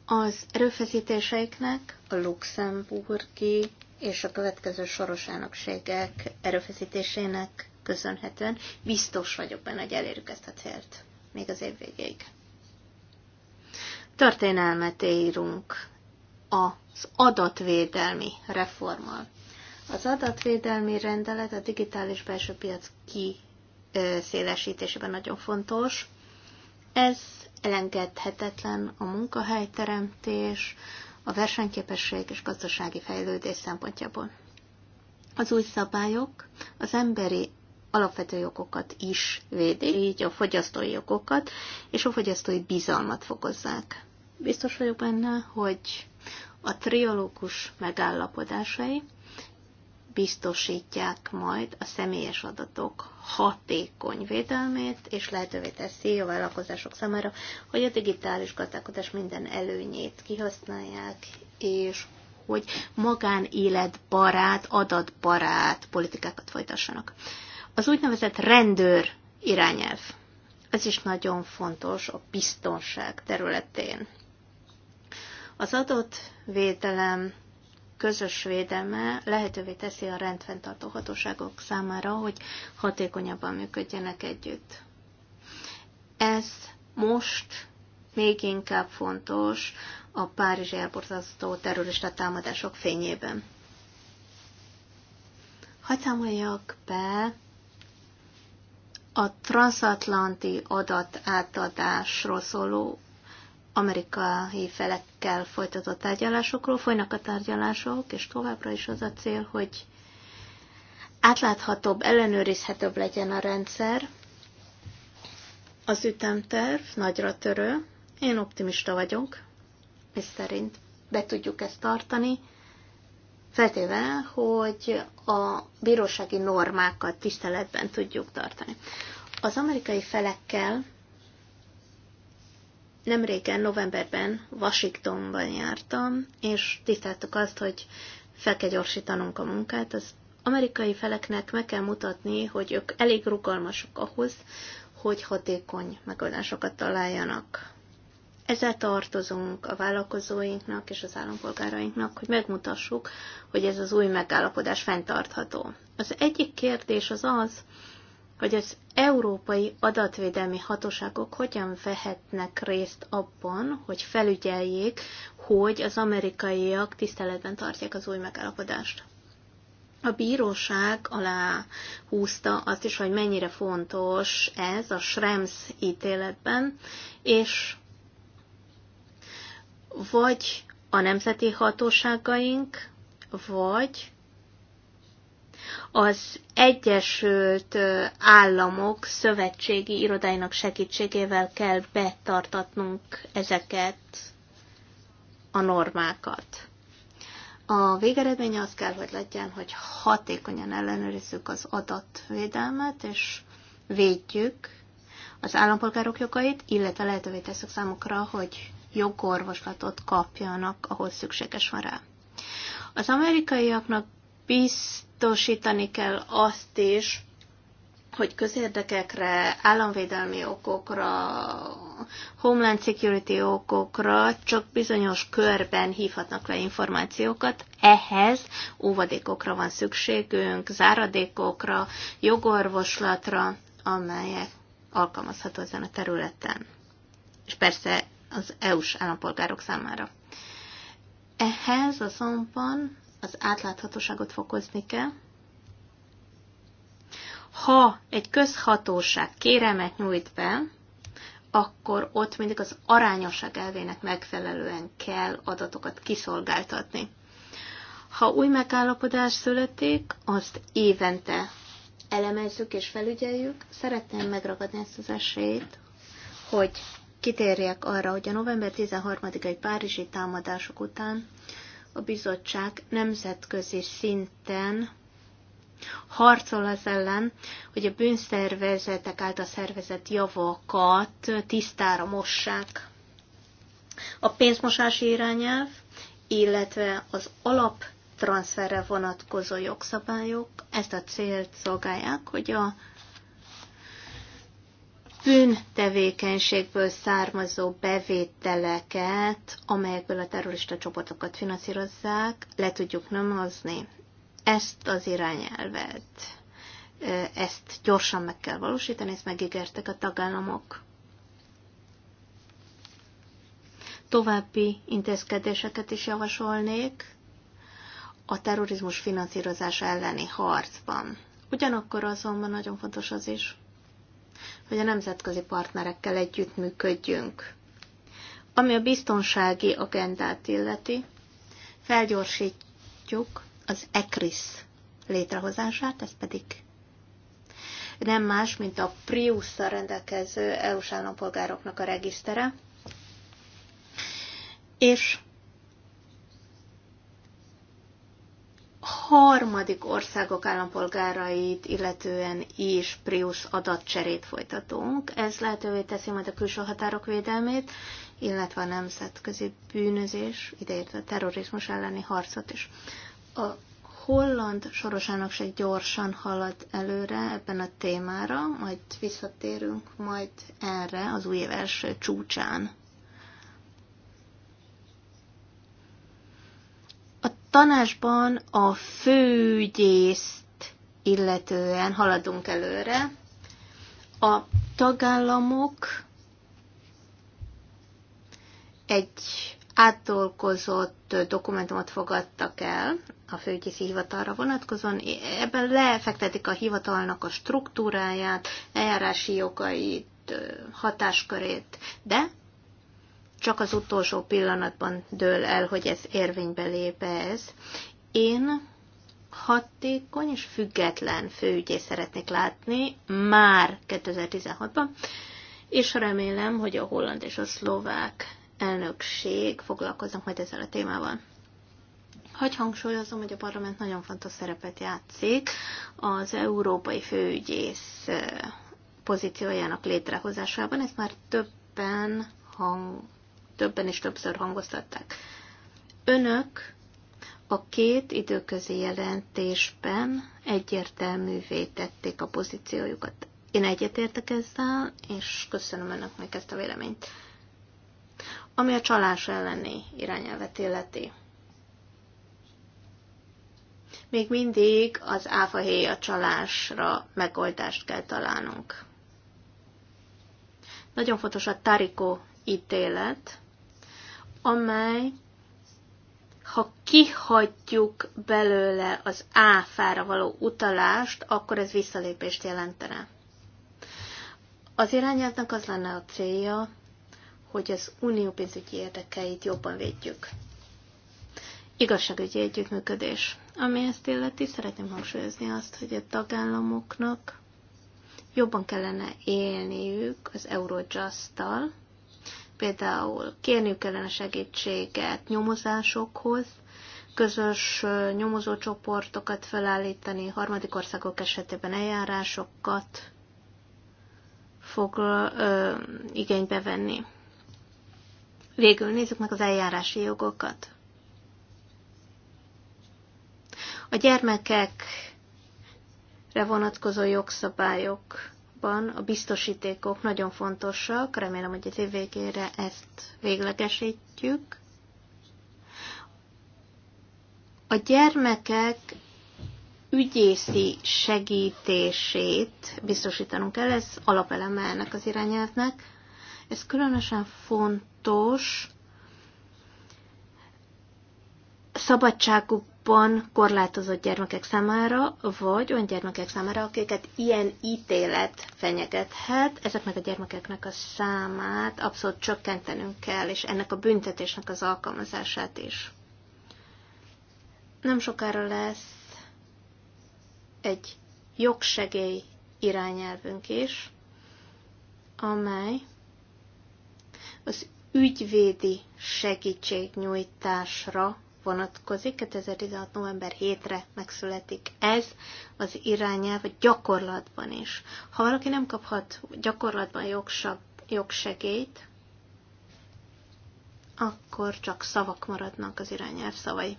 Az erőfeszítéseiknek a luxemburgi és a következő soros elnökségek erőfeszítésének köszönhetően biztos vagyok benne, hogy elérjük ezt a célt még az év végéig. Történelmet írunk az adatvédelmi reformmal. Az adatvédelmi rendelet a digitális belső piac kiszélesítésében nagyon fontos. Ez elengedhetetlen a munkahelyteremtés, a versenyképesség és gazdasági fejlődés szempontjából. Az új szabályok az emberi alapvető jogokat is védik, így a fogyasztói jogokat és a fogyasztói bizalmat fokozzák. Biztos vagyok benne, hogy a triológus megállapodásai biztosítják majd a személyes adatok hatékony védelmét, és lehetővé teszi a vállalkozások számára, hogy a digitális gazdálkodás minden előnyét kihasználják, és hogy magánéletbarát, adatbarát politikákat folytassanak. Az úgynevezett rendőr irányelv. Ez is nagyon fontos a biztonság területén. Az adott védelem közös védelme lehetővé teszi a rendfenntartó hatóságok számára, hogy hatékonyabban működjenek együtt. Ez most még inkább fontos a Párizsi elborzasztó terrorista támadások fényében. Hadd számoljak be a transatlanti adatátadásról szóló amerikai felekkel folytatott tárgyalásokról. Folynak a tárgyalások, és továbbra is az a cél, hogy átláthatóbb, ellenőrizhetőbb legyen a rendszer. Az ütemterv nagyra törő. Én optimista vagyok, és szerint be tudjuk ezt tartani, feltéve, hogy a bírósági normákat tiszteletben tudjuk tartani. Az amerikai felekkel nemrégen novemberben Washingtonban jártam, és tiszteltük azt, hogy fel kell gyorsítanunk a munkát. Az amerikai feleknek meg kell mutatni, hogy ők elég rugalmasok ahhoz, hogy hatékony megoldásokat találjanak. Ezzel tartozunk a vállalkozóinknak és az állampolgárainknak, hogy megmutassuk, hogy ez az új megállapodás fenntartható. Az egyik kérdés az az, hogy az európai adatvédelmi hatóságok hogyan vehetnek részt abban, hogy felügyeljék, hogy az amerikaiak tiszteletben tartják az új megállapodást. A bíróság alá húzta azt is, hogy mennyire fontos ez a Schrems ítéletben, és vagy a nemzeti hatóságaink, vagy az Egyesült Államok szövetségi irodáinak segítségével kell betartatnunk ezeket a normákat. A végeredménye az kell, hogy legyen, hogy hatékonyan ellenőrizzük az adatvédelmet, és védjük az állampolgárok jogait, illetve lehetővé tesszük számukra, hogy jogorvoslatot kapjanak, ahol szükséges van rá. Az amerikaiaknak bizt biztosítani kell azt is, hogy közérdekekre, államvédelmi okokra, homeland security okokra csak bizonyos körben hívhatnak le információkat. Ehhez óvadékokra van szükségünk, záradékokra, jogorvoslatra, amelyek alkalmazható ezen a területen. És persze az EU-s állampolgárok számára. Ehhez azonban az átláthatóságot fokozni kell. Ha egy közhatóság kéremet nyújt be, akkor ott mindig az arányosság elvének megfelelően kell adatokat kiszolgáltatni. Ha új megállapodás születik, azt évente elemezzük és felügyeljük. Szeretném megragadni ezt az esélyt, hogy kitérjek arra, hogy a november 13-ai párizsi támadások után a bizottság nemzetközi szinten harcol az ellen, hogy a bűnszervezetek által szervezett javakat tisztára mossák. A pénzmosási irányelv, illetve az alaptranszferre vonatkozó jogszabályok ezt a célt szolgálják, hogy a bűntevékenységből származó bevételeket, amelyekből a terrorista csoportokat finanszírozzák, le tudjuk nyomozni. Ezt az irányelvet, ezt gyorsan meg kell valósítani, ezt megígértek a tagállamok. További intézkedéseket is javasolnék a terrorizmus finanszírozása elleni harcban. Ugyanakkor azonban nagyon fontos az is, hogy a nemzetközi partnerekkel együttműködjünk. Ami a biztonsági agendát illeti, felgyorsítjuk az ECRIS létrehozását, ez pedig nem más, mint a prius rendelkező EU-s állampolgároknak a regisztere, és harmadik országok állampolgárait illetően is Prius adatcserét folytatunk. Ez lehetővé teszi majd a külső határok védelmét, illetve a nemzetközi bűnözés, ideértve a terrorizmus elleni harcot is. A holland sorosának se gyorsan halad előre ebben a témára, majd visszatérünk majd erre az új év első csúcsán. Tanásban a főügyészt illetően haladunk előre. A tagállamok egy átdolgozott dokumentumot fogadtak el a főügyészi hivatalra vonatkozóan. Ebben lefektetik a hivatalnak a struktúráját, eljárási jogait, hatáskörét, de csak az utolsó pillanatban dől el, hogy ez érvénybe lép ez. Én hatékony és független főügyész szeretnék látni már 2016-ban, és remélem, hogy a holland és a szlovák elnökség foglalkoznak majd ezzel a témával. Hogy hangsúlyozom, hogy a parlament nagyon fontos szerepet játszik az európai főügyész eh, pozíciójának létrehozásában. Ezt már többen hang, többen és többször hangoztatták. Önök a két időközi jelentésben egyértelművé tették a pozíciójukat. Én egyetértek ezzel, és köszönöm önök meg ezt a véleményt. Ami a csalás elleni irányelvet illeti. Még mindig az a csalásra megoldást kell találnunk. Nagyon fontos a Tarikó ítélet, amely, ha kihagyjuk belőle az áfára való utalást, akkor ez visszalépést jelentene. Az irányelvnek az lenne a célja, hogy az unió pénzügyi érdekeit jobban védjük. Igazságügyi együttműködés. Ami ezt illeti, szeretném hangsúlyozni azt, hogy a tagállamoknak jobban kellene élniük az Eurojust-tal, Például kérniük kellene segítséget nyomozásokhoz, közös nyomozócsoportokat felállítani, harmadik országok esetében eljárásokat fog ö, igénybe venni. Végül nézzük meg az eljárási jogokat. A gyermekekre vonatkozó jogszabályok Európában a biztosítékok nagyon fontosak, remélem, hogy az év végére ezt véglegesítjük. A gyermekek ügyészi segítését biztosítanunk kell, ez alapeleme ennek az irányelvnek. Ez különösen fontos szabadságuk jobban korlátozott gyermekek számára, vagy olyan gyermekek számára, akiket ilyen ítélet fenyegethet. Ezeknek a gyermekeknek a számát abszolút csökkentenünk kell, és ennek a büntetésnek az alkalmazását is. Nem sokára lesz egy jogsegély irányelvünk is, amely az ügyvédi segítségnyújtásra vonatkozik, 2016. november 7-re megszületik ez az irányelv gyakorlatban is. Ha valaki nem kaphat gyakorlatban jogsab, jogsegélyt, akkor csak szavak maradnak az irányelv szavai.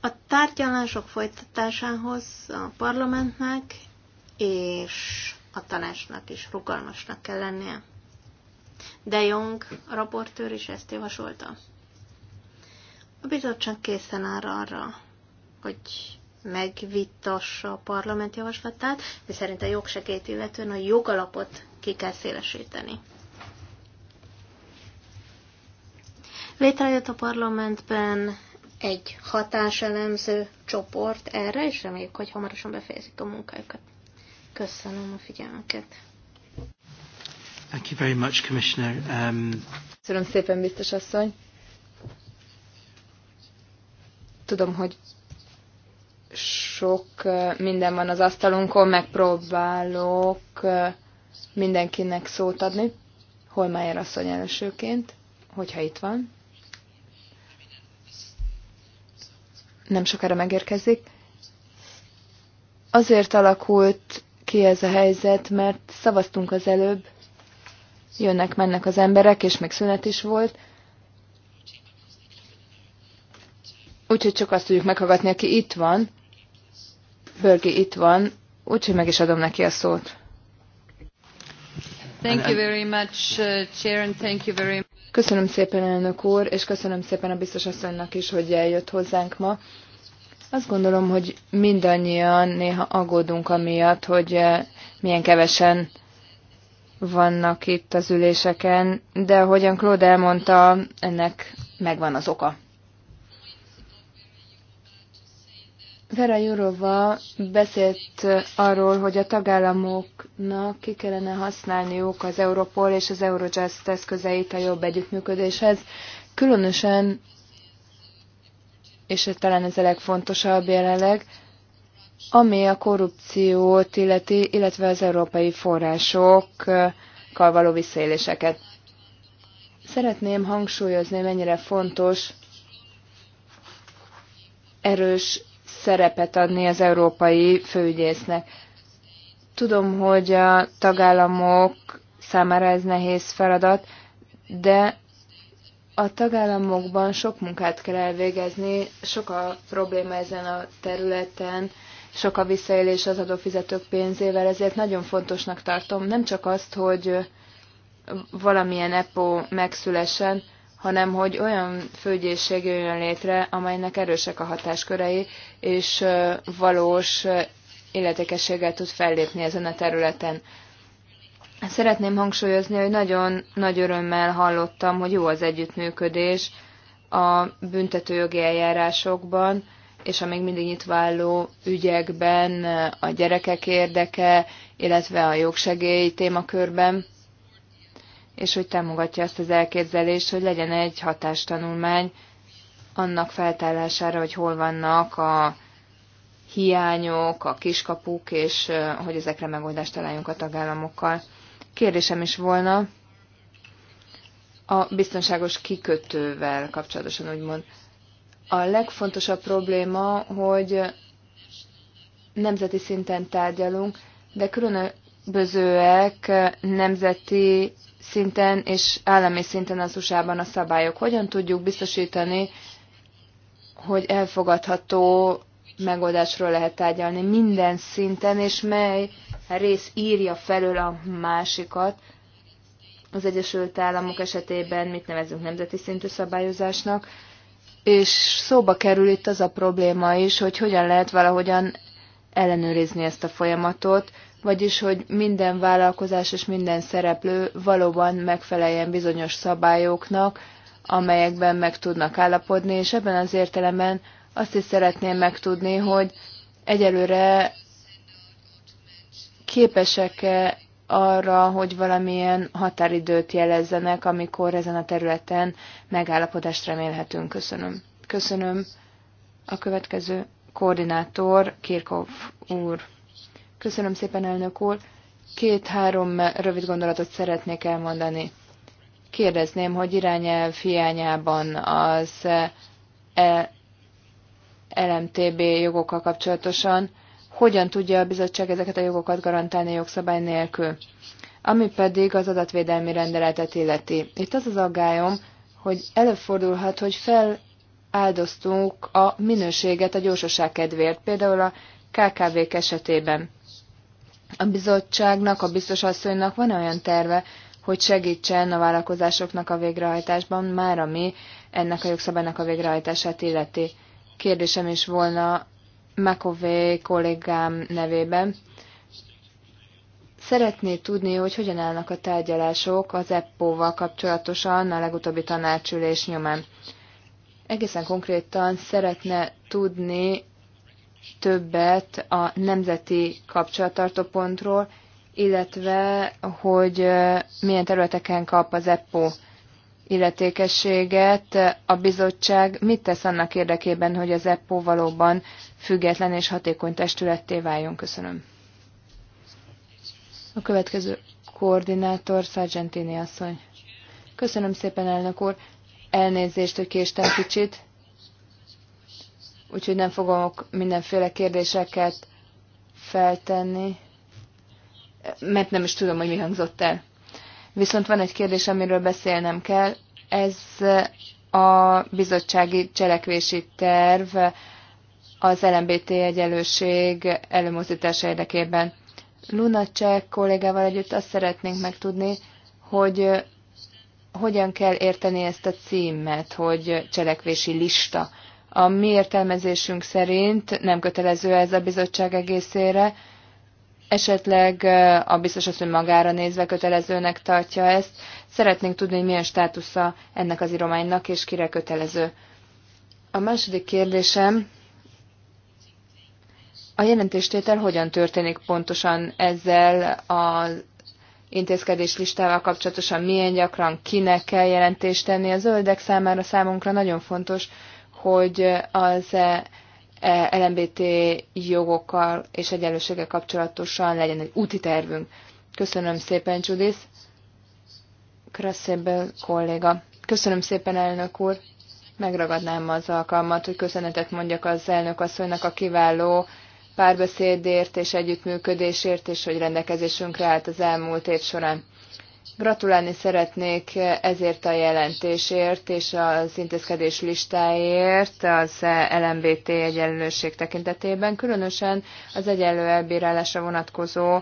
A tárgyalások folytatásához a parlamentnek és a tanácsnak is rugalmasnak kell lennie. De Jong, a raportőr is ezt javasolta. A bizottság készen áll arra, hogy megvitassa a parlament javaslatát, mi szerint a jogsegélyt illetően a jogalapot ki kell szélesíteni. Létrejött a parlamentben egy hatáselemző csoport erre, és reméljük, hogy hamarosan befejezik a munkájukat. Köszönöm a figyelmüket! Thank you very much, Commissioner. Um... Köszönöm szépen, biztos asszony. Tudom, hogy sok minden van az asztalunkon, megpróbálok mindenkinek szót adni. Holmájer asszony elsőként, hogyha itt van. Nem sokára megérkezik. Azért alakult ki ez a helyzet, mert szavaztunk az előbb jönnek-mennek az emberek, és még szünet is volt. Úgyhogy csak azt tudjuk meghallgatni, aki itt van. Börgi itt van, úgyhogy meg is adom neki a szót. Thank you very much, uh, Chair, and thank you very much. Köszönöm szépen, elnök úr, és köszönöm szépen a biztos asszonynak is, hogy eljött hozzánk ma. Azt gondolom, hogy mindannyian néha aggódunk amiatt, hogy uh, milyen kevesen vannak itt az üléseken, de ahogyan Claude elmondta, ennek megvan az oka. Vera Jurova beszélt arról, hogy a tagállamoknak ki kellene használniuk az Europol és az Eurojust eszközeit a jobb együttműködéshez, különösen, és talán ez a legfontosabb jelenleg, ami a korrupciót illeti, illetve az európai forrásokkal való visszaéléseket. Szeretném hangsúlyozni, mennyire fontos erős szerepet adni az európai főügyésznek. Tudom, hogy a tagállamok számára ez nehéz feladat, de a tagállamokban sok munkát kell elvégezni, sok a probléma ezen a területen, sok a visszaélés az adófizetők pénzével, ezért nagyon fontosnak tartom nem csak azt, hogy valamilyen EPO megszülessen, hanem hogy olyan főgyészség jöjjön létre, amelynek erősek a hatáskörei, és valós illetékességgel tud fellépni ezen a területen. Szeretném hangsúlyozni, hogy nagyon nagy örömmel hallottam, hogy jó az együttműködés a büntetőjogi eljárásokban, és a még mindig nyitva álló ügyekben, a gyerekek érdeke, illetve a jogsegély témakörben, és hogy támogatja azt az elképzelést, hogy legyen egy hatástanulmány annak feltárására, hogy hol vannak a hiányok, a kiskapuk, és hogy ezekre megoldást találjunk a tagállamokkal. Kérdésem is volna a biztonságos kikötővel kapcsolatosan, úgymond. A legfontosabb probléma, hogy nemzeti szinten tárgyalunk, de különbözőek nemzeti szinten és állami szinten az USA-ban a szabályok. Hogyan tudjuk biztosítani, hogy elfogadható megoldásról lehet tárgyalni minden szinten, és mely rész írja felül a másikat. Az Egyesült Államok esetében mit nevezünk nemzeti szintű szabályozásnak, és szóba kerül itt az a probléma is, hogy hogyan lehet valahogyan ellenőrizni ezt a folyamatot, vagyis hogy minden vállalkozás és minden szereplő valóban megfeleljen bizonyos szabályoknak, amelyekben meg tudnak állapodni, és ebben az értelemben azt is szeretném megtudni, hogy egyelőre képesek-e arra, hogy valamilyen határidőt jelezzenek, amikor ezen a területen megállapodást remélhetünk. Köszönöm. Köszönöm a következő koordinátor, Kirkov úr. Köszönöm szépen, elnök úr. Két-három rövid gondolatot szeretnék elmondani. Kérdezném, hogy irányelv hiányában az e, LMTB jogokkal kapcsolatosan hogyan tudja a bizottság ezeket a jogokat garantálni a jogszabály nélkül. Ami pedig az adatvédelmi rendeletet illeti. Itt az az aggályom, hogy előfordulhat, hogy feláldoztunk a minőséget a gyorsaság kedvéért, például a KKV-k esetében. A bizottságnak, a biztos asszonynak van olyan terve, hogy segítsen a vállalkozásoknak a végrehajtásban, már ami ennek a jogszabálynak a végrehajtását illeti. Kérdésem is volna Makové kollégám nevében. Szeretné tudni, hogy hogyan állnak a tárgyalások az EPPO-val kapcsolatosan a legutóbbi tanácsülés nyomán. Egészen konkrétan szeretne tudni többet a nemzeti kapcsolattartópontról, illetve hogy eh, milyen területeken kap az EPPO illetékességet, a bizottság mit tesz annak érdekében, hogy az EPPO valóban független és hatékony testületté váljon? Köszönöm. A következő koordinátor, Sargentini asszony. Köszönöm szépen, elnök úr. Elnézést, hogy késtem kicsit, úgyhogy nem fogok mindenféle kérdéseket feltenni, mert nem is tudom, hogy mi hangzott el. Viszont van egy kérdés, amiről beszélnem kell. Ez a bizottsági cselekvési terv az LMBT egyenlőség előmozdítása érdekében. Luna Lunacek kollégával együtt azt szeretnénk megtudni, hogy hogyan kell érteni ezt a címet, hogy cselekvési lista. A mi értelmezésünk szerint nem kötelező ez a bizottság egészére, Esetleg eh, a biztos asszony magára nézve kötelezőnek tartja ezt. Szeretnénk tudni, hogy milyen státusza ennek az írománynak, és kire kötelező. A második kérdésem, a jelentéstétel hogyan történik pontosan ezzel az intézkedés listával kapcsolatosan, milyen gyakran, kinek kell jelentést tenni. A zöldek számára számunkra nagyon fontos, hogy az E, LMBT jogokkal és egyenlőséggel kapcsolatosan legyen egy úti tervünk. Köszönöm szépen, Judith. Krasszébel kolléga. Köszönöm szépen, elnök úr. Megragadnám az alkalmat, hogy köszönetet mondjak az elnök asszonynak a kiváló párbeszédért és együttműködésért, és hogy rendelkezésünkre állt az elmúlt év során. Gratulálni szeretnék ezért a jelentésért és az intézkedés listáért az LMBT egyenlőség tekintetében, különösen az egyenlő elbírálásra vonatkozó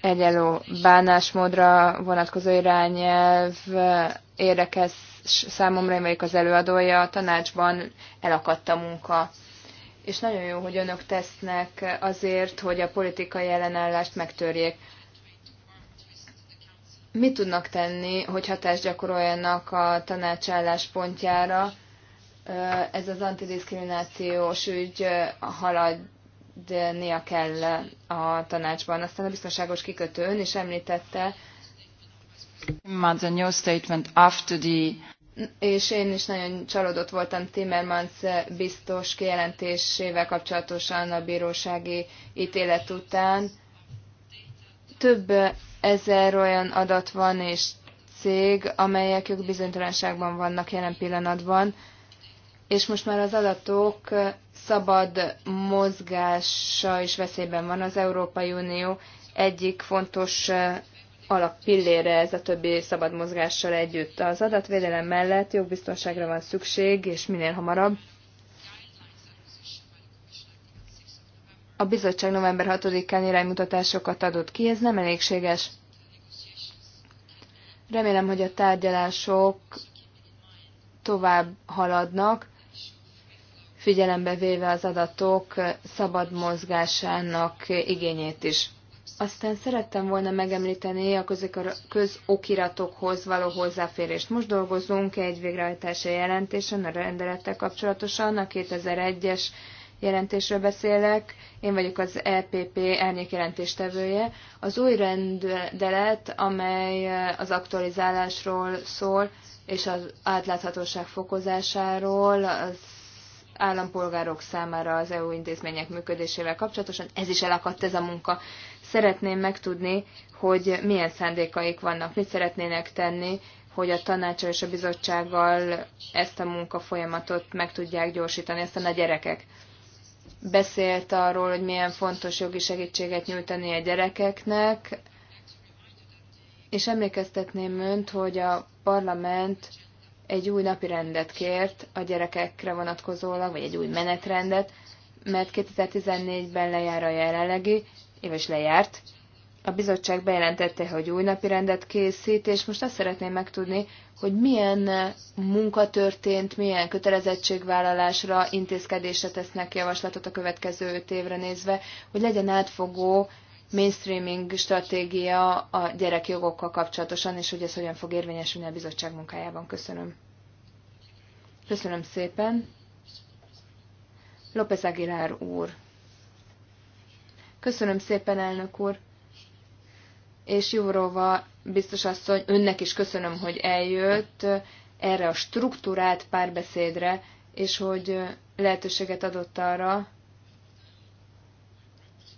egyenlő bánásmódra vonatkozó irányelv érdekes számomra, én vagyok az előadója, a tanácsban elakadt a munka. És nagyon jó, hogy önök tesznek azért, hogy a politikai ellenállást megtörjék mit tudnak tenni, hogy hatást gyakoroljanak a tanácsállás pontjára? Ez az antidiszkriminációs ügy haladnia kell a tanácsban. Aztán a biztonságos kikötő ön is említette. new statement after the és én is nagyon csalódott voltam Timmermans biztos kijelentésével kapcsolatosan a bírósági ítélet után több ezer olyan adat van és cég, amelyek ők bizonytalanságban vannak jelen pillanatban, és most már az adatok szabad mozgása is veszélyben van. Az Európai Unió egyik fontos alappillére ez a többi szabad mozgással együtt. Az adatvédelem mellett jogbiztonságra van szükség, és minél hamarabb. A bizottság november 6-án iránymutatásokat adott ki, ez nem elégséges. Remélem, hogy a tárgyalások tovább haladnak, figyelembe véve az adatok szabad mozgásának igényét is. Aztán szerettem volna megemlíteni a közokiratokhoz való hozzáférést. Most dolgozunk egy végrehajtási jelentésen a rendelettel kapcsolatosan, a 2001-es jelentésről beszélek, én vagyok az EPP elnék jelentéstevője. Az új rendelet, amely az aktualizálásról szól, és az átláthatóság fokozásáról, az állampolgárok számára az EU intézmények működésével kapcsolatosan. Ez is elakadt ez a munka. Szeretném megtudni, hogy milyen szándékaik vannak, mit szeretnének tenni, hogy a tanácsal és a bizottsággal ezt a munkafolyamatot meg tudják gyorsítani, Ezt a gyerekek beszélt arról, hogy milyen fontos jogi segítséget nyújtani a gyerekeknek, és emlékeztetném önt, hogy a parlament egy új napi rendet kért a gyerekekre vonatkozólag, vagy egy új menetrendet, mert 2014-ben lejár a jelenlegi, éves lejárt, a bizottság bejelentette, hogy új napi rendet készít, és most azt szeretném megtudni, hogy milyen munka történt, milyen kötelezettségvállalásra, intézkedésre tesznek javaslatot a következő öt évre nézve, hogy legyen átfogó mainstreaming stratégia a gyerekjogokkal kapcsolatosan, és hogy ez hogyan fog érvényesülni a bizottság munkájában. Köszönöm. Köszönöm szépen. López Aguilar úr. Köszönöm szépen, elnök úr és Jurova biztos asszony, önnek is köszönöm, hogy eljött erre a struktúrált párbeszédre, és hogy lehetőséget adott arra,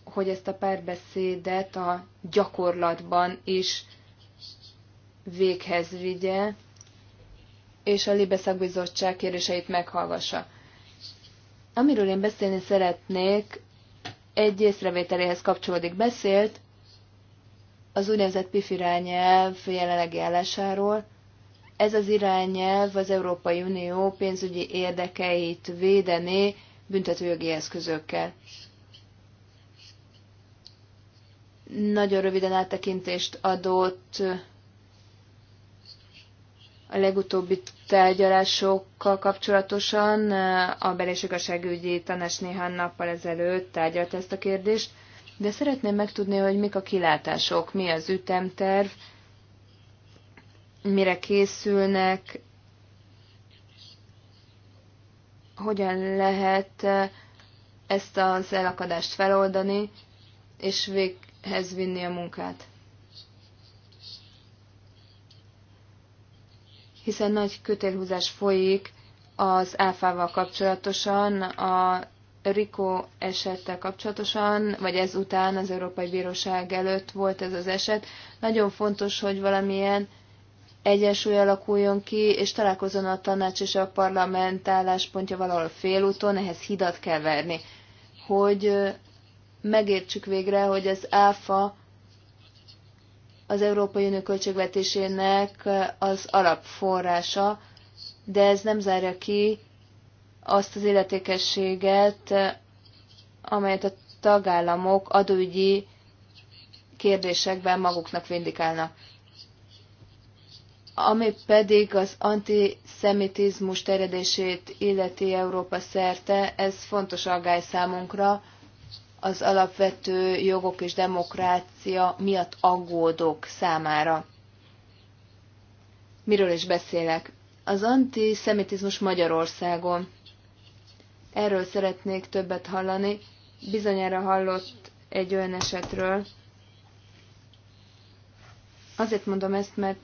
hogy ezt a párbeszédet a gyakorlatban is véghez vigye, és a Libe szakbizottság kéréseit meghallgassa. Amiről én beszélni szeretnék, egy észrevételéhez kapcsolódik. Beszélt az úgynevezett PIF irányelv jelenlegi állásáról. Ez az irányelv az Európai Unió pénzügyi érdekeit védené büntetőjogi eszközökkel. Nagyon röviden áttekintést adott a legutóbbi tárgyalásokkal kapcsolatosan a belés tanács néhány nappal ezelőtt tárgyalt ezt a kérdést de szeretném megtudni, hogy mik a kilátások, mi az ütemterv, mire készülnek, hogyan lehet eh, ezt az elakadást feloldani, és véghez vinni a munkát. Hiszen nagy kötélhúzás folyik az áfával kapcsolatosan, a Rico esettel kapcsolatosan, vagy ezután az Európai Bíróság előtt volt ez az eset. Nagyon fontos, hogy valamilyen egyensúly alakuljon ki, és találkozon a tanács és a parlament álláspontja valahol félúton, ehhez hidat kell verni, hogy megértsük végre, hogy az ÁFA az Európai Unió költségvetésének az alapforrása, de ez nem zárja ki azt az illetékességet, amelyet a tagállamok adóügyi kérdésekben maguknak vindikálnak. Ami pedig az antiszemitizmus terjedését illeti Európa szerte, ez fontos aggály számunkra, az alapvető jogok és demokrácia miatt aggódók számára. Miről is beszélek? Az antiszemitizmus Magyarországon. Erről szeretnék többet hallani. Bizonyára hallott egy olyan esetről. Azért mondom ezt, mert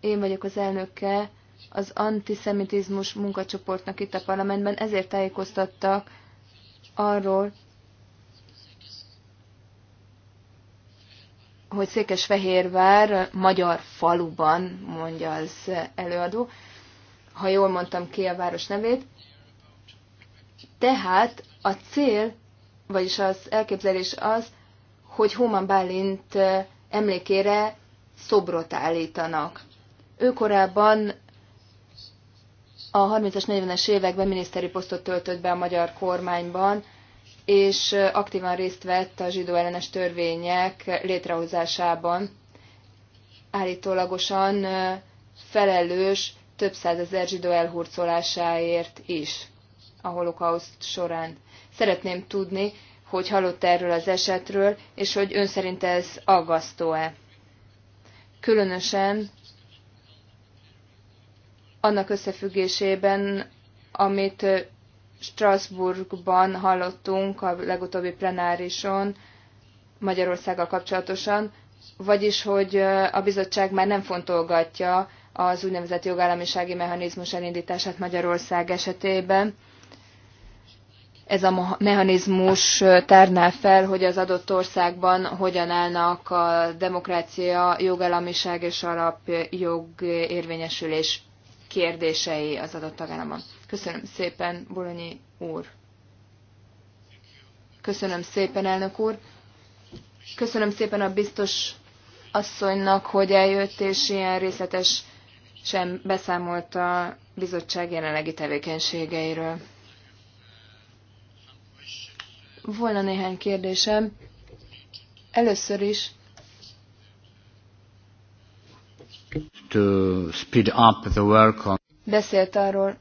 én vagyok az elnöke az antiszemitizmus munkacsoportnak itt a parlamentben, ezért tájékoztattak arról, hogy Székesfehérvár magyar faluban, mondja az előadó, ha jól mondtam ki a város nevét, tehát a cél, vagyis az elképzelés az, hogy Hóman Bálint emlékére szobrot állítanak. Ő korábban a 30-as, 40-es években miniszteri posztot töltött be a magyar kormányban, és aktívan részt vett a zsidó ellenes törvények létrehozásában. Állítólagosan felelős több százezer zsidó elhurcolásáért is a holokauszt során. Szeretném tudni, hogy hallott erről az esetről, és hogy ön szerint ez aggasztó-e. Különösen annak összefüggésében, amit Strasbourgban hallottunk a legutóbbi plenárison Magyarországgal kapcsolatosan, vagyis, hogy a bizottság már nem fontolgatja az úgynevezett jogállamisági mechanizmus elindítását Magyarország esetében, ez a mechanizmus tárná fel, hogy az adott országban hogyan állnak a demokrácia, jogállamiság és alapjog érvényesülés kérdései az adott tagállamban. Köszönöm szépen, Bolonyi úr. Köszönöm szépen, elnök úr. Köszönöm szépen a biztos asszonynak, hogy eljött és ilyen részletes sem beszámolt a bizottság jelenlegi tevékenységeiről. Volna néhány kérdésem. Először is to speed up the work on beszélt arról,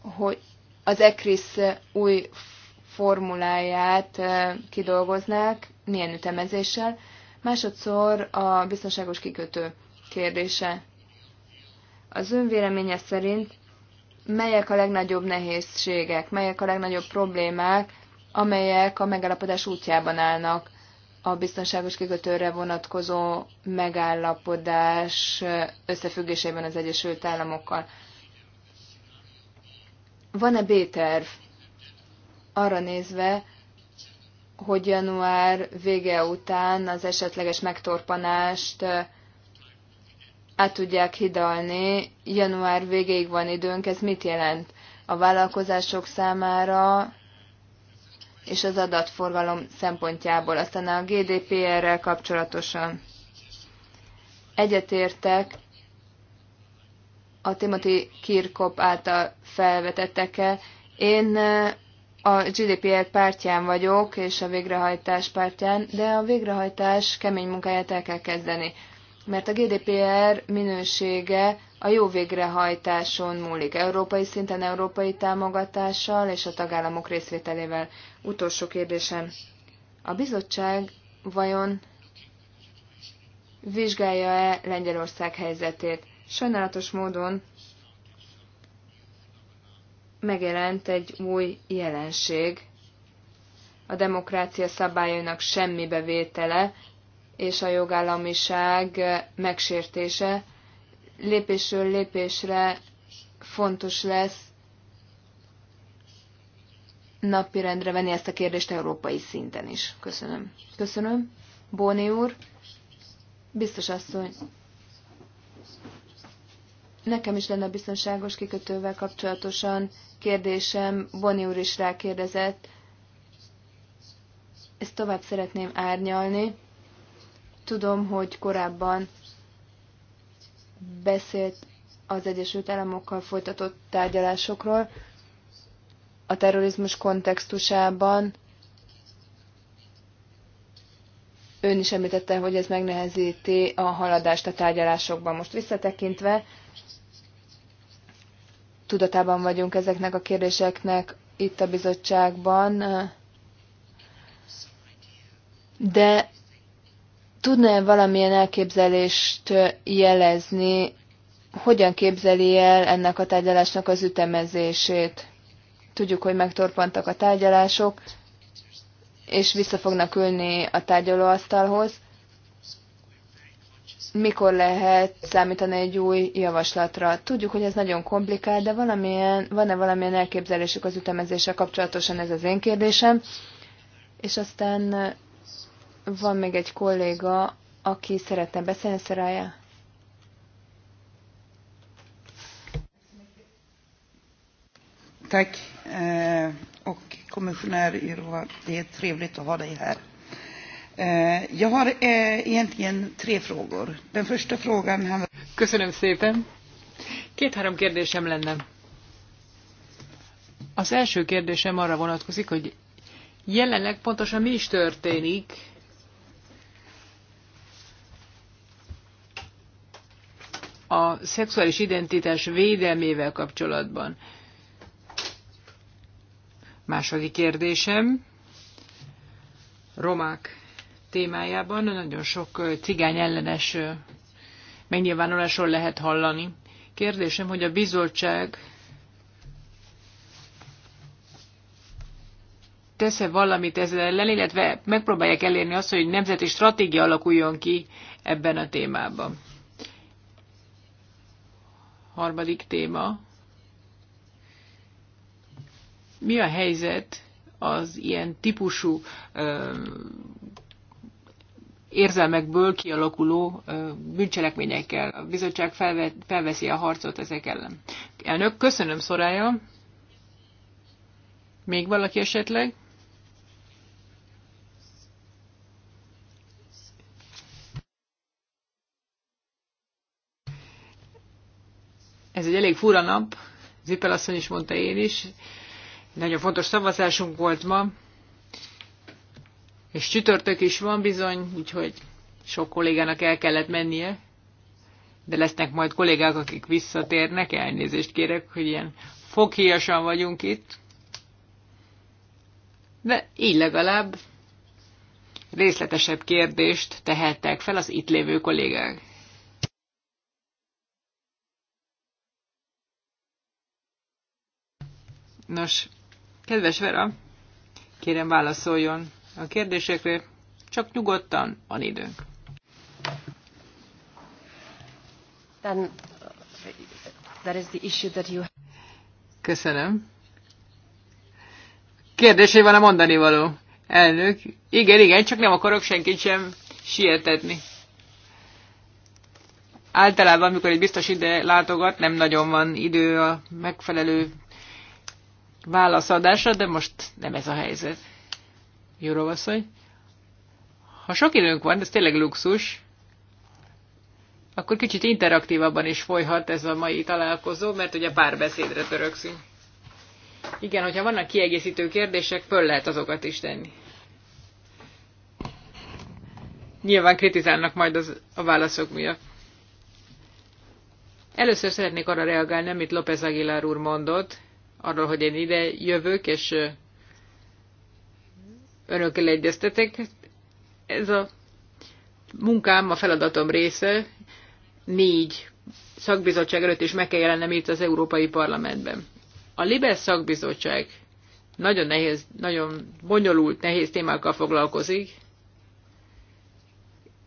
hogy az ECRIS új formuláját eh, kidolgoznák, milyen ütemezéssel. Másodszor a biztonságos kikötő kérdése. Az ön véleménye szerint melyek a legnagyobb nehézségek, melyek a legnagyobb problémák amelyek a megállapodás útjában állnak. A biztonságos kikötőre vonatkozó megállapodás összefüggésében az Egyesült Államokkal. Van-e B-terv arra nézve, hogy január vége után az esetleges megtorpanást át tudják hidalni, január végéig van időnk, ez mit jelent? A vállalkozások számára és az adatforgalom szempontjából. Aztán a GDPR-rel kapcsolatosan egyetértek a Timothy Kirkop által felvetettekkel. Én eh, a GDPR pártján vagyok, és a végrehajtás pártján, de a végrehajtás kemény munkáját el kell kezdeni. Mert a GDPR minősége a jó végrehajtáson múlik európai szinten, európai támogatással és a tagállamok részvételével. Utolsó kérdésem. A bizottság vajon vizsgálja-e Lengyelország helyzetét? Sajnálatos módon megjelent egy új jelenség, a demokrácia szabályainak semmi bevétele és a jogállamiság megsértése, lépésről lépésre fontos lesz napirendre venni ezt a kérdést európai szinten is. Köszönöm. Köszönöm. Bóni úr, biztos asszony, nekem is lenne a biztonságos kikötővel kapcsolatosan kérdésem, Bóni úr is rákérdezett, ezt tovább szeretném árnyalni. Tudom, hogy korábban beszélt az Egyesült Államokkal folytatott tárgyalásokról a terrorizmus kontextusában. Ön is említette, hogy ez megnehezíti a haladást a tárgyalásokban. Most visszatekintve, tudatában vagyunk ezeknek a kérdéseknek itt a bizottságban, de Tudna-e valamilyen elképzelést jelezni, hogyan képzeli el ennek a tárgyalásnak az ütemezését? Tudjuk, hogy megtorpantak a tárgyalások, és vissza fognak ülni a tárgyalóasztalhoz. Mikor lehet számítani egy új javaslatra? Tudjuk, hogy ez nagyon komplikált, de valamilyen, van-e valamilyen elképzelésük az ütemezéssel kapcsolatosan? Ez az én kérdésem. És aztán van még egy kolléga, aki szeretne beszélni, Szerája? Tack. Eh, och kommissionär Yrva, det är trevligt att ha dig här. Eh, jag har eh, egentligen tre frågor. Den första frågan handlar... Köszönöm szépen. Két-három kérdésem lenne. Az első kérdésem arra vonatkozik, hogy jelenleg pontosan mi is történik a szexuális identitás védelmével kapcsolatban. Második kérdésem. Romák témájában nagyon sok cigány ellenes megnyilvánulásról lehet hallani. Kérdésem, hogy a bizottság tesz-e valamit ezzel ellen, illetve megpróbálják elérni azt, hogy nemzeti stratégia alakuljon ki ebben a témában harmadik téma. Mi a helyzet az ilyen típusú ö, érzelmekből kialakuló ö, bűncselekményekkel? A bizottság felve, felveszi a harcot ezek ellen. Elnök, köszönöm, Szorája. Még valaki esetleg? Ez egy elég fura nap, Zipel asszony is mondta én is. Nagyon fontos szavazásunk volt ma, és csütörtök is van bizony, úgyhogy sok kollégának el kellett mennie, de lesznek majd kollégák, akik visszatérnek, elnézést kérek, hogy ilyen foghíjasan vagyunk itt. De így legalább részletesebb kérdést tehettek fel az itt lévő kollégák. Nos, kedves Vera, kérem válaszoljon a kérdésekre, csak nyugodtan van időnk. Then, uh, that is the issue that you... Köszönöm. Kérdésé van a mondani való. Elnök, igen, igen, csak nem akarok senkit sem sietetni. Általában, amikor egy biztos ide látogat, nem nagyon van idő a megfelelő válaszadásra, de most nem ez a helyzet. Jórovasszony. Ha sok időnk van, ez tényleg luxus, akkor kicsit interaktívabban is folyhat ez a mai találkozó, mert ugye párbeszédre törökszünk. Igen, hogyha vannak kiegészítő kérdések, föl lehet azokat is tenni. Nyilván kritizálnak majd az, a válaszok miatt. Először szeretnék arra reagálni, amit López Aguilar úr mondott arról, hogy én ide jövök, és önökkel egyeztetek. Ez a munkám, a feladatom része. Négy szakbizottság előtt is meg kell jelennem itt az Európai Parlamentben. A libes szakbizottság nagyon nehéz, nagyon bonyolult, nehéz témákkal foglalkozik,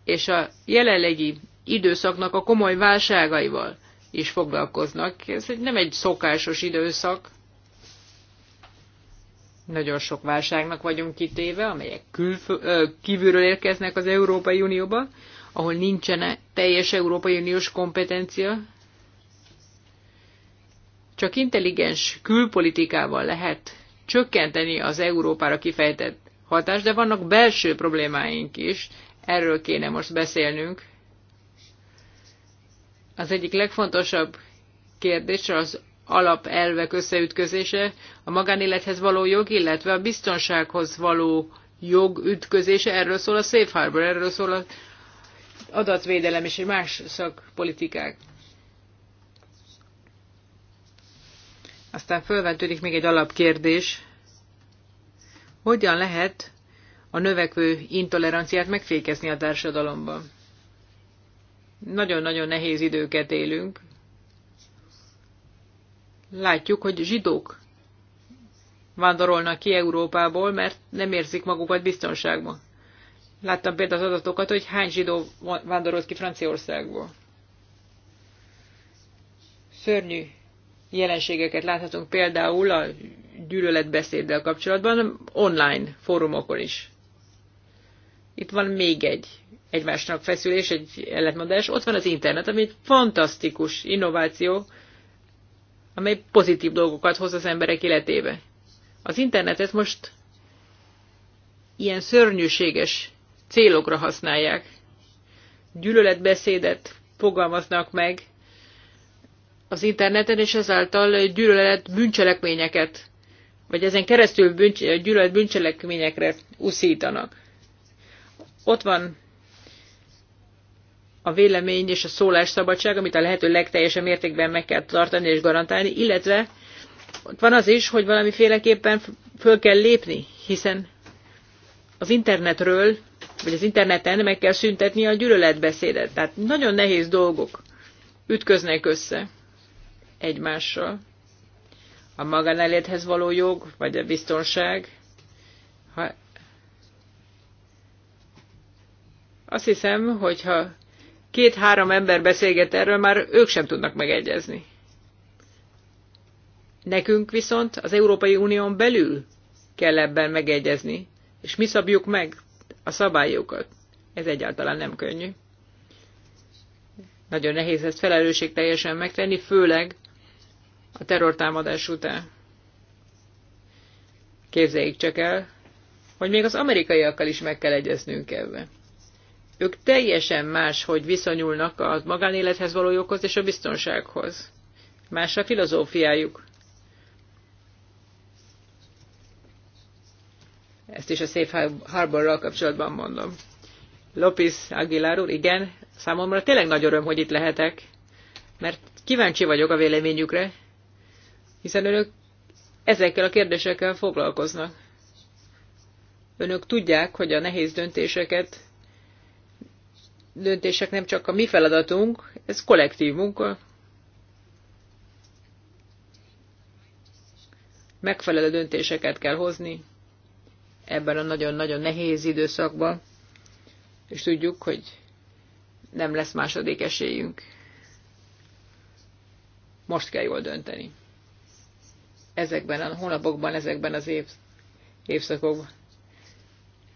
és a jelenlegi időszaknak a komoly válságaival is foglalkoznak. Ez nem egy szokásos időszak. Nagyon sok válságnak vagyunk kitéve, amelyek ö, kívülről érkeznek az Európai Unióba, ahol nincsen teljes Európai Uniós kompetencia. Csak intelligens külpolitikával lehet csökkenteni az Európára kifejtett hatást, de vannak belső problémáink is, erről kéne most beszélnünk. Az egyik legfontosabb kérdés az alapelvek összeütközése, a magánélethez való jog, illetve a biztonsághoz való jog ütközése, erről szól a Safe Harbor, erről szól az adatvédelem és más szakpolitikák. Aztán fölvetődik még egy alapkérdés. Hogyan lehet a növekvő intoleranciát megfékezni a társadalomban? Nagyon-nagyon nehéz időket élünk, látjuk, hogy zsidók vándorolnak ki Európából, mert nem érzik magukat biztonságban. Láttam például az adatokat, hogy hány zsidó vándorolt ki Franciaországból. Szörnyű jelenségeket láthatunk például a gyűlöletbeszéddel kapcsolatban, online fórumokon is. Itt van még egy egymásnak feszülés, egy ellentmondás. Ott van az internet, ami egy fantasztikus innováció, amely pozitív dolgokat hoz az emberek életébe. Az internetet most ilyen szörnyűséges célokra használják. Gyűlöletbeszédet fogalmaznak meg az interneten, és ezáltal gyűlölet bűncselekményeket, vagy ezen keresztül bűncs, gyűlölet bűncselekményekre uszítanak. Ott van a vélemény és a szólásszabadság, amit a lehető legteljesen mértékben meg kell tartani és garantálni, illetve ott van az is, hogy valamiféleképpen föl kell lépni, hiszen az internetről, vagy az interneten meg kell szüntetni a gyűlöletbeszédet. Tehát nagyon nehéz dolgok ütköznek össze egymással. A magánelédhez való jog, vagy a biztonság. Ha azt hiszem, hogyha két-három ember beszélget erről, már ők sem tudnak megegyezni. Nekünk viszont az Európai Unión belül kell ebben megegyezni, és mi szabjuk meg a szabályokat. Ez egyáltalán nem könnyű. Nagyon nehéz ezt teljesen megtenni, főleg a terrortámadás után. Képzeljék csak el, hogy még az amerikaiakkal is meg kell egyeznünk ebben. Ők teljesen más, hogy viszonyulnak a magánélethez való joghoz és a biztonsághoz. Más a filozófiájuk. Ezt is a Safe Harbor kapcsolatban mondom. Lopis Aguilar úr, igen, számomra tényleg nagy öröm, hogy itt lehetek, mert kíváncsi vagyok a véleményükre, hiszen önök ezekkel a kérdésekkel foglalkoznak. Önök tudják, hogy a nehéz döntéseket döntések nem csak a mi feladatunk, ez kollektív munka. Megfelelő döntéseket kell hozni ebben a nagyon-nagyon nehéz időszakban, és tudjuk, hogy nem lesz második esélyünk. Most kell jól dönteni. Ezekben a hónapokban, ezekben az év, évszakokban.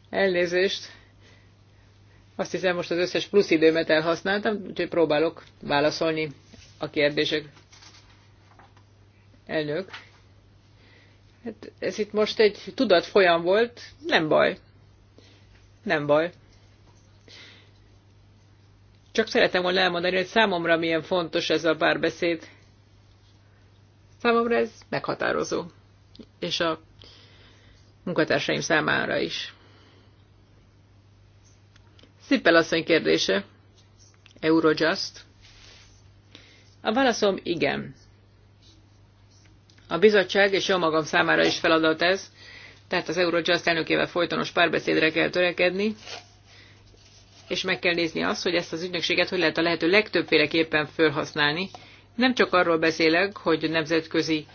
Elnézést! Azt hiszem, most az összes plusz időmet elhasználtam, úgyhogy próbálok válaszolni a kérdések. Elnök. Hát ez itt most egy tudat folyam volt, nem baj. Nem baj. Csak szeretem volna elmondani, hogy számomra milyen fontos ez a párbeszéd. Számomra ez meghatározó. És a munkatársaim számára is. Szippel asszony kérdése. Eurojust. A válaszom igen. A bizottság és jó magam számára is feladat ez, tehát az Eurojust elnökével folytonos párbeszédre kell törekedni, és meg kell nézni azt, hogy ezt az ügynökséget hogy lehet a lehető legtöbbféleképpen felhasználni. Nem csak arról beszélek, hogy nemzetközi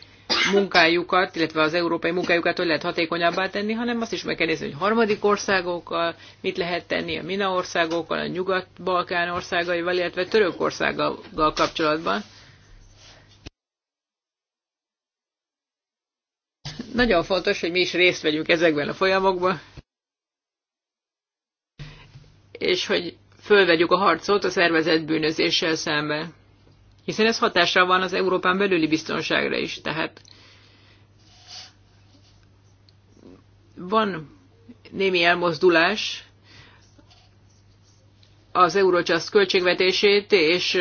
munkájukat, illetve az európai munkájukat hogy lehet hatékonyabbá tenni, hanem azt is meg kell nézni, hogy harmadik országokkal mit lehet tenni, a MINA országokkal, a Nyugat-Balkán országaival, illetve Törökországgal kapcsolatban. Nagyon fontos, hogy mi is részt vegyünk ezekben a folyamokban, és hogy fölvegyük a harcot a szervezett bűnözéssel szemben. Hiszen ez hatással van az Európán belüli biztonságra is, tehát van némi elmozdulás az Eurojust költségvetését és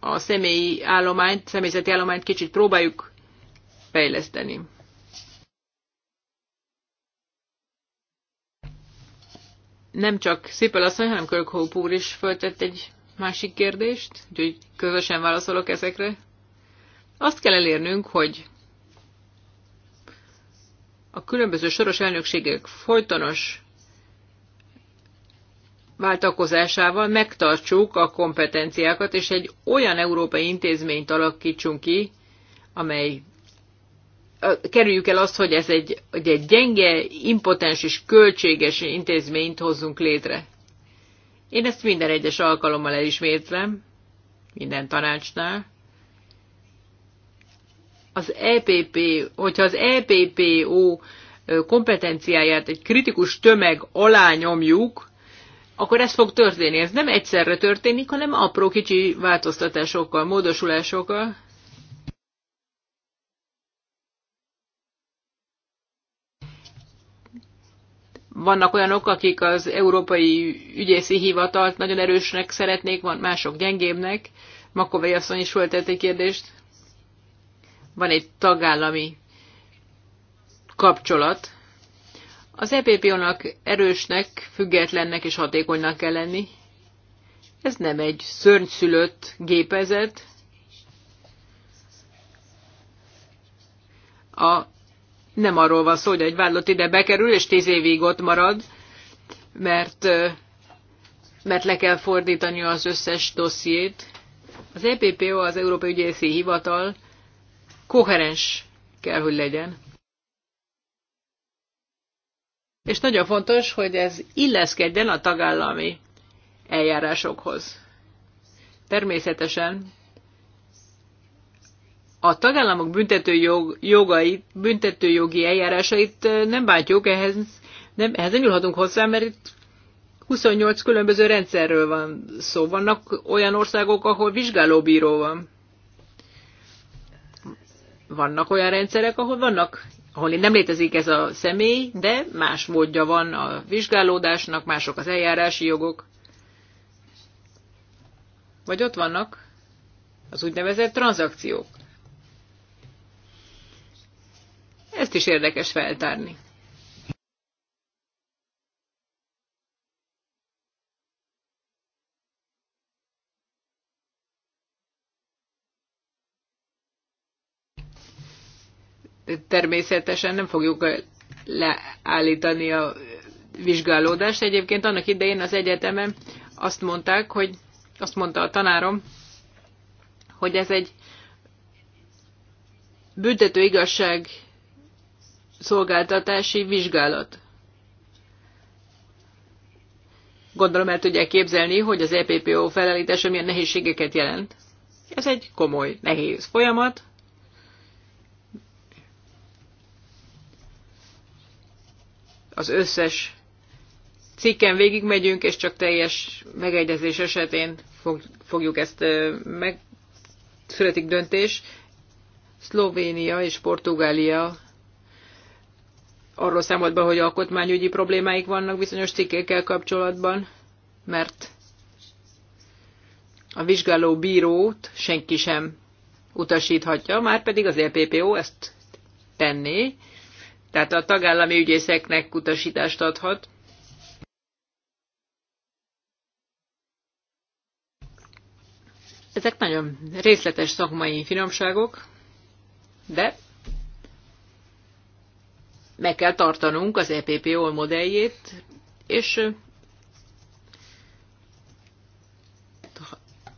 a személyi állományt, személyzeti állományt kicsit próbáljuk fejleszteni. Nem csak Szipel asszony, hanem Kirk úr is föltett egy másik kérdést, úgyhogy közösen válaszolok ezekre. Azt kell elérnünk, hogy a különböző soros elnökségek folytonos váltakozásával megtartsuk a kompetenciákat, és egy olyan európai intézményt alakítsunk ki, amely kerüljük el azt, hogy ez egy, egy gyenge, impotens és költséges intézményt hozzunk létre. Én ezt minden egyes alkalommal elismétlem, minden tanácsnál. Az EPP, hogyha az EPPO kompetenciáját egy kritikus tömeg alá nyomjuk, akkor ez fog történni. Ez nem egyszerre történik, hanem apró kicsi változtatásokkal, módosulásokkal. Vannak olyanok, akik az Európai Ügyészi Hivatalt nagyon erősnek szeretnék, van mások gyengébbnek. Makovei asszony is föltett egy kérdést. Van egy tagállami kapcsolat. Az EPP-nak erősnek, függetlennek és hatékonynak kell lenni. Ez nem egy szörnyszülött gépezet. A nem arról van szó, hogy egy vádlott ide bekerül, és tíz évig ott marad, mert, mert le kell fordítani az összes dossziét. Az EPPO, az Európai Ügyészi Hivatal koherens kell, hogy legyen. És nagyon fontos, hogy ez illeszkedjen a tagállami eljárásokhoz. Természetesen a tagállamok jogai, jogait, jogi eljárásait nem bántjuk, ehhez nem, ehhez nem nyúlhatunk hozzá, mert itt 28 különböző rendszerről van szó. Vannak olyan országok, ahol vizsgálóbíró van. Vannak olyan rendszerek, ahol vannak, ahol nem létezik ez a személy, de más módja van a vizsgálódásnak, mások az eljárási jogok. Vagy ott vannak az úgynevezett tranzakciók. Ezt is érdekes feltárni. Természetesen nem fogjuk leállítani a vizsgálódást. Egyébként annak idején az egyetemen azt mondták, hogy azt mondta a tanárom, hogy ez egy büntető igazság szolgáltatási vizsgálat. Gondolom el tudják képzelni, hogy az EPPO felállítása milyen nehézségeket jelent. Ez egy komoly, nehéz folyamat. Az összes cikken végigmegyünk, és csak teljes megegyezés esetén fogjuk ezt meg, születik döntés. Szlovénia és Portugália arról számolt be, hogy alkotmányügyi problémáik vannak bizonyos cikkékkel kapcsolatban, mert a vizsgáló bírót senki sem utasíthatja, már pedig az EPPO ezt tenné, tehát a tagállami ügyészeknek utasítást adhat. Ezek nagyon részletes szakmai finomságok, de meg kell tartanunk az EPPO modelljét, és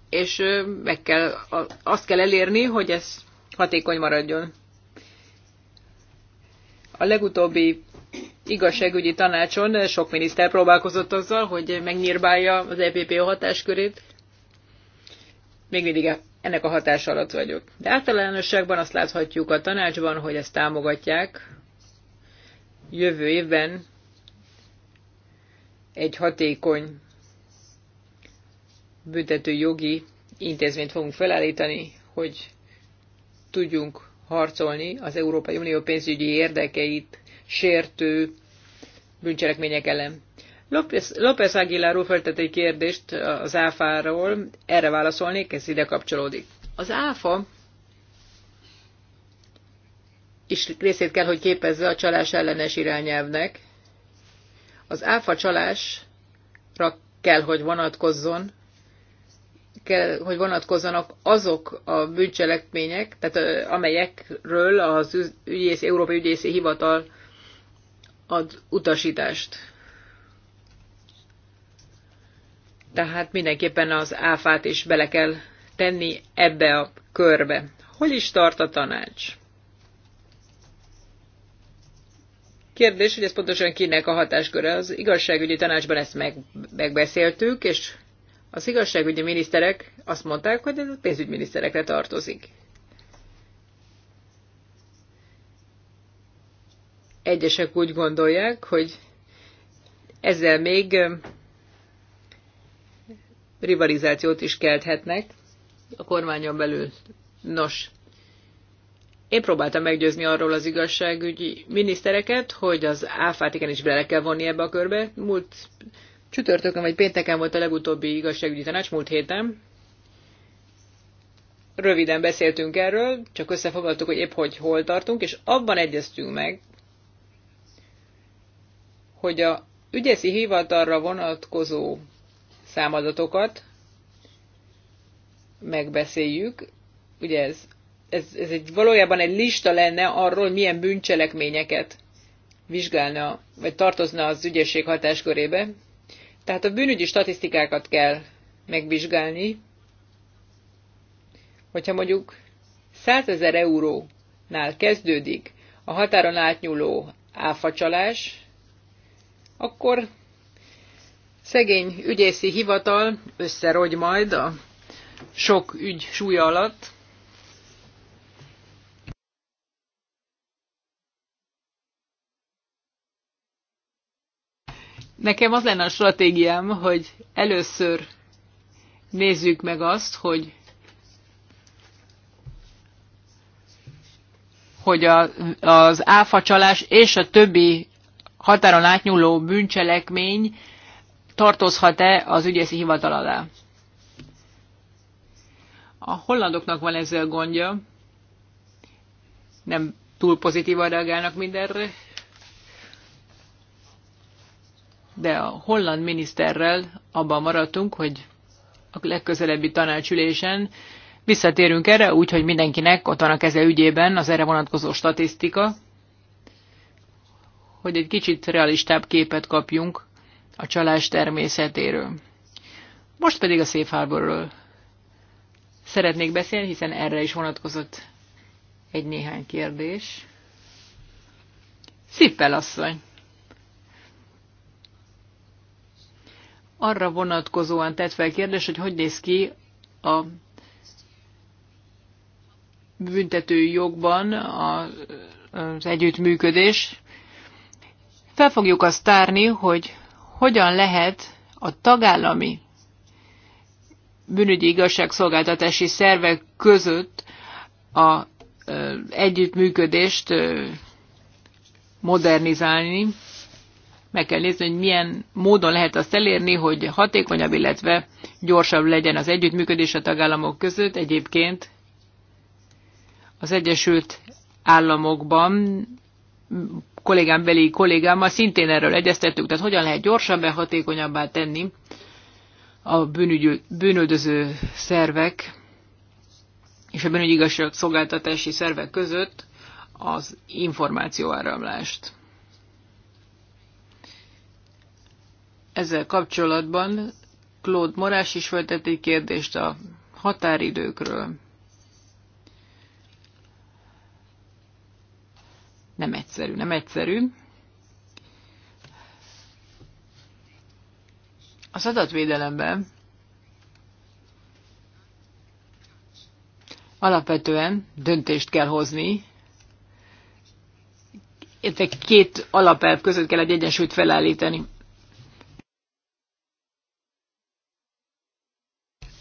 és meg kell, azt kell elérni, hogy ez hatékony maradjon. A legutóbbi igazságügyi tanácson sok miniszter próbálkozott azzal, hogy megnyírbálja az EPPO hatáskörét. Még mindig e- ennek a hatás alatt vagyok. De általánosságban azt láthatjuk a tanácsban, hogy ezt támogatják, jövő évben egy hatékony jogi intézményt fogunk felállítani, hogy tudjunk harcolni az Európai Unió pénzügyi érdekeit sértő bűncselekmények ellen. López, López Aguilar úr feltett egy kérdést az áfáról, erre válaszolnék, ez ide kapcsolódik. Az áfa is részét kell, hogy képezze a csalás ellenes irányelvnek. Az áfa csalásra kell, hogy vonatkozzon, kell, hogy vonatkozzanak azok a bűncselekmények, tehát amelyekről az ügyészi, Európai Ügyészi Hivatal ad utasítást. Tehát mindenképpen az áfát is bele kell tenni ebbe a körbe. Hol is tart a tanács? Kérdés, hogy ez pontosan kinek a hatásköre. Az igazságügyi tanácsban ezt meg, megbeszéltük, és az igazságügyi miniszterek azt mondták, hogy ez a pénzügyminiszterekre tartozik. Egyesek úgy gondolják, hogy ezzel még rivalizációt is kelthetnek a kormányon belül. Nos, én próbáltam meggyőzni arról az igazságügyi minisztereket, hogy az áfát igenis bele kell vonni ebbe a körbe. Múlt csütörtökön vagy pénteken volt a legutóbbi igazságügyi tanács, múlt héten. Röviden beszéltünk erről, csak összefoglaltuk, hogy épp hogy hol tartunk, és abban egyeztünk meg, hogy a ügyeszi hivatalra vonatkozó számadatokat megbeszéljük, ugye ez ez, ez egy, valójában egy lista lenne arról, milyen bűncselekményeket vizsgálna, vagy tartozna az ügyesség hatáskörébe. Tehát a bűnügyi statisztikákat kell megvizsgálni, hogyha mondjuk 100 ezer eurónál kezdődik a határon átnyúló áfacsalás, akkor szegény ügyészi hivatal összerogy majd a sok ügy súlya alatt, Nekem az lenne a stratégiám, hogy először nézzük meg azt, hogy hogy a, az áfacsalás és a többi határon átnyúló bűncselekmény tartozhat-e az ügyészi hivatal alá. A hollandoknak van ezzel gondja, nem túl pozitívan reagálnak mindenre, de a holland miniszterrel abban maradtunk, hogy a legközelebbi tanácsülésen visszatérünk erre, úgyhogy mindenkinek ott van a keze ügyében az erre vonatkozó statisztika, hogy egy kicsit realistább képet kapjunk a csalás természetéről. Most pedig a Safe Harborról szeretnék beszélni, hiszen erre is vonatkozott egy néhány kérdés. Szippel asszony! arra vonatkozóan tett fel kérdés, hogy hogy néz ki a büntető jogban az együttműködés. Fel fogjuk azt tárni, hogy hogyan lehet a tagállami bűnügyi igazságszolgáltatási szervek között a együttműködést modernizálni meg kell nézni, hogy milyen módon lehet azt elérni, hogy hatékonyabb, illetve gyorsabb legyen az együttműködés a tagállamok között. Egyébként az Egyesült Államokban kollégám beli kollégámmal szintén erről egyeztettük, tehát hogyan lehet gyorsabban, hatékonyabbá tenni a bűnügyű, bűnöldöző szervek és a bűnügyigazság szolgáltatási szervek között az információáramlást. Ezzel kapcsolatban Claude Morás is feltett egy kérdést a határidőkről. Nem egyszerű, nem egyszerű. Az adatvédelemben alapvetően döntést kell hozni, illetve két alapelv között kell egy egyensúlyt felállítani.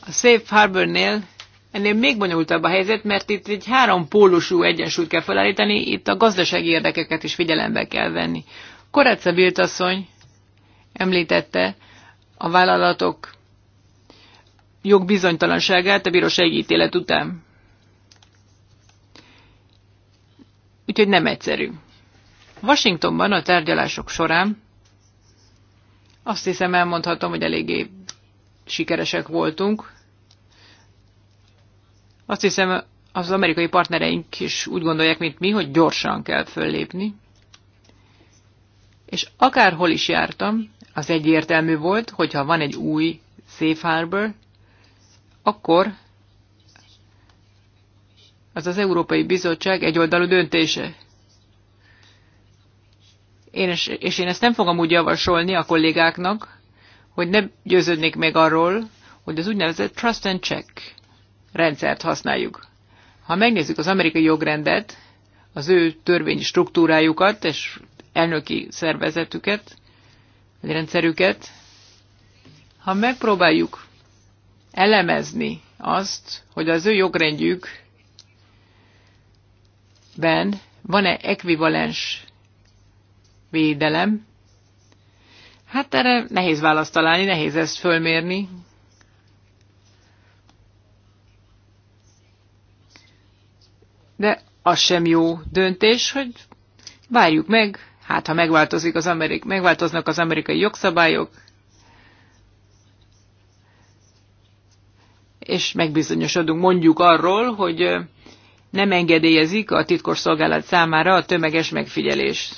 A Safe Harbor-nél ennél még bonyolultabb a helyzet, mert itt egy három pólusú egyensúlyt kell felállítani, itt a gazdasági érdekeket is figyelembe kell venni. Koretsa Biltasszony említette a vállalatok jogbizonytalanságát a bírósági ítélet után. Úgyhogy nem egyszerű. Washingtonban a tárgyalások során azt hiszem elmondhatom, hogy eléggé sikeresek voltunk. Azt hiszem, az amerikai partnereink is úgy gondolják, mint mi, hogy gyorsan kell föllépni. És akárhol is jártam, az egyértelmű volt, hogyha van egy új safe harbor, akkor az az Európai Bizottság egyoldalú döntése. Én és, és én ezt nem fogom úgy javasolni a kollégáknak, hogy ne győződnék meg arról, hogy az úgynevezett trust and check rendszert használjuk. Ha megnézzük az amerikai jogrendet, az ő törvényi struktúrájukat és elnöki szervezetüket, vagy rendszerüket, ha megpróbáljuk elemezni azt, hogy az ő jogrendjükben van-e ekvivalens védelem, hát erre nehéz választ találni, nehéz ezt fölmérni, de az sem jó döntés, hogy várjuk meg, hát ha megváltozik az Amerik, megváltoznak az amerikai jogszabályok, és megbizonyosodunk mondjuk arról, hogy nem engedélyezik a szolgálat számára a tömeges megfigyelést.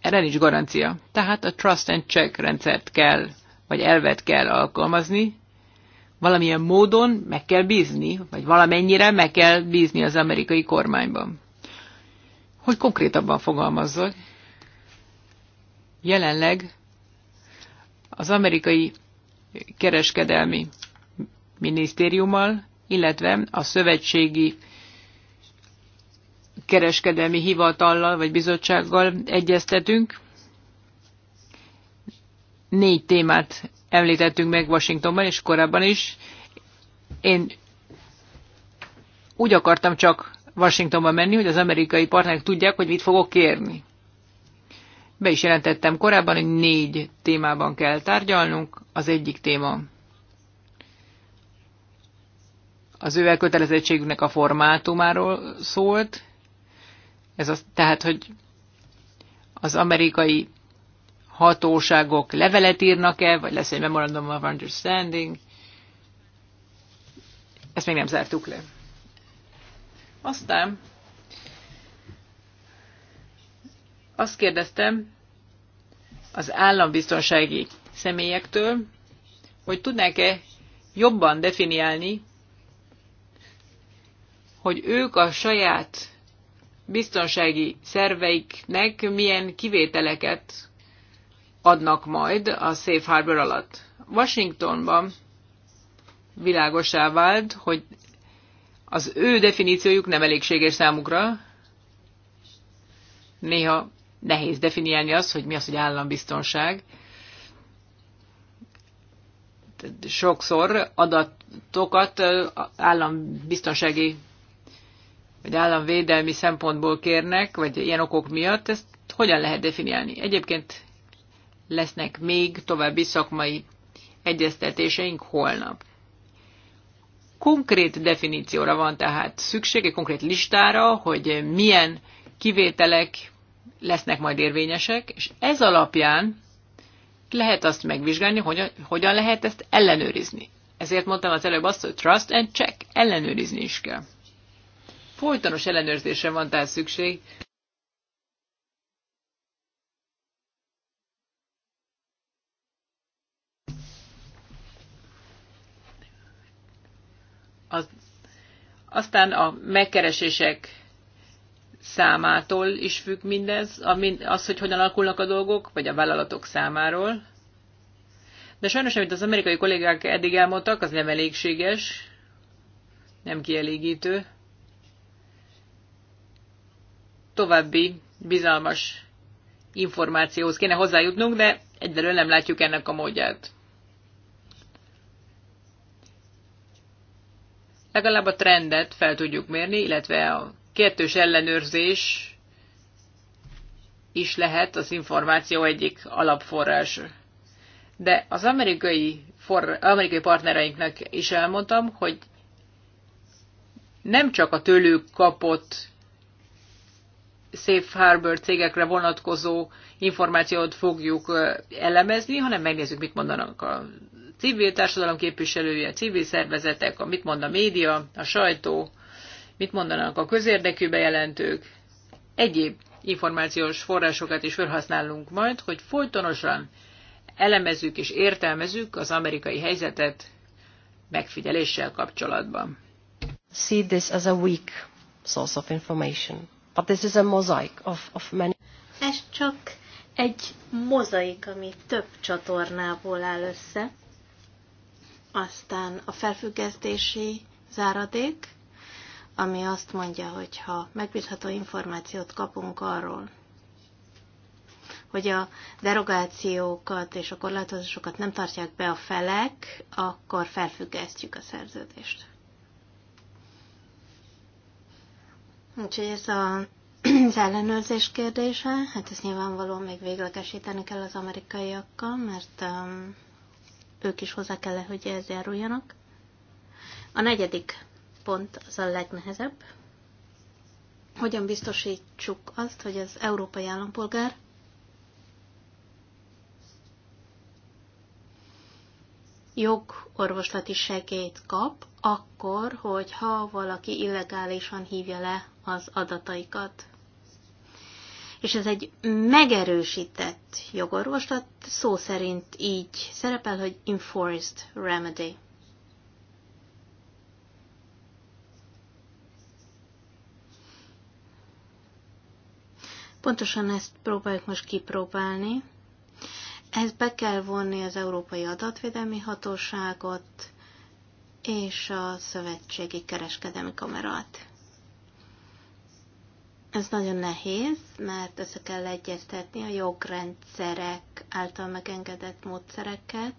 Erre nincs garancia. Tehát a trust and check rendszert kell, vagy elvet kell alkalmazni, valamilyen módon meg kell bízni, vagy valamennyire meg kell bízni az amerikai kormányban. Hogy konkrétabban fogalmazzak, jelenleg az amerikai kereskedelmi minisztériummal, illetve a szövetségi kereskedelmi hivatallal vagy bizottsággal egyeztetünk. Négy témát említettünk meg Washingtonban, és korábban is. Én úgy akartam csak Washingtonba menni, hogy az amerikai partnerek tudják, hogy mit fogok kérni. Be is jelentettem korábban, hogy négy témában kell tárgyalnunk. Az egyik téma az ő elkötelezettségünknek a formátumáról szólt. Ez az, tehát, hogy az amerikai hatóságok levelet írnak-e, vagy lesz egy Memorandum of Understanding. Ezt még nem zártuk le. Aztán azt kérdeztem az állambiztonsági személyektől, hogy tudnák-e jobban definiálni, hogy ők a saját biztonsági szerveiknek milyen kivételeket adnak majd a Safe Harbor alatt. Washingtonban világosá vált, hogy az ő definíciójuk nem elégséges számukra. Néha nehéz definiálni azt, hogy mi az, hogy állambiztonság. Sokszor adatokat állambiztonsági vagy államvédelmi szempontból kérnek, vagy ilyen okok miatt, ezt hogyan lehet definiálni? Egyébként lesznek még további szakmai egyeztetéseink holnap. Konkrét definícióra van tehát szükség, egy konkrét listára, hogy milyen kivételek lesznek majd érvényesek, és ez alapján lehet azt megvizsgálni, hogyan, hogyan lehet ezt ellenőrizni. Ezért mondtam az előbb azt, hogy trust and check, ellenőrizni is kell. Folytonos ellenőrzésre van tehát szükség, Az, aztán a megkeresések számától is függ mindez, az, hogy hogyan alakulnak a dolgok, vagy a vállalatok számáról. De sajnos, amit az amerikai kollégák eddig elmondtak, az nem elégséges, nem kielégítő. További bizalmas információhoz kéne hozzájutnunk, de egyelőre nem látjuk ennek a módját. legalább a trendet fel tudjuk mérni, illetve a kettős ellenőrzés is lehet az információ egyik alapforrás. De az amerikai, for, amerikai partnereinknek is elmondtam, hogy nem csak a tőlük kapott Safe Harbor cégekre vonatkozó információt fogjuk elemezni, hanem megnézzük, mit mondanak a civil társadalom képviselője, a civil szervezetek, a mit mond a média, a sajtó, mit mondanak a közérdekű bejelentők, egyéb információs forrásokat is felhasználunk majd, hogy folytonosan elemezzük és értelmezzük az amerikai helyzetet megfigyeléssel kapcsolatban. See this as a weak source of information, but this is a mosaic of, of many... Ez csak egy mozaik, ami több csatornából áll össze, aztán a felfüggesztési záradék, ami azt mondja, hogy ha megbízható információt kapunk arról, hogy a derogációkat és a korlátozásokat nem tartják be a felek, akkor felfüggesztjük a szerződést. Úgyhogy ez a, az ellenőrzés kérdése, hát ezt nyilvánvalóan még véglegesíteni kell az amerikaiakkal, mert um, ők is hozzá kell, hogy ehhez járuljanak. A negyedik pont az a legnehezebb. Hogyan biztosítsuk azt, hogy az európai állampolgár jogorvoslati segélyt kap, akkor, hogyha valaki illegálisan hívja le az adataikat és ez egy megerősített jogorvoslat, szó szerint így szerepel, hogy enforced remedy. Pontosan ezt próbáljuk most kipróbálni. Ez be kell vonni az Európai Adatvédelmi Hatóságot és a Szövetségi Kereskedelmi Kamerát. Ez nagyon nehéz, mert össze kell egyeztetni a jogrendszerek által megengedett módszereket.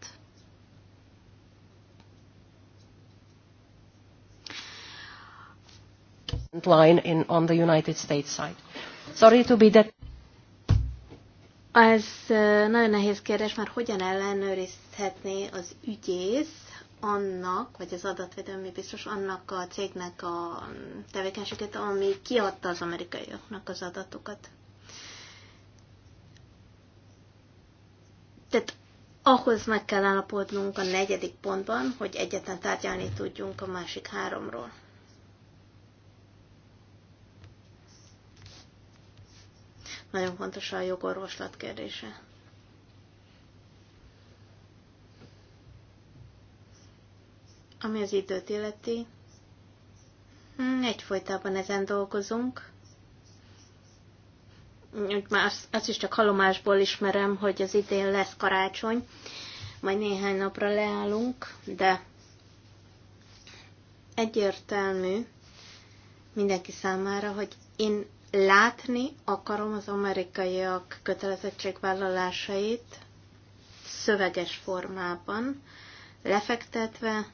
Line in, on the United States side. Sorry to be that. Ez nagyon nehéz kérdés, mert hogyan ellenőrizhetné az ügyész annak, vagy az adatvédelmi biztos annak a cégnek a tevékenységét, ami kiadta az amerikaiaknak az adatokat. Tehát ahhoz meg kell állapodnunk a negyedik pontban, hogy egyetlen tárgyalni tudjunk a másik háromról. Nagyon fontos a jogorvoslat kérdése. Ami az időt illeti, hm, egyfolytában ezen dolgozunk. Már azt, azt is csak halomásból ismerem, hogy az idén lesz karácsony, majd néhány napra leállunk, de egyértelmű mindenki számára, hogy én látni akarom az amerikaiak kötelezettségvállalásait szöveges formában, lefektetve,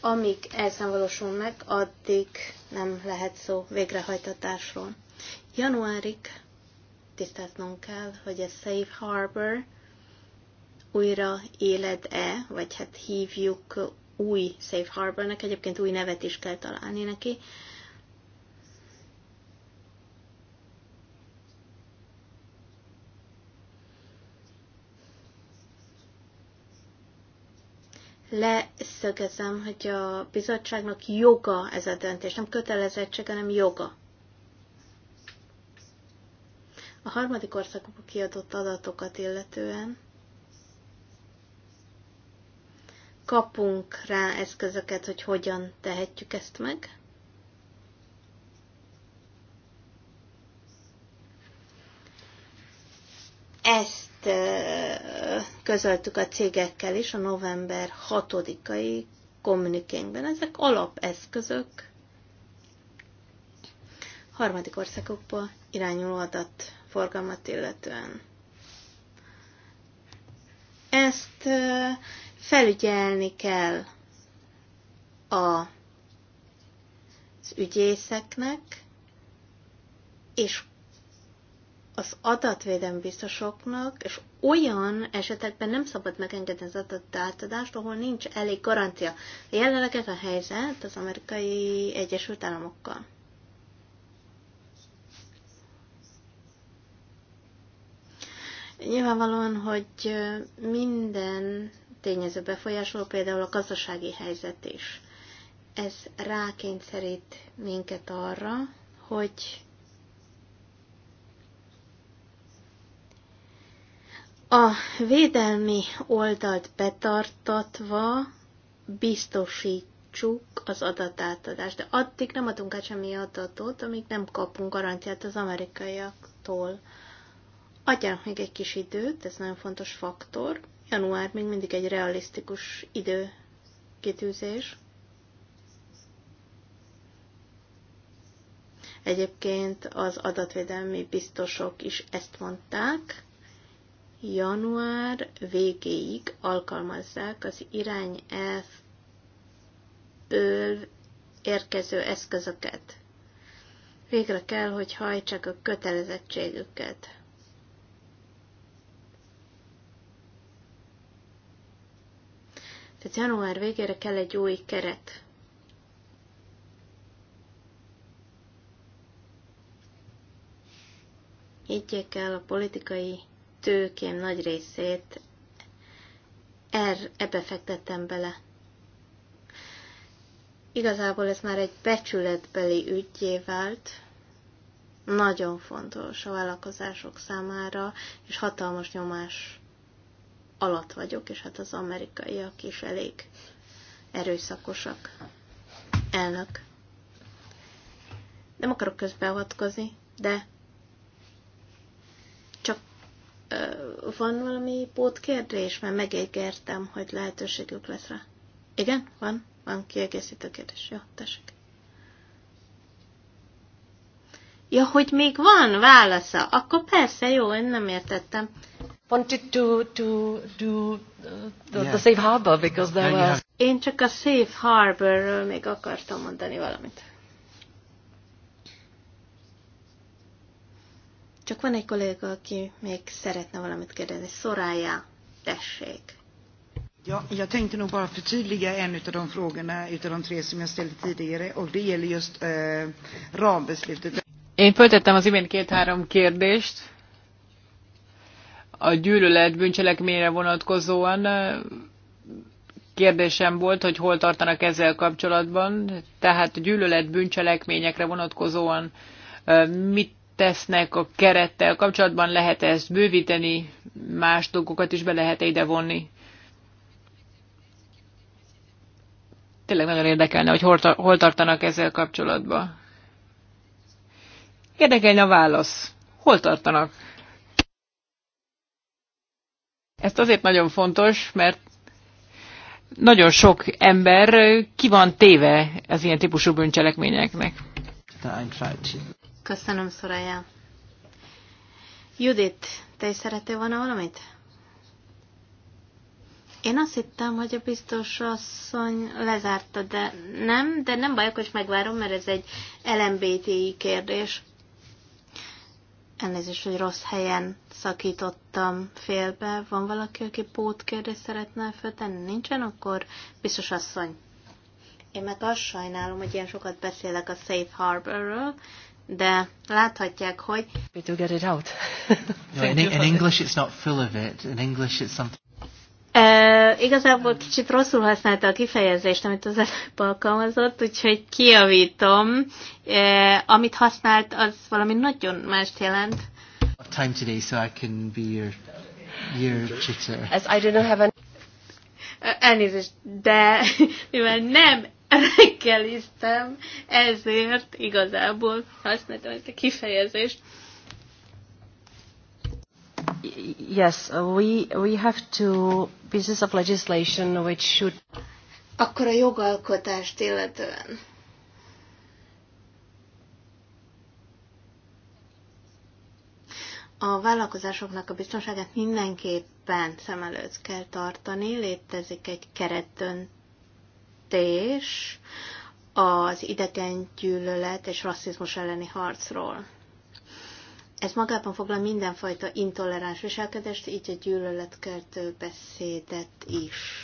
amíg ez nem valósul meg, addig nem lehet szó végrehajtatásról. Januárig tisztáznunk kell, hogy a Safe Harbor újra éled-e, vagy hát hívjuk új Safe Harbornak, egyébként új nevet is kell találni neki, leszögezem, hogy a bizottságnak joga ez a döntés, nem kötelezettsége, hanem joga. A harmadik országokba kiadott adatokat illetően kapunk rá eszközöket, hogy hogyan tehetjük ezt meg. Ezt közöltük a cégekkel is a november 6-ai kommunikénkben. Ezek alapeszközök harmadik országokba irányuló adatforgalmat illetően. Ezt felügyelni kell a az ügyészeknek, és az adatvédelmi biztosoknak, és olyan esetekben nem szabad megengedni az átadást, ahol nincs elég garancia. Jelenleg ez a helyzet az amerikai Egyesült Államokkal. Nyilvánvalóan, hogy minden tényező befolyásol, például a gazdasági helyzet is. Ez rákényszerít minket arra, hogy A védelmi oldalt betartatva biztosítsuk az adatátadást, de addig nem adunk át semmi adatot, amíg nem kapunk garanciát az amerikaiaktól. Adjanak még egy kis időt, ez nagyon fontos faktor. Január még mindig egy realisztikus időkitűzés. Egyébként az adatvédelmi biztosok is ezt mondták, január végéig alkalmazzák az irány ből érkező eszközöket. Végre kell, hogy hajtsák a kötelezettségüket. Tehát január végére kell egy új keret. Higgyék el a politikai tőkém nagy részét er, ebbe fektettem bele. Igazából ez már egy becsületbeli ügyé vált, nagyon fontos a vállalkozások számára, és hatalmas nyomás alatt vagyok, és hát az amerikaiak is elég erőszakosak. Elnök. Nem akarok közbeavatkozni, de van valami pótkérdés? Mert megígértem, hogy lehetőségük lesz rá. Igen? Van? Van kiegészítő kérdés. Jó, tessék. Ja, hogy még van válasza, akkor persze, jó, én nem értettem. Wanted to, to do uh, the, yeah. the safe harbor because there was... Én csak a safe harbor még akartam mondani valamit. Csak van egy kolléga, aki még szeretne valamit kérdezni. Szorája, tessék! Ja, jag tänkte nog bara förtydliga en av de frågorna utav de tre som jag ställde tidigare och det gäller just eh, rambeslutet. Én föltettem az imént két-három kérdést a gyűlölet bűncselekményre vonatkozóan. Eh, kérdésem volt, hogy hol tartanak ezzel kapcsolatban, tehát a gyűlölet bűncselekményekre vonatkozóan eh, mit tesznek a kerettel kapcsolatban, lehet ezt bővíteni, más dolgokat is be lehet ide vonni? Tényleg nagyon érdekelne, hogy hol, hol tartanak ezzel kapcsolatban. Érdekelne a válasz. Hol tartanak? Ezt azért nagyon fontos, mert nagyon sok ember ki van téve az ilyen típusú bűncselekményeknek. Köszönöm, Szorajá. Judit, te is szeretél volna valamit? Én azt hittem, hogy a biztos asszony lezárta, de nem, de nem baj, hogy megvárom, mert ez egy LMBTI kérdés. Elnézést, hogy rossz helyen szakítottam félbe. Van valaki, aki pótkérdést szeretne feltenni? Nincsen, akkor biztos asszony. Én meg azt sajnálom, hogy ilyen sokat beszélek a Safe Harborról, de láthatják, hogy We do get it out. no, in, in English it's not full of it. In English it's something E, igazából kicsit rosszul használta a kifejezést, amit az előbb alkalmazott, úgyhogy kiavítom. E, amit használt, az valami nagyon mást jelent. Time today, so I can be your, your As I don't have an... Elnézést, de mivel nem reggeliztem, ezért igazából használtam ezt a kifejezést. Yes, we, we have two pieces of legislation which should... Akkor a jogalkotást illetően. A vállalkozásoknak a biztonságát mindenképpen szem előtt kell tartani. Létezik egy keretdöntés, jelentés az idegen gyűlölet és rasszizmus elleni harcról. Ez magában foglal mindenfajta intoleráns viselkedést, így a gyűlöletkeltő beszédet is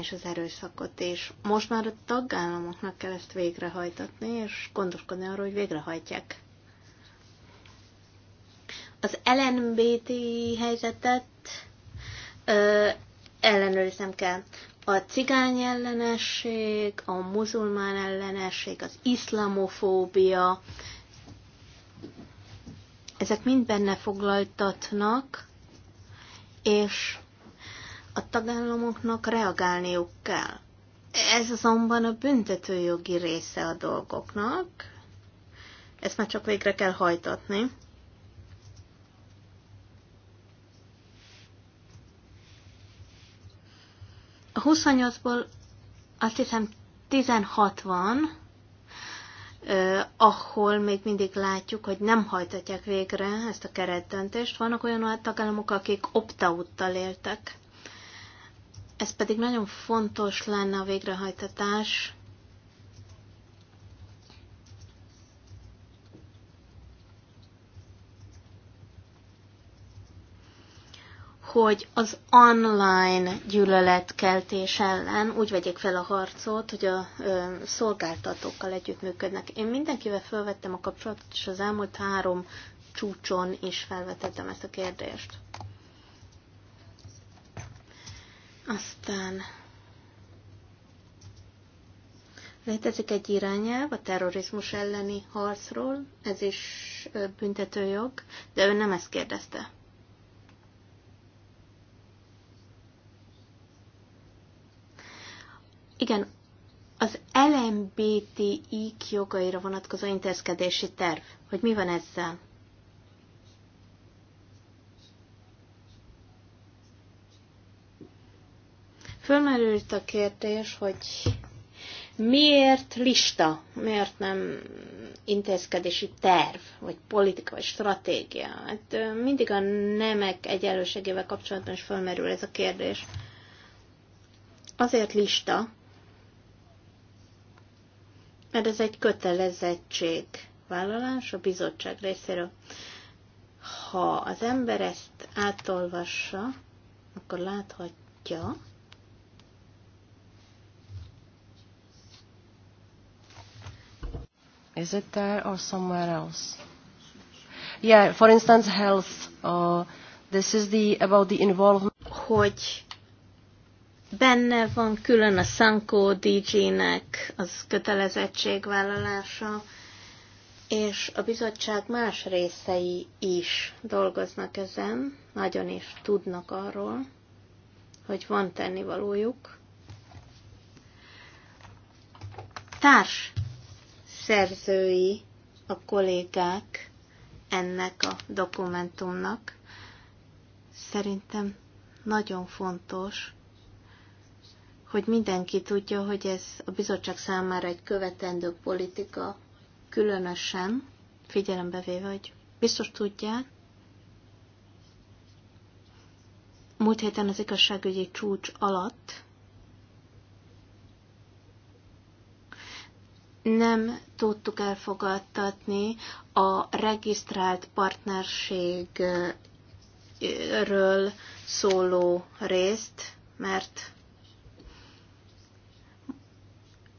és az erőszakot, és most már a tagállamoknak kell ezt végrehajtatni, és gondoskodni arról, hogy végrehajtják. Az LNBT helyzetet ö, ellenőriznem kell a cigány ellenesség, a muzulmán ellenesség, az iszlamofóbia, ezek mind benne foglaltatnak, és a tagállamoknak reagálniuk kell. Ez azonban a büntetőjogi része a dolgoknak, ezt már csak végre kell hajtatni. A 28-ból azt hiszem 16 van, ahol még mindig látjuk, hogy nem hajtatják végre ezt a keretdöntést. Vannak olyan tagállamok, akik opt-out-tal éltek. Ez pedig nagyon fontos lenne a végrehajtatás hogy az online gyűlöletkeltés ellen úgy vegyék fel a harcot, hogy a ö, szolgáltatókkal együttműködnek. Én mindenkivel felvettem a kapcsolatot, és az elmúlt három csúcson is felvetettem ezt a kérdést. Aztán létezik egy irányelv a terrorizmus elleni harcról, ez is büntetőjog, de ő nem ezt kérdezte. Igen, az LMBTIQ jogaira vonatkozó intézkedési terv, hogy mi van ezzel? Fölmerült a kérdés, hogy miért lista, miért nem intézkedési terv, vagy politika, vagy stratégia. Hát mindig a nemek egyenlőségével kapcsolatban is fölmerül ez a kérdés. Azért lista, mert ez egy kötelezettség vállalás a bizottság részéről. Ha az ember ezt átolvassa, akkor láthatja, Is it there or somewhere else? Yeah, for instance, health. Uh, this is the about the involvement. Hogy Benne van külön a Sanko DG-nek az kötelezettségvállalása, és a bizottság más részei is dolgoznak ezen, nagyon is tudnak arról, hogy van tennivalójuk. Társ szerzői a kollégák ennek a dokumentumnak. Szerintem nagyon fontos, hogy mindenki tudja, hogy ez a bizottság számára egy követendő politika, különösen figyelembe véve, hogy biztos tudják, múlt héten az igazságügyi csúcs alatt nem tudtuk elfogadtatni a regisztrált partnerségről szóló részt, mert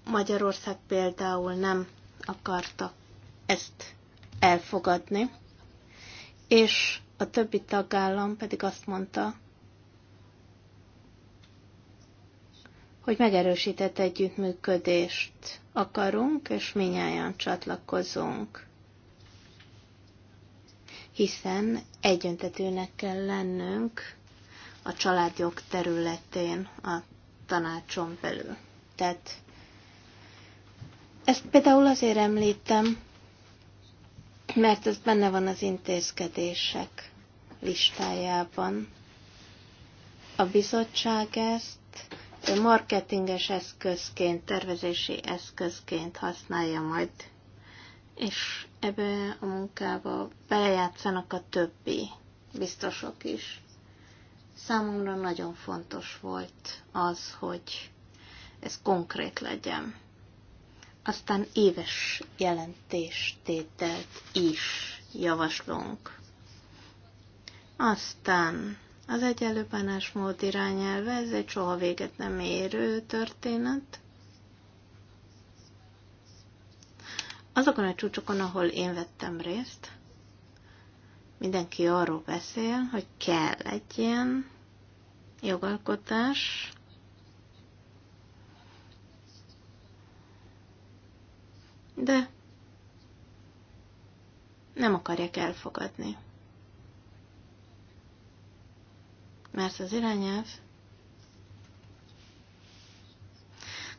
Magyarország például nem akarta ezt elfogadni, és a többi tagállam pedig azt mondta, hogy megerősített együttműködést akarunk, és minnyáján csatlakozunk. Hiszen egyöntetőnek kell lennünk a családjog területén a tanácson belül. Tehát ezt például azért említem, mert ez benne van az intézkedések listájában. A bizottság ezt marketinges eszközként, tervezési eszközként használja majd, és ebbe a munkába belejátszanak a többi biztosok is. Számomra nagyon fontos volt az, hogy ez konkrét legyen. Aztán éves jelentéstételt is javaslunk. Aztán az egyenlő bánásmód irányelve, ez egy soha véget nem érő történet. Azokon a csúcsokon, ahol én vettem részt, mindenki arról beszél, hogy kell egy ilyen jogalkotás, de nem akarják elfogadni. Mert az irányelv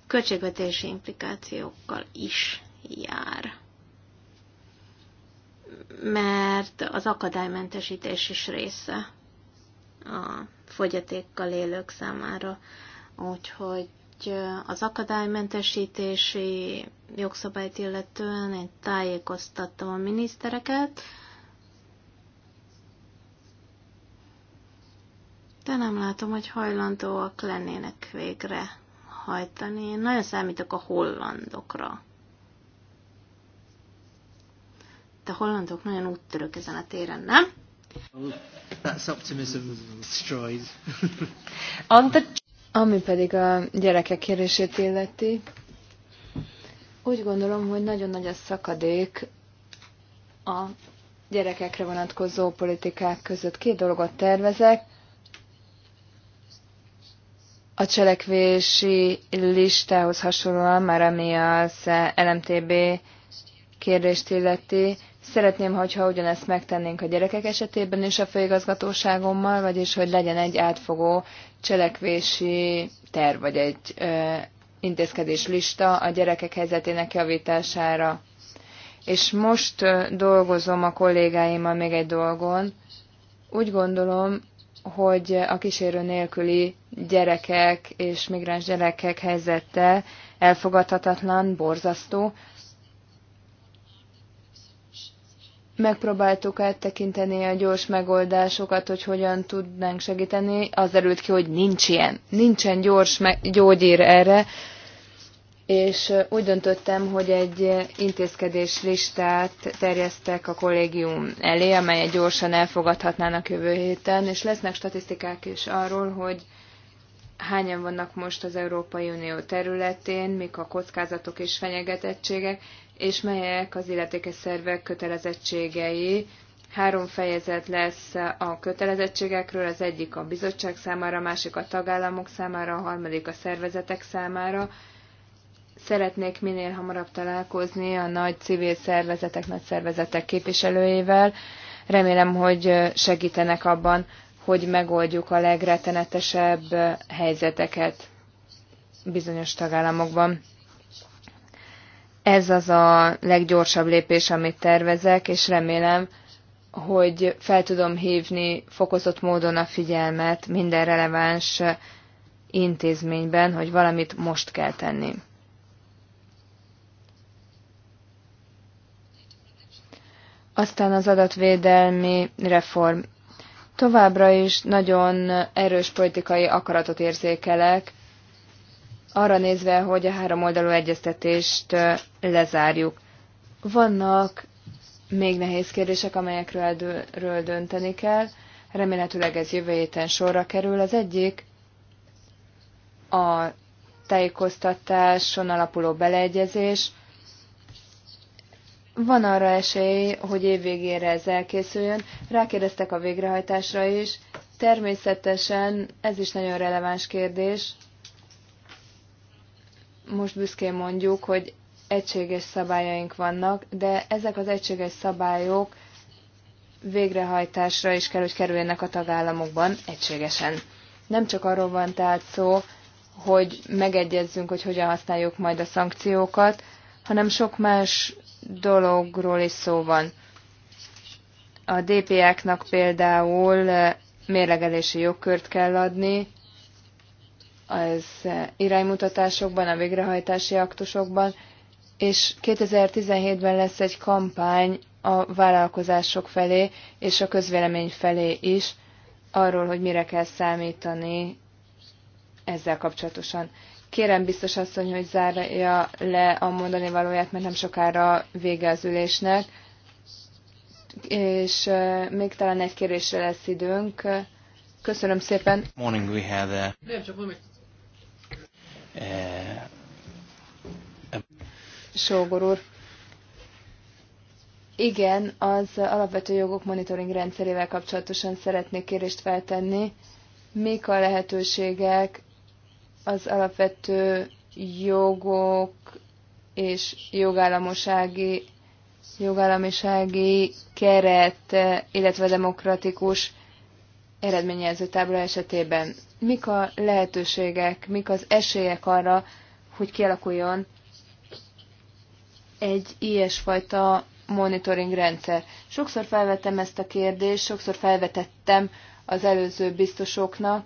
költségvetési implikációkkal is jár. Mert az akadálymentesítés is része a fogyatékkal élők számára, úgyhogy hogy az akadálymentesítési jogszabályt illetően én tájékoztattam a minisztereket, de nem látom, hogy hajlandóak lennének végre hajtani. Én nagyon számítok a hollandokra. De a hollandok nagyon úttörök ezen a téren, nem? Well, that's optimism destroyed. On the ami pedig a gyerekek kérését illeti, úgy gondolom, hogy nagyon nagy a szakadék a gyerekekre vonatkozó politikák között. Két dolgot tervezek. A cselekvési listához hasonlóan, már ami az LMTB kérdést illeti, szeretném, hogyha ugyanezt megtennénk a gyerekek esetében is a főigazgatóságommal, vagyis hogy legyen egy átfogó cselekvési terv, vagy egy intézkedés lista a gyerekek helyzetének javítására. És most dolgozom a kollégáimmal még egy dolgon. Úgy gondolom, hogy a kísérő nélküli gyerekek és migráns gyerekek helyzete elfogadhatatlan, borzasztó, megpróbáltuk áttekinteni a gyors megoldásokat, hogy hogyan tudnánk segíteni. Az derült ki, hogy nincs ilyen. Nincsen gyors gyógyír erre, és úgy döntöttem, hogy egy intézkedés listát terjesztek a kollégium elé, amelyet gyorsan elfogadhatnának jövő héten, és lesznek statisztikák is arról, hogy hányan vannak most az Európai Unió területén, mik a kockázatok és fenyegetettségek, és melyek az illetékes szervek kötelezettségei. Három fejezet lesz a kötelezettségekről, az egyik a bizottság számára, a másik a tagállamok számára, a harmadik a szervezetek számára. Szeretnék minél hamarabb találkozni a nagy civil szervezetek, nagy szervezetek képviselőivel. Remélem, hogy segítenek abban, hogy megoldjuk a legrettenetesebb helyzeteket bizonyos tagállamokban. Ez az a leggyorsabb lépés, amit tervezek, és remélem, hogy fel tudom hívni fokozott módon a figyelmet minden releváns intézményben, hogy valamit most kell tenni. Aztán az adatvédelmi reform. Továbbra is nagyon erős politikai akaratot érzékelek arra nézve, hogy a három oldalú egyeztetést lezárjuk. Vannak még nehéz kérdések, amelyekről dönteni kell. Remélhetőleg ez jövő héten sorra kerül. Az egyik a tájékoztatáson alapuló beleegyezés. Van arra esély, hogy évvégére ez elkészüljön. Rákérdeztek a végrehajtásra is. Természetesen ez is nagyon releváns kérdés, most büszkén mondjuk, hogy egységes szabályaink vannak, de ezek az egységes szabályok végrehajtásra is kell, hogy kerüljenek a tagállamokban egységesen. Nem csak arról van tehát szó, hogy megegyezzünk, hogy hogyan használjuk majd a szankciókat, hanem sok más dologról is szó van. A DPA-knak például mérlegelési jogkört kell adni, az iránymutatásokban, a végrehajtási aktusokban, és 2017-ben lesz egy kampány a vállalkozások felé és a közvélemény felé is arról, hogy mire kell számítani ezzel kapcsolatosan. Kérem biztos asszony, hogy zárja le a mondani valóját, mert nem sokára vége az ülésnek. És még talán egy kérésre lesz időnk. Köszönöm szépen. Morning we had a... Uh, nem, csak mondom, hogy Eh, Sógor úr. Igen, az alapvető jogok monitoring rendszerével kapcsolatosan szeretnék kérést feltenni. Mik a lehetőségek az alapvető jogok és jogállamosági, jogállamisági keret, illetve demokratikus eredményező tábla esetében mik a lehetőségek, mik az esélyek arra, hogy kialakuljon egy ilyesfajta monitoring rendszer. Sokszor felvettem ezt a kérdést, sokszor felvetettem az előző biztosoknak.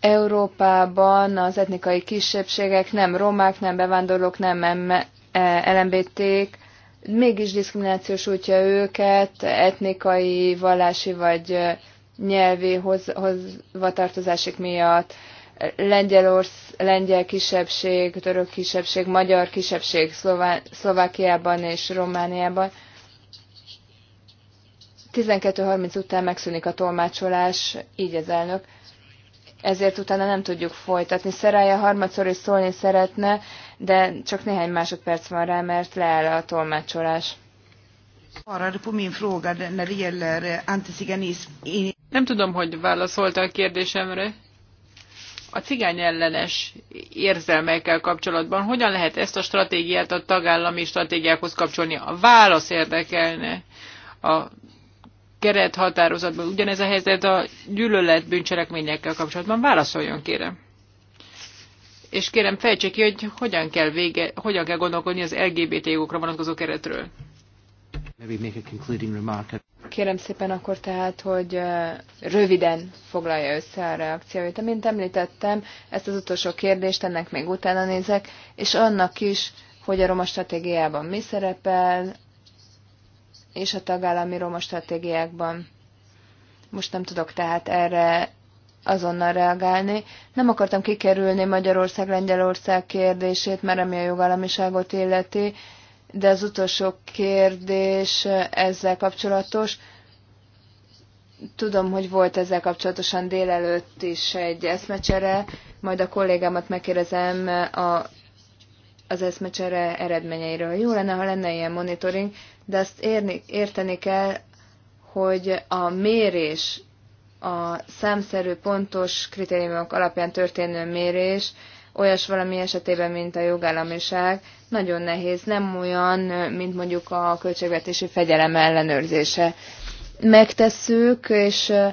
Európában az etnikai kisebbségek, nem romák, nem bevándorlók, nem e- LMBT-k, mégis diszkriminációs útja őket etnikai, vallási vagy nyelvi hoz, hozvatartozások miatt, Lengyelorsz, lengyel kisebbség, török kisebbség, magyar kisebbség Szlová, Szlovákiában és Romániában. 12.30 után megszűnik a tolmácsolás, így az elnök. Ezért utána nem tudjuk folytatni. Szerája harmadszor is szólni szeretne, de csak néhány másodperc van rá, mert leáll a tolmácsolás Arra, hogy min fråga när det eh, nem tudom, hogy válaszolta a kérdésemre. A cigány ellenes érzelmekkel kapcsolatban hogyan lehet ezt a stratégiát a tagállami stratégiákhoz kapcsolni? A válasz érdekelne a kerethatározatban. Ugyanez a helyzet a gyűlölet bűncselekményekkel kapcsolatban. Válaszoljon, kérem. És kérem, fejtsék ki, hogy hogyan kell, vége, hogyan kell gondolkodni az LGBT jogokra vonatkozó keretről. Kérem szépen akkor tehát, hogy röviden foglalja össze a reakcióit. Amint említettem, ezt az utolsó kérdést, ennek még utána nézek, és annak is, hogy a roma stratégiában mi szerepel, és a tagállami roma stratégiákban. Most nem tudok tehát erre azonnal reagálni. Nem akartam kikerülni Magyarország-Lengyelország kérdését, mert ami a jogállamiságot illeti, de az utolsó kérdés eh, ezzel kapcsolatos. Tudom, hogy volt ezzel kapcsolatosan délelőtt is egy eszmecsere, majd a kollégámat megkérdezem eh, a, az eszmecsere eredményeiről. Jó lenne, ha lenne ilyen monitoring, de azt érni, érteni kell, hogy a mérés, a számszerű pontos kritériumok alapján történő mérés, olyas valami esetében, mint a jogállamiság, nagyon nehéz, nem olyan, mint mondjuk a költségvetési fegyelem ellenőrzése. Megtesszük, és eh,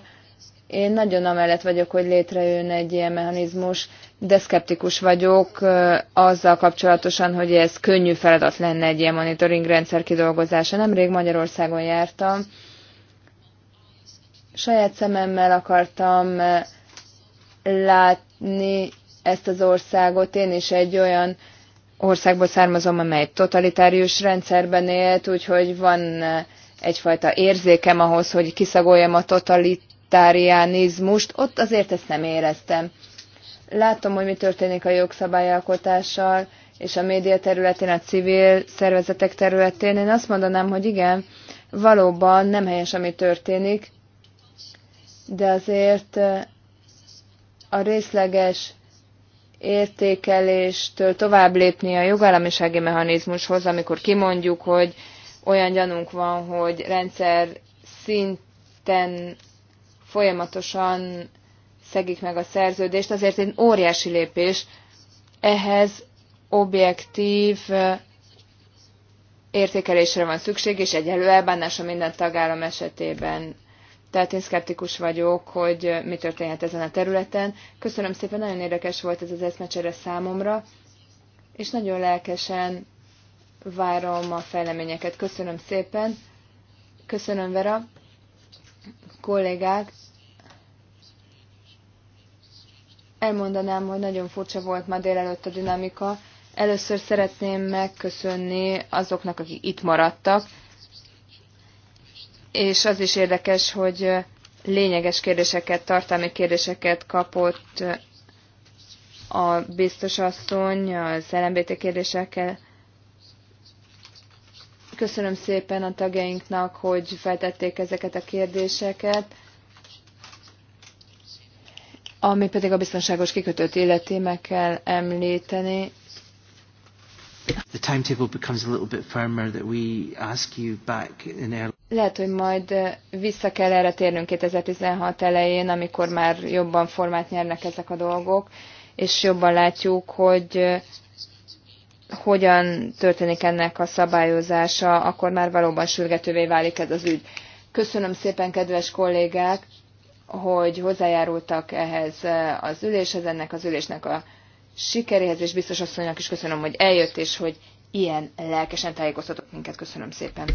én nagyon amellett vagyok, hogy létrejön egy ilyen mechanizmus, de szkeptikus vagyok eh, azzal kapcsolatosan, hogy ez könnyű feladat lenne egy ilyen monitoring rendszer kidolgozása. Nemrég Magyarországon jártam, saját szememmel akartam eh, látni ezt az országot. Én is egy olyan országból származom, amely totalitárius rendszerben élt, úgyhogy van eh, egyfajta érzékem ahhoz, hogy kiszagoljam a totalitárianizmust. Ott azért ezt nem éreztem. Látom, hogy mi történik a jogszabályalkotással, és a média területén, a civil szervezetek területén. Én azt mondanám, hogy igen, valóban nem helyes, ami történik, de azért eh, a részleges értékeléstől tovább lépni a jogállamisági mechanizmushoz, amikor kimondjuk, hogy olyan gyanunk van, hogy rendszer szinten folyamatosan szegik meg a szerződést, azért egy óriási lépés. Ehhez objektív értékelésre van szükség, és egyelő elbánása minden tagállam esetében tehát én szkeptikus vagyok, hogy mi történhet ezen a területen. Köszönöm szépen, nagyon érdekes volt ez az eszmecsere számomra, és nagyon lelkesen várom a fejleményeket. Köszönöm szépen, köszönöm Vera, kollégák. Elmondanám, hogy nagyon furcsa volt ma délelőtt a dinamika. Először szeretném megköszönni azoknak, akik itt maradtak, és az is érdekes, hogy lényeges kérdéseket, tartalmi kérdéseket kapott a asszony az LMBT kérdésekkel. Köszönöm szépen a tagjainknak, hogy feltették ezeket a kérdéseket. Ami pedig a biztonságos kikötőt illeti, meg kell említeni. The timetable becomes a little bit firmer that we ask you back in early lehet, hogy majd vissza kell erre térnünk 2016 elején, amikor már jobban formát nyernek ezek a dolgok, és jobban látjuk, hogy hogyan történik ennek a szabályozása, akkor már valóban sürgetővé válik ez az ügy. Köszönöm szépen, kedves kollégák, hogy hozzájárultak ehhez az üléshez, ennek az ülésnek a sikeréhez, és biztos asszonynak is köszönöm, hogy eljött, és hogy ilyen lelkesen tájékoztatott minket. Köszönöm szépen.